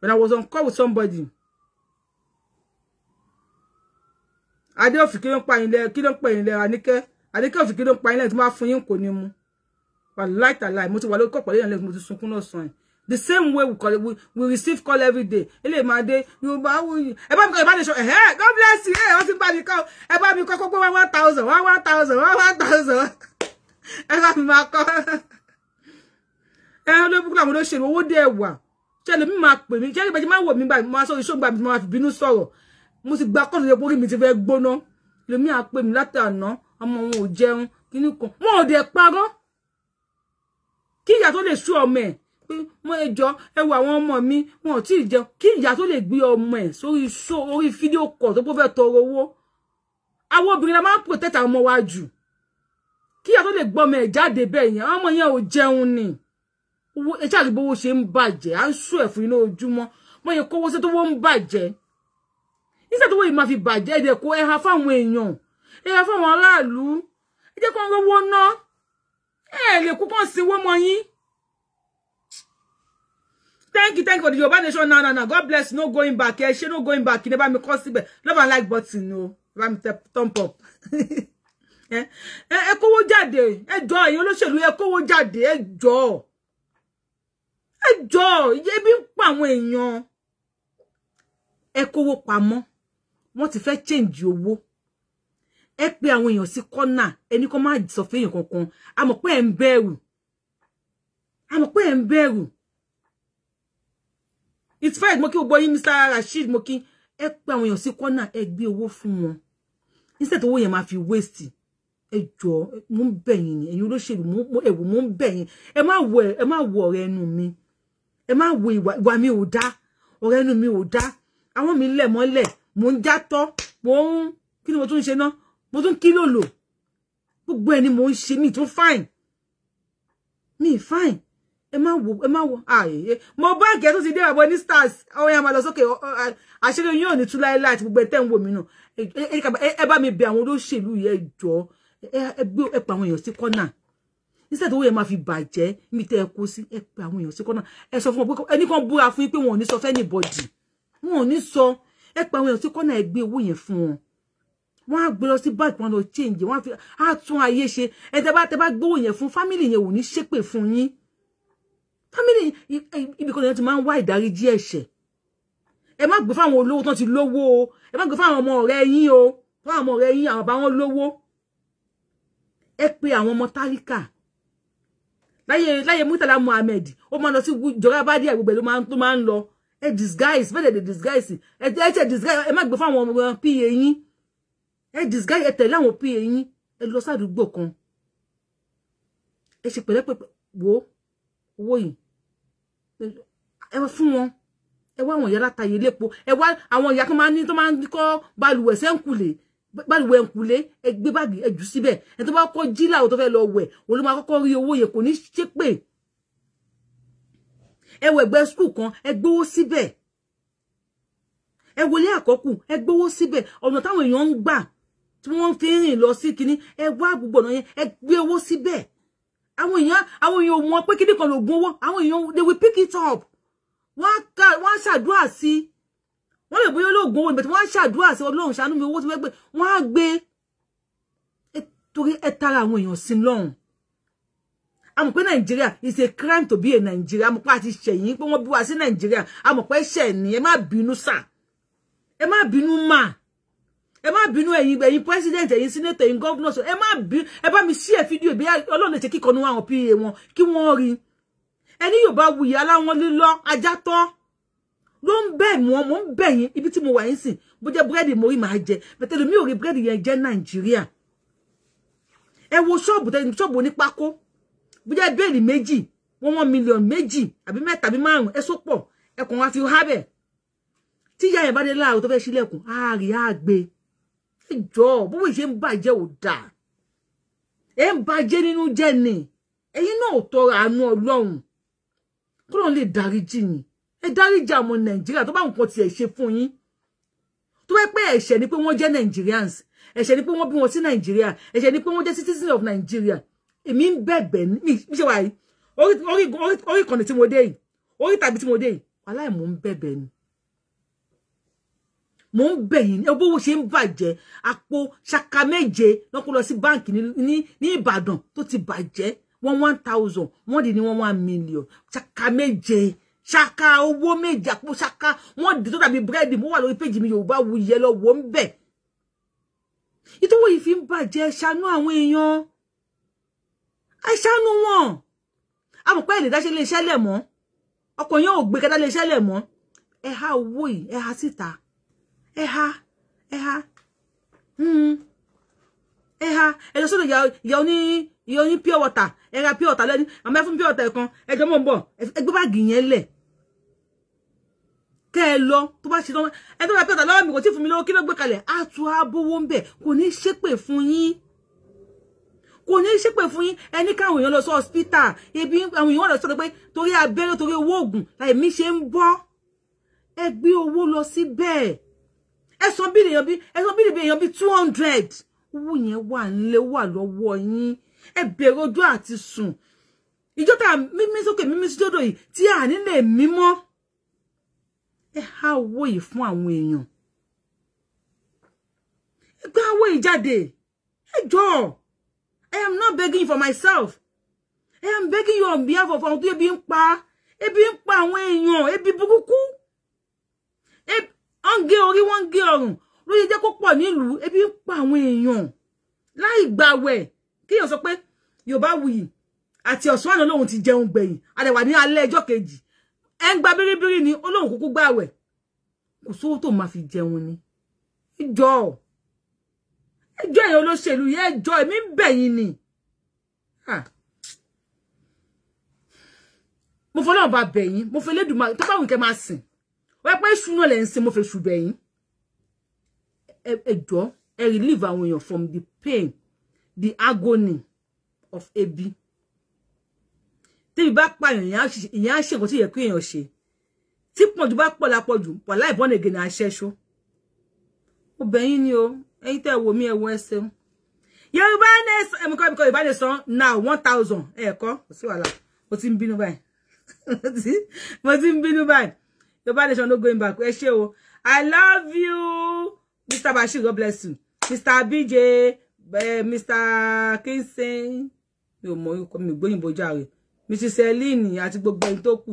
A: when I was on call with somebody adé òfì kí ló ń pa yín lẹ́ra kí ló ń pa yín lẹ́ra níkẹ́ adé kí òfì kí ló ń pa yín lẹ́ra tí máa fún yín kò ní mu wà láìtàlá mo ti wà lórí kọ̀pọ̀ lẹ́yìn lẹ́yìn mo ti sunkún lọ́sàn-án the same way we call it, we, we receive call every day ele ma de Yorùbá wo ẹ bá mi ko ẹ bá nation eh god bless you eh wọ́n ti bá mi ko ẹ bá mi ko ko 1000 1000 1000 ẹ bá mi ma ko eh lo bu la mo do se owó de ẹwà se le mi ma pè mí se le be ma wo mi báyìí ma so iso gba mi ma fi bínú sọ̀rọ̀ mo sì gba kon je pori mi ti fẹ́ gbóná le mi a pè mí látàná ọmọ wọn ò jẹun kíní kan wọn ò dẹ̀ parọ́ kí ìyá tó lè sú ọmọ ẹ̀ pé mo ẹjọ́ ẹ wo àwọn ọmọ mi wọn ò tí ì jẹun kí ìyá tó lè gbé ọmọ ẹ̀ sórí ṣó orí fídíò kọ̀ tó pọ̀ fẹ́ tọrọ owó àwọn obìnrin la máa ń protect àwọn ọmọ wa jù kí ìyá tó lè gbọ́mọ ẹ̀ jáde bẹ́ẹ̀ yẹn àwọn ọmọ yẹn ò jẹun ni owó ẹ ṣáà rí bówó ṣe ń bàjẹ́ à ń sún ẹ̀ fún iná ojúmọ́ mo yẹ kówó sí tó wọ́n ń bàjẹ́ nígbà tó wọ́n yìí máa fi bàjẹ́ ẹ̀dẹ̀ kó ẹha fáwọn èèyàn ẹha fáwọn aráàlú ẹ jẹ́ kó ń rówó ná ẹ lè kú kàn sí owó mọ́ thank you thank you for the Yoruba nation now now now God bless no going back Yeah, ṣe no going back You never mi kọ síbẹ̀ love and like button o bá me, tẹ thumb up <laughs> Eh, eh, kówó jáde ẹ jọ ẹ̀yin olóṣèlú ẹ kówó jáde ẹ jọ ẹ jọ ebi ń pa àwọn èèyàn ẹ kówó pamọ́ wọ́n ti fẹ́ change owó ẹ pe àwọn èèyàn sí kọ́nà ẹni kan má sọ fún èèyàn kankan a mọ̀ pé ẹ ń bẹ̀rù a mọ̀ pé it's fine mo kí gbogbo yín Mr. Rashid. mo kí ẹ pé àwọn èèyàn sí kọ́nà ẹ gbé owó fún wọn instead owó yẹn ma fi waste ẹ jọ mo ń bẹ̀ yín ni ẹ̀yin olóṣèlú mo ẹ̀wò mo ń bẹ̀ yín ẹ má wọ ẹ má wọ ọ̀rẹ́ mi ẹ má wo ìwà mi ò dá ọ̀rẹ́ ẹnu mi ò dá àwọn mi lẹ̀ mọ́lẹ̀ mo ń játọ́ mo ń kí ni mo tún ń ṣe mo tún kí gbogbo ẹ mo ń mi tún fine mi fine ẹ má wò ẹ má wò ààyè ah, eh, eh. mo bá ìkẹ́ tó ti dé ìràbọ̀ ní stars ọwọ́ yẹn máa lọ sókè àṣírí yín ò ní tú láéláé àti gbogbo ẹ̀ tẹ́ ń wò mí nù ẹ bá mi bẹ àwọn olóṣèlú yẹn jọ ẹ pa àwọn èèyàn sí kọ́nà nísẹ̀ tó wọ́ yẹn máa fi bàjẹ́ mi tẹ́ ẹ kó sí ẹ pa àwọn èèyàn sí kọ́nà ẹ sọ fún wọn pé ẹnì kan búra fún yín pé wọn ò ní sọ fẹ́ni bọ̀dì wọn ò ní sọ ẹ pa àwọn èèyàn sí kọ́nà ẹ gbé owó yẹn fún wọn wọn á gbé lọ sí báàgì wọn lọ change wọn á tún ayé ṣe ẹ tẹ bá tẹ bá gbówó yẹn fún fámìlì yẹn ò ní ṣépè fún yín family ibi kan lè ti máa ń wá ìdáríjì ẹ̀ṣẹ̀ ẹ má gbé fáwọn olówó tán ti lówó o ẹ má gbé fáwọn ọmọ ọ̀rẹ́ yín o fáwọn ọmọ ọ̀rẹ́ yín àwọn bá wọn lówó ẹ pe àwọn ọmọ táríkà láyé láyé Murtala Muhammed ó máa lọ sí jọra bá díẹ̀ lo. ẹ̀ ló máa ń lọ ẹ disguise bẹ́ẹ̀ dẹ̀ disguise ẹ tẹ̀ disguise ẹ má gbé fáwọn ọmọ pa yín ẹ disguise ẹ tẹ̀lé àwọn pa yín ẹ lọ sádùúgbò kan ẹ ṣe pẹ̀lẹ́pẹ̀lẹ́ wo owó yìí ẹ wá fún wọn ẹ wá àwọn ìyá látàyè lépo ẹ wá àwọn ìyá tó máa ń ní tó máa ń kọ́ balùwẹ̀ sẹ́ńkùlé balùwẹ̀ ẹ̀kùlé ẹ gbé báàgì ẹ jù síbẹ̀ ẹ tó bá kọ́ jí láwọn tó fẹ́ lọ wẹ̀ òun ló máa kọ́kọ́ rí owó yẹn kò ní ṣépè ẹ wọ ẹgbẹ́ skul kan ẹ gbowó síbẹ̀ ẹ wọlé àkọ́kù ẹ gbowó síbẹ̀ ọ̀nà táwọn èèyàn ń gbà tí wọ́n fi ń rìn lọ sí kinní ẹ wá gbogbo ọ̀nà yẹn ẹ gbé owó síbẹ̀ àwọn èèyàn àwọn èèyàn ò mọ pé kíní kan lògùn owó àwọn èèyàn they will pick it up wọ́n ká wọ́n ṣàdúrà sí i wọ́n lè bóyá olóògùn owó ìbẹ̀tẹ̀ wọ́n ṣàdúrà sí ọlọ́run ṣàánú mi owó tí wọ́n gbé wọ́n á gbé torí ẹ tara àwọn èèyàn sí lọ́run a mọ̀ pé nàìjíríà is a crime to be a nàìjíríà a mọ̀ pé a ti ṣẹ̀yìn pé wọ́n bí wa sí nàìjíríà a mọ̀ pé ṣẹ̀ ní ẹ má bínú sà ẹ má bínú máa ẹ má bínú ẹ̀yin ẹ̀yin president ẹ̀yin senator ẹ̀yin governor ẹ má bínú ẹ bá mi share fídíò bí Ọlọ́run lè ṣe kíkọ́nu àwọn pa wọn kí wọ́n rí ẹni yóò bá wuyì aláwọn lílọ ajá tán ló ń bẹ̀ wọ́n mo ń bẹ̀ yín ibi tí mo wà yín sìn bó jẹ́ búrẹ́dì mo rí màá jẹ bẹ̀tẹ̀ lómi ò rí búrẹ́dì yẹn jẹ́ nàìjíríà ẹ wo ṣọ́ọ̀bù tẹ ṣọ́ọ̀bù onípákó bó jẹ́ bẹ́ẹ̀lì méjì wọ́n wọ́n mílíọ̀nù méjì àbí mẹ́ta àbí márùn-ún ẹ sọ pọ̀ ẹkùn wa fi hábẹ̀ tí ìyá yẹn bá dé láàrú tó fẹ́ ṣílẹ̀kùn á rí á gbé e ìjọ bówó ìṣe ń bàjẹ́ ò dáa ẹ ń bàjẹ́ nínú jẹ́ ni ẹ̀yin náà ò tọrọ àánú ọlọ́run kúrò lè dáríjì ni ẹ dáríjì àmọ́ nàìjíríà tó bá nǹkan tiẹ̀ ṣe fún yín tó bá pẹ́ ẹ̀ṣẹ̀ ni pé wọ́n jẹ́ Nigerians ẹ̀ṣẹ̀ ni pé wọ́n bí wọn sí Nigeria ẹ̀ṣẹ̀ ni pé wọ́n jẹ́ citizens of Nigeria èmi ń bẹ̀bẹ̀ mi ṣe wáyé orí ìkànnì tí mo dé yìí orí tàbí tí mo dé yìí aláìmọ̀ ń bẹ̀bẹ̀ ni mò ń bẹ̀ yín ẹ bówó ṣe ń bàjẹ́ àpò ṣaka méje lọ́kọ lọ sí báǹkì ní Ìbàdàn tó ti bàjẹ́ wọ́n one thousand wọ́n dì ní one million ṣaka méje ṣaka owó méje àpò ṣaka wọ́n dì tó dàbí búrẹ́dì mo wà lórí péjì mi Yorùbá Wuyì lọ wò ń bẹ̀ ìtọ́wò yìí fi ń bàjẹ́ ṣàánú àwọn èèyàn ẹ ṣàánú wọn àmọ̀pẹ́ ẹ̀lẹ́dá ṣe lè ṣẹlẹ̀ mọ́ ọkọ̀ yẹn gbé kẹta lè ṣẹlẹ̀ mọ́ ẹ owó yìí ẹ síta ẹ̀ha ẹ̀ha ẹ̀ha ẹ̀jọ̀ yo, yo ni, yo ni pure water ẹ̀ra pure water lẹ́ni àmọ́ ẹ pure water kan E mọ̀ ń bọ̀ ẹgbẹ́ báàgì yẹn lẹ̀ kẹ́ ẹ lọ tó bá ṣe tán ẹ tó bá pẹ́ ọ̀tà lọ́wọ́ mi kò tí fún mi lọ́wọ́ kí ló gbé kalẹ̀ á tu abówó ń bẹ̀ kò ní ṣépè fún yín kò ní ṣépè fún yín ẹni káwọn èèyàn lọ sí hospital ebi àwọn èèyàn lọ sọ́dọ̀ pé torí abẹ́rẹ́ torí owó oògùn làyè mi ṣe ń bọ́ ẹ gbé owó lọ síbẹ̀ ẹ̀sán bíi èèyàn bíi ẹ̀sán bíi èèyàn bíi two hundred owó yẹn wà ńlẹ̀ wà lọ́wọ́ yín ẹ bẹ̀rẹ̀ ojú àti sùn ìjọ tá mímí sókè mímí sódò yìí tí a nílé mímọ́ ẹ há owó yìí fún àwọn èèyàn ẹ gbá owó yìí jáde ẹ jọ I am not begging for myself I am begging you on behalf of àwọn tó ebi ń pa ebi ń pa àwọn èèyàn ebi burúkú wọ́n ń gé orí wọ́n ń gé ọrùn lóye jẹ́ kó pọ̀ nílùú ebi ń pa àwọn èèyàn láì gbàwẹ̀ kíyàn sọ pé yorùbá wuyì àti ọ̀sán àná lòun ti jẹun gbẹ̀yìn àdẹ̀wà ní alẹ́ ẹjọ́ kejì ẹ ń gba bíríbírí ni olóhùn kúkú gbàwẹ̀ kò sówó tó máa fi jẹun ni ìjọ ẹjọ ẹ̀yin olóṣèlú yẹ ẹjọ èmi ń bẹ̀yìn ni mo fọlọ́run bá bẹ̀yìn mo fẹ́ lẹ́dùnmá tó bá wù kẹ́ máa sìn wọ́n pẹ́ ṣúná lẹ́ ń ṣe mo fẹ́ ṣùgbẹ́ yín ẹ jọ ẹ relieve àwọn èèyàn from the pain the agony of ebi tébi bá pààyàn ìyẹn á ṣe nǹkan tí yẹ kí èèyàn ṣe tí pọ̀jù bá pọ̀ lápọ̀jù pọ̀ láì bọ́n ègè ní aṣẹ́ṣó obìnrin ni o ẹ̀yin tẹ́ wo mí ẹ wo ẹsẹ̀ yorùbá ní ẹ̀mùkọ́ ibìkọ́ yorùbá ní san now one thousand ẹ̀ẹ̀kọ́ kò sí wàhálà mo ti ń bínú báyìí <laughs> mo ti ń bínú Yoruba nation not going back. I love you. Mr. Bashir, God bless you. Mr. BJ, eh, Mr. Kinsin. Yo, ò mọ̀ orúkọ mi gbóyìnbó jàre. Mrs. Celine àti gbogbo ẹni tó kù.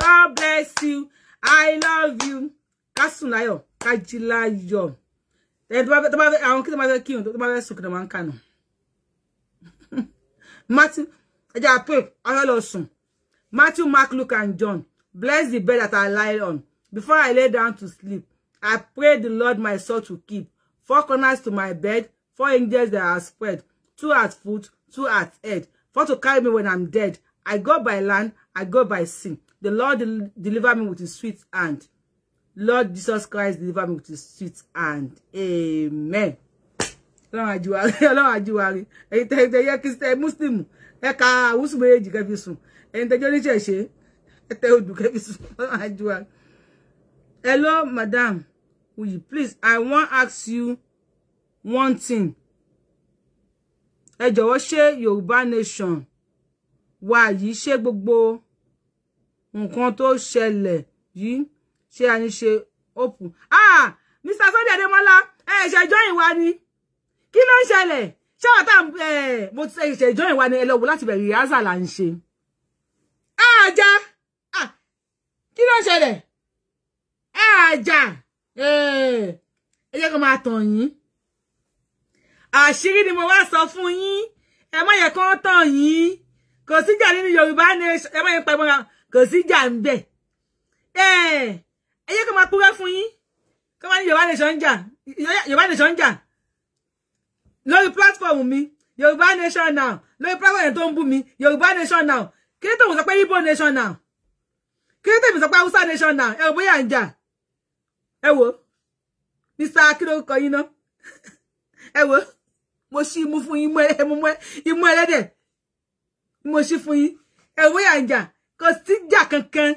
A: God bless you. I love you. Kasuna yo, kajila yo. Eh, tu bá fẹ́ tó bá fẹ́ àwọn kí tó bá tu kírun tó bá fẹ́ sùn kí tó máa ń kànà. <laughs> Matthew, ẹja pé ọyọ́ Matthew, Mark, Luke and John. Bless the bed that I lie on. Before I lay down to sleep, I pray the Lord my soul to keep. Four corners to my bed, four angels that are spread, two at foot, two at head, four to carry me when I'm dead. I go by land, I go by sea. The Lord del deliver me with his sweet hand. Lord Jesus Christ deliver me with his sweet hand. Amen. Ọlọ́run àjùwárí <laughs> Ọlọ́run àjùwárí ẹ̀yin tẹ́ ẹ jẹ́ kí ẹ Muslim ẹ̀ka àwùsùn méjèèjì kẹfì sùn ẹ̀yin tẹ́jọ́ oníṣẹ̀ṣe hello madam will you please i wan ask you one thing ẹ jọ̀wọ́ ṣé yorùbá nation wa yìí ṣé gbogbo nǹkan tó ṣẹlẹ̀ yìí ṣé a ń ṣe open ah mr sunday ademola ẹ ṣe join wa ni kí ló ń ṣẹlẹ̀ ṣé wàá tà eh, mo ti ṣe join wa ni ẹ lọ wò láti bẹ̀rẹ̀ rehearsal là ń ṣe. àjà. Ah, ja kí ló ṣẹlẹ̀ àjà ẹ jẹ́ kó máa tàn yín àṣírí ni mo wá sọ fún yín ẹ má yẹ kán tàn yín kò síjà nínú Yorùbá nation ẹ má yẹ pa ìmọ̀ra kò síjà ń bẹ̀ ẹ jẹ́ kó máa kúrẹ́ fún yín kó máa ní Yorùbá nation ń jà Yorùbá nation ń jà lórí platform mi Yorùbá nation now lórí platform yẹn tó ń bú mi Yorùbá nation now kí ló tó wọ́n sọ pé Igbo nation now kí ló tẹ̀mí sọ pé Hausa nation now ẹ wò bóyá ń jà ẹ wò Mr. akíló kọ yín ná <laughs> ẹ wò mo ṣí imú fún imú imú ẹlẹ́dẹ̀ mo ṣí fún yín ẹ wò bóyá ń jà kò sí jà kankan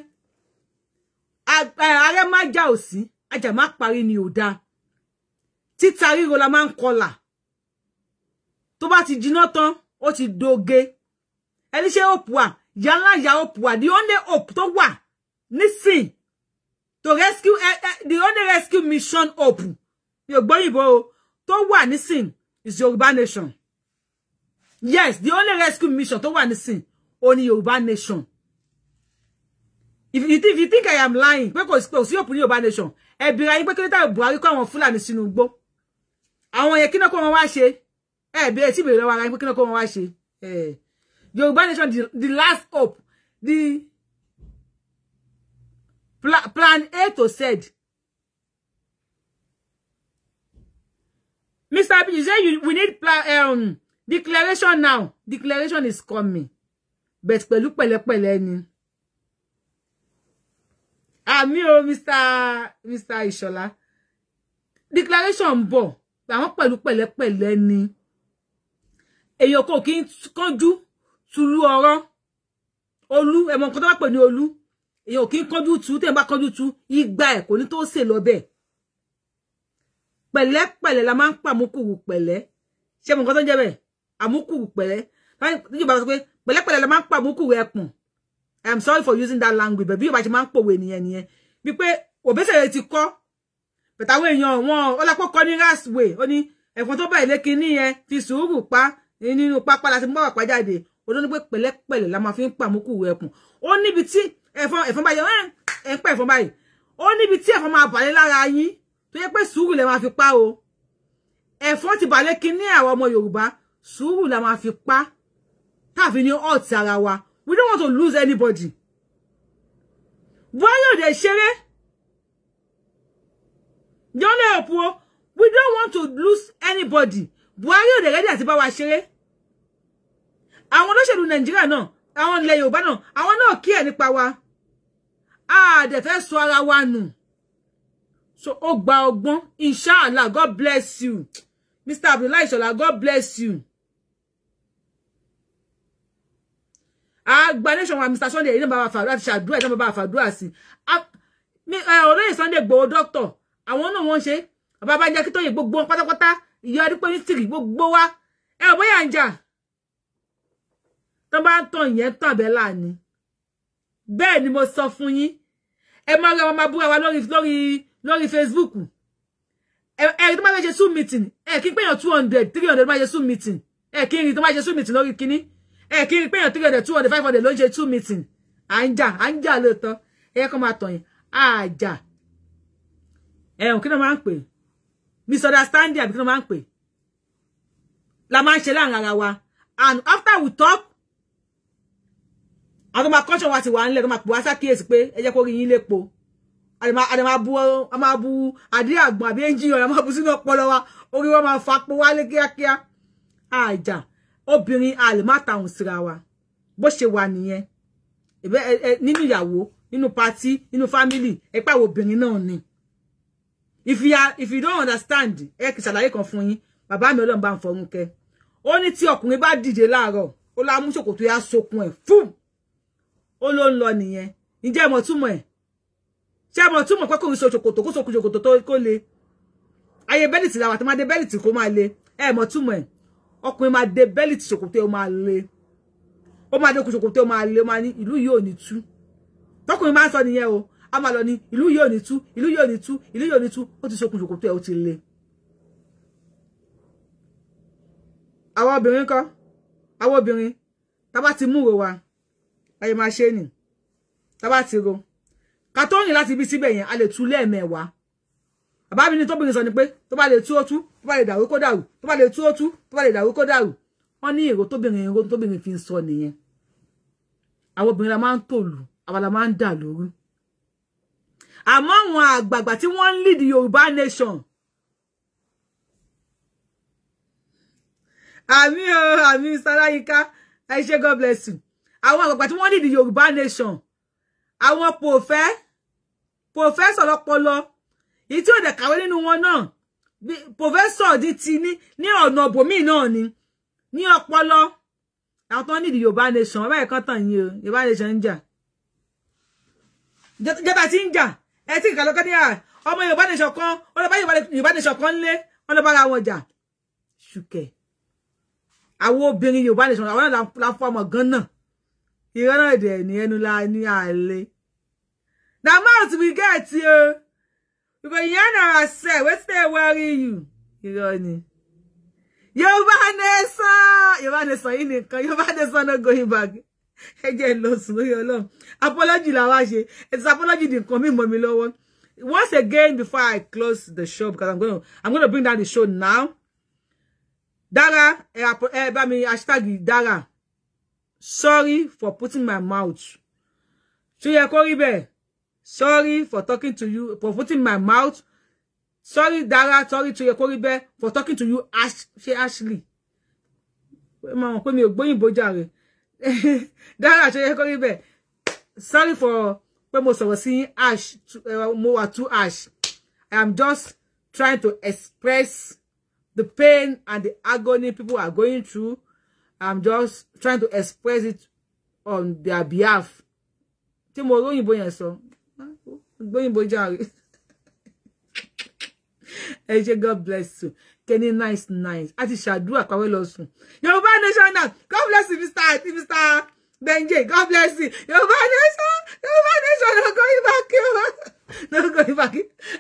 A: ààrẹ má já òsí ajá má parí ni ò dáa títa ríro la máa ń kọlà tó bá ti jiná tán ó ti doge ẹni ṣe òpùwà yàrá ìyá òpùwà the only hope tó wà nísìn to rescue eh, eh, the only rescue mission hope mi ò gbóyìnbó o tó wà nísìn is Yorùbá nation yes the only rescue mission tó wà nísìn o ni Yorùbá nation if you, if you think I am lying pé kò pé sí òpin Yorùbá nation ẹbí ra yín pé kílódé Buhari kó àwọn Fúlàní sínú igbó àwọn yẹn kíná kó wọn wá ṣe ẹbí ẹ tí ìbèrè lọ́wọ́ ara yín pé kíná kó wọn wá ṣe eh, Yorùbá nation the, the last hope the Pla plan A to Z. Mr. B, you say you, we need um, declaration now. Declaration is coming. But pẹ̀lú pẹ̀lẹ́pẹ̀lẹ́ ni. Àmì o, Mr. Mr. Ishola. Declaration ń bọ̀. Àwọn pẹ̀lú pẹ̀lẹ́pẹ̀lẹ́ ni. Èyàn kò kí ń kánjú tùlú ọ̀rọ̀. Olú, ẹ̀mọ̀ nǹkan tó bá pè ní olú èyàn ò kí kánjú tú tẹ́ ẹ bá kánjú tú igba ẹ̀ kò ní tó sè lọ bẹ́ẹ̀ pẹ̀lẹ́pẹ̀lẹ́ la máa ń pa àmúkùrù pẹ̀lẹ́ ṣé mo nǹkan tó ń jẹ́ bẹ́ẹ̀ àmúkùrù pẹ̀lẹ́ níjọba sọ pé pẹ̀lẹ́pẹ̀lẹ́ la máa ń pa àmúkùrù ẹkùn I am sorry for using that language but bí yorùbá ṣe máa ń pòwe nìyẹn nìyẹn bí pé òbẹ́sẹ̀ ti kọ́ pẹ̀tàwé èèyàn wọn ọlọ́pọ̀ kọ́ ní rasway ó ní ẹ̀kọ́ tó báyìí lékin nìyẹn fi sùúrù pa nínú pápá láti mú bàbà pa jáde ó ní pé pẹ̀lẹ́pẹ̀lẹ́ la máa fi ń pàmùkù ẹkùn ó níbi tí ẹ̀fọn ẹ̀fọn báyìí ẹ̀ ẹ̀ ń pẹ́ ẹ̀fọn báyìí ó níbi tí ẹ̀fọn máa bàlẹ́ lára yín tó yẹ pé sùúrù lè máa fi pa o ẹ̀fọn ti bàlẹ́ kinní àwọn ọmọ Yorùbá sùúrù la máa fi pa táàfi ní ọ̀tí ara wa we don't want to lose anybody Why are they ṣeré John Hope o we don't want to lose anybody Buhari ò dé rẹ́dí àti bá wa ṣeré àwọn olóṣèlú Nàìjíríà náà àwọn ilẹ̀ Yorùbá náà àwọn náà kí ẹ̀ nípa wa a dẹ̀ fẹ́ sọ ara wa nù so ó gba ọgbọ́n inshallah god bless you mr abdullahi shola god bless you àgbà nation wa mr sunday ìdí bàbá fàdúrà ti ṣàdúrà ìdí bàbá fàdúrà sí eh, ọ̀rẹ́ sunday gbòó doctor àwọn náà wọ́n ṣe bàbá jẹ́ kítóyè gbogbo wọn pátápátá ìyá adúpẹ́ mísírì gbogbo wa ẹ ò bóyá ń jà tó bá ń tàn yẹn tàn bẹ́ẹ̀ bẹ́ẹ̀ ni mo sọ fún yín ẹ máa rẹ wọn máa búra wa lórí lórí lórí facebook ẹ rí tó máa ṣe zoom meeting ẹ kí n pèèyàn two hundred three hundred tó máa ṣe zoom meeting ẹ kí n rí tó máa ṣe zoom meeting lórí kínní ẹ kí n rí pèèyàn three hundred two hundred five hundred ló ń ṣe zoom meeting à ń jà à ń jà lóòótọ́ ẹ kọ́ máa tọ̀yìn àjà ẹ̀hún kí ló máa ń pè misunderstanding àbí kí ló máa ń pè la máa ń ṣe láàrin ara wa and after we talk àwọn tó máa kọ́ṣọ̀ wa ti wà nílẹ̀ tó máa pè wá sákìyèsí pé ẹ jẹ́ kó rí yín lépo a máa bu àdí àgbọ̀n àbí ẹnjìyàn a máa bu sínú ọpọlọ wa orí wa máa fa po wálé kíákíá àjà obìnrin àlèmátàhùn síra wa bó ṣe wà nìyẹn nínú ìyàwó nínú pátì nínú fámìlì ẹpá obìnrin náà ni if you are if you don't understand ẹ kì í ṣàlàyé kan fún yín bàbá mi ọlọ́run bá ń fọrún kẹ ó ní tí ọkùnrin bá dìde láàárọ̀ ó lá yá sokun ẹ̀ fún ó ló ń lọ nìyẹn ǹjẹ́ mọ̀ túmọ̀ ẹ̀ ṣé mọ̀ túmọ̀ pé kò ń so ṣòkòtò kó so ṣòkòtò tó kó le ayé bẹ́lìtì làwọn àti máa dé bẹ́lìtì kó máa le ẹ̀ mọ̀ túmọ̀ ẹ̀ ọkùnrin máa dé bẹ́lìtì ṣòkòtò ó máa le ó máa dé kù ṣòkòtò ó máa le ó máa ní ìlú yìí ò ní tú tọkùnrin máa ń o a máa lọ ní ìlú yìí ò ní tú ìlú yìí ò ní tú ìlú yìí ò ní tú ó ti sokùn ṣòkòtò ẹ̀ ó ti le. àwọn obìnrin kọ́ àwọn obìnrin tá a ti múwèé wa ayé máa ṣe nì tá bá ti ro ká tó rìn láti ibi síbẹ̀ yẹn a lè tú lẹ́ẹ̀mẹ́wàá bàbá mi ní tó bìnrin sọ ni pé tó bá lè tú ó tú tó bá lè dàrú kó dàrú tó bá lè tú ó tú tó bá lè dàrú kó dàrú wọn ní èrò tóbìnrin èrò tóbìnrin fi ń sọ nìyẹn àwọn obìnrin la máa ń tòlù àwa la máa ń dà lóru àmọ́ àwọn àgbààgbà tí wọ́n ń lead Yorùbá nation àmì o àmì Ṣọláyínká ẹ ṣé God bless you àwọn àgbàgbà tí wọ́n ní ìdí yorùbá nation àwọn pòfẹ́ pòfẹ́sọ̀ lọ́pọlọ èyí tí ò dẹ̀ kàwé nínú wọn náà pòfẹ́sọ̀ di ti ní ní ọ̀nà òbòmí náà ni ní ọpọlọ àwọn tó ní ìdí yorùbá nation ọba ẹ̀kan tàn yín o yorùbá nation ń jà ìjọba ti ń jà ẹ tí kìkà lọ́kọ́ ní à ọmọ yorùbá nation kan ọlọ́ba yorùbá nation kan lé ọlọ́ba ara wọn jà ṣùkẹ́ àwọn obìnrin yorùbá nation àwọn náà la fọ́ ọmọ gan náà irọ́ náà dẹ̀ ní ẹnu la ní àlè na mouth we get o ìròyìn ẹ̀ náà ṣe wetin dey worry you irọ́ ni yorùbá nation yorùbá nation yìí nìkan yorùbá nation Not going back ẹ jẹ́ ń lọ sùn lórí apology la It's apology di nǹkan mi mọ́ mi once again before i close the show because i'm gonna i'm gonna bring down the show now dara eh, eh, bá mi hashtag dara. Sorry for putting my mouth. Ṣó yẹ kó Sorry for talking to you, for putting my mouth. Sorry, Dara. Sorry, to your kó rí for talking to you, Ash, she Ashley. <laughs> Dara, ṣó yẹ kó Sorry for when most of us sí Ash. Eh, more wà too Ash. I am just trying to express the pain and the agony people are going through i'm just trying to express it on their behalf tí mo róyìnbó yẹn sọ gbóyìnbó jàre ẹ ṣe god bless you kẹni nice nice a ti ṣàdúrà pàwẹ́ lọ sùn yorùbá nation now god bless you mr àti mr benjé god bless you yorùbá nation yorùbá nation no go back here. no go back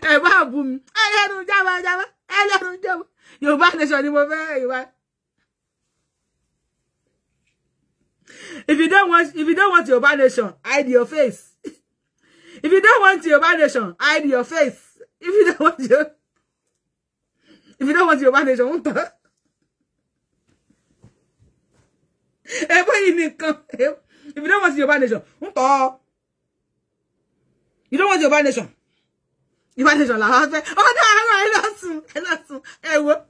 A: ẹ bá bú mi ẹ don't jábá jábá ẹ lẹnu jábá yorùbá nation ni mo fẹ́ If you don't want, if you don't want your nation, hide your face. if you don't want your nation, hide your face. If you don't want your, if you don't want your nation, won't Everybody nìkan. If you don't want your nation, won't You don't want your nation. Yoruba nation, la. Oh, no, I lost him. I lost him. I will.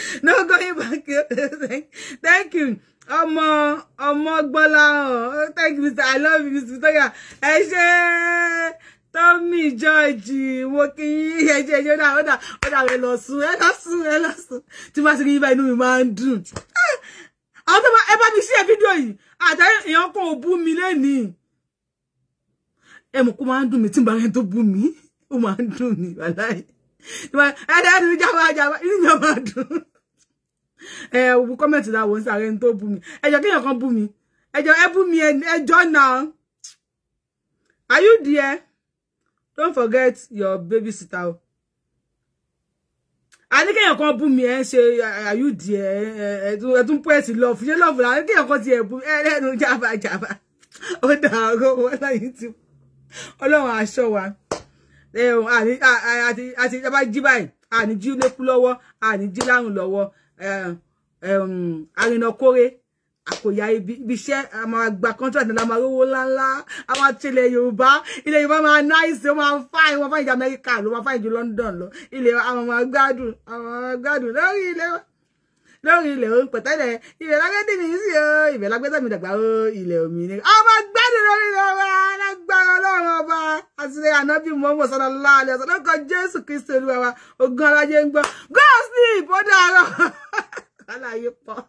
A: <laughs> no going back. Thank you. Ọmọ ọmọ gbọ́lá ọ̀ oh, oh, thank you Mr. I love you Mr. Victoria ẹ ṣe Tommy George wo kí ẹ ṣe ẹ ṣe ó dà ó dà ó dà ẹ lọ sùn ẹ lọ sùn ẹ lọ sùn tí wọ́n ti rí ibà inú mi máa ń dùn. Ah, àwọn tó bá ẹ bá mi ṣe fídíò yìí àtàrí èèyàn kan ò bú mi lénìí. Ẹ mọ̀ kó máa ń dùn mí tí n bá rẹ̀ tó bú mi ó máa ń dùn mí wàláì ẹ̀ẹ́dẹ́nu jábá jábá inú mi máa dùn ẹ wo kọ́mẹ̀tì náà wò ń sáré ní tó bú mi ẹjọ́ kéèyàn kan bú mi ẹjọ́ ẹ bú mi ẹjọ́ náà are you there don't forget your babysitter. sitter o a ní kéèyàn kan bú mi ẹ ṣe are you there ẹ tún pẹ́ẹ́sì lọ́ọ̀fù ṣé lọ́ọ̀fù làwọn kéèyàn kan ti ẹ̀ bú ẹ̀ẹ́dẹ́nu jábá jábá ó dàrú wọn láyé tí ọlọ́run aṣọ wa ẹ̀hún àní àti àti ìjọba jí báyìí àní jí lékú lọ́wọ́ àní jí lárùn lọ́wọ́ àrìnàkóre àkòyà ibi iṣẹ́ a máa gba contract náà la máa rówó ńláńlá a máa tilẹ̀ yorùbá ilẹ̀ yorùbá máa náìsì ó máa fáìn wọn fáìn ju amẹ́ríkà ló máa fáìn ju london lọ ilẹ̀ a máa gbádùn a máa gbádùn lórí ilẹ̀ wa lórí ilẹ̀ òun pẹ̀tẹ́lẹ̀ ibẹ̀ lágbẹ́dì mi sí o ibẹ̀ lágbẹ́dì mi dàgbà o ilẹ̀ òmìnira ọba gbádùn lórí ilẹ̀ ọba alágbára ọlọ́run ọba àtúnṣe ànábì mọ́mọ́ sọ́dọ̀ láàlẹ́ ọ̀sán lọ́kọ̀ jésù kristi olúwa wa ogun alájẹ ń gbọ́ gọ́ọ̀sì ìbọ̀dọ̀ àárọ̀ aláyé pọ̀.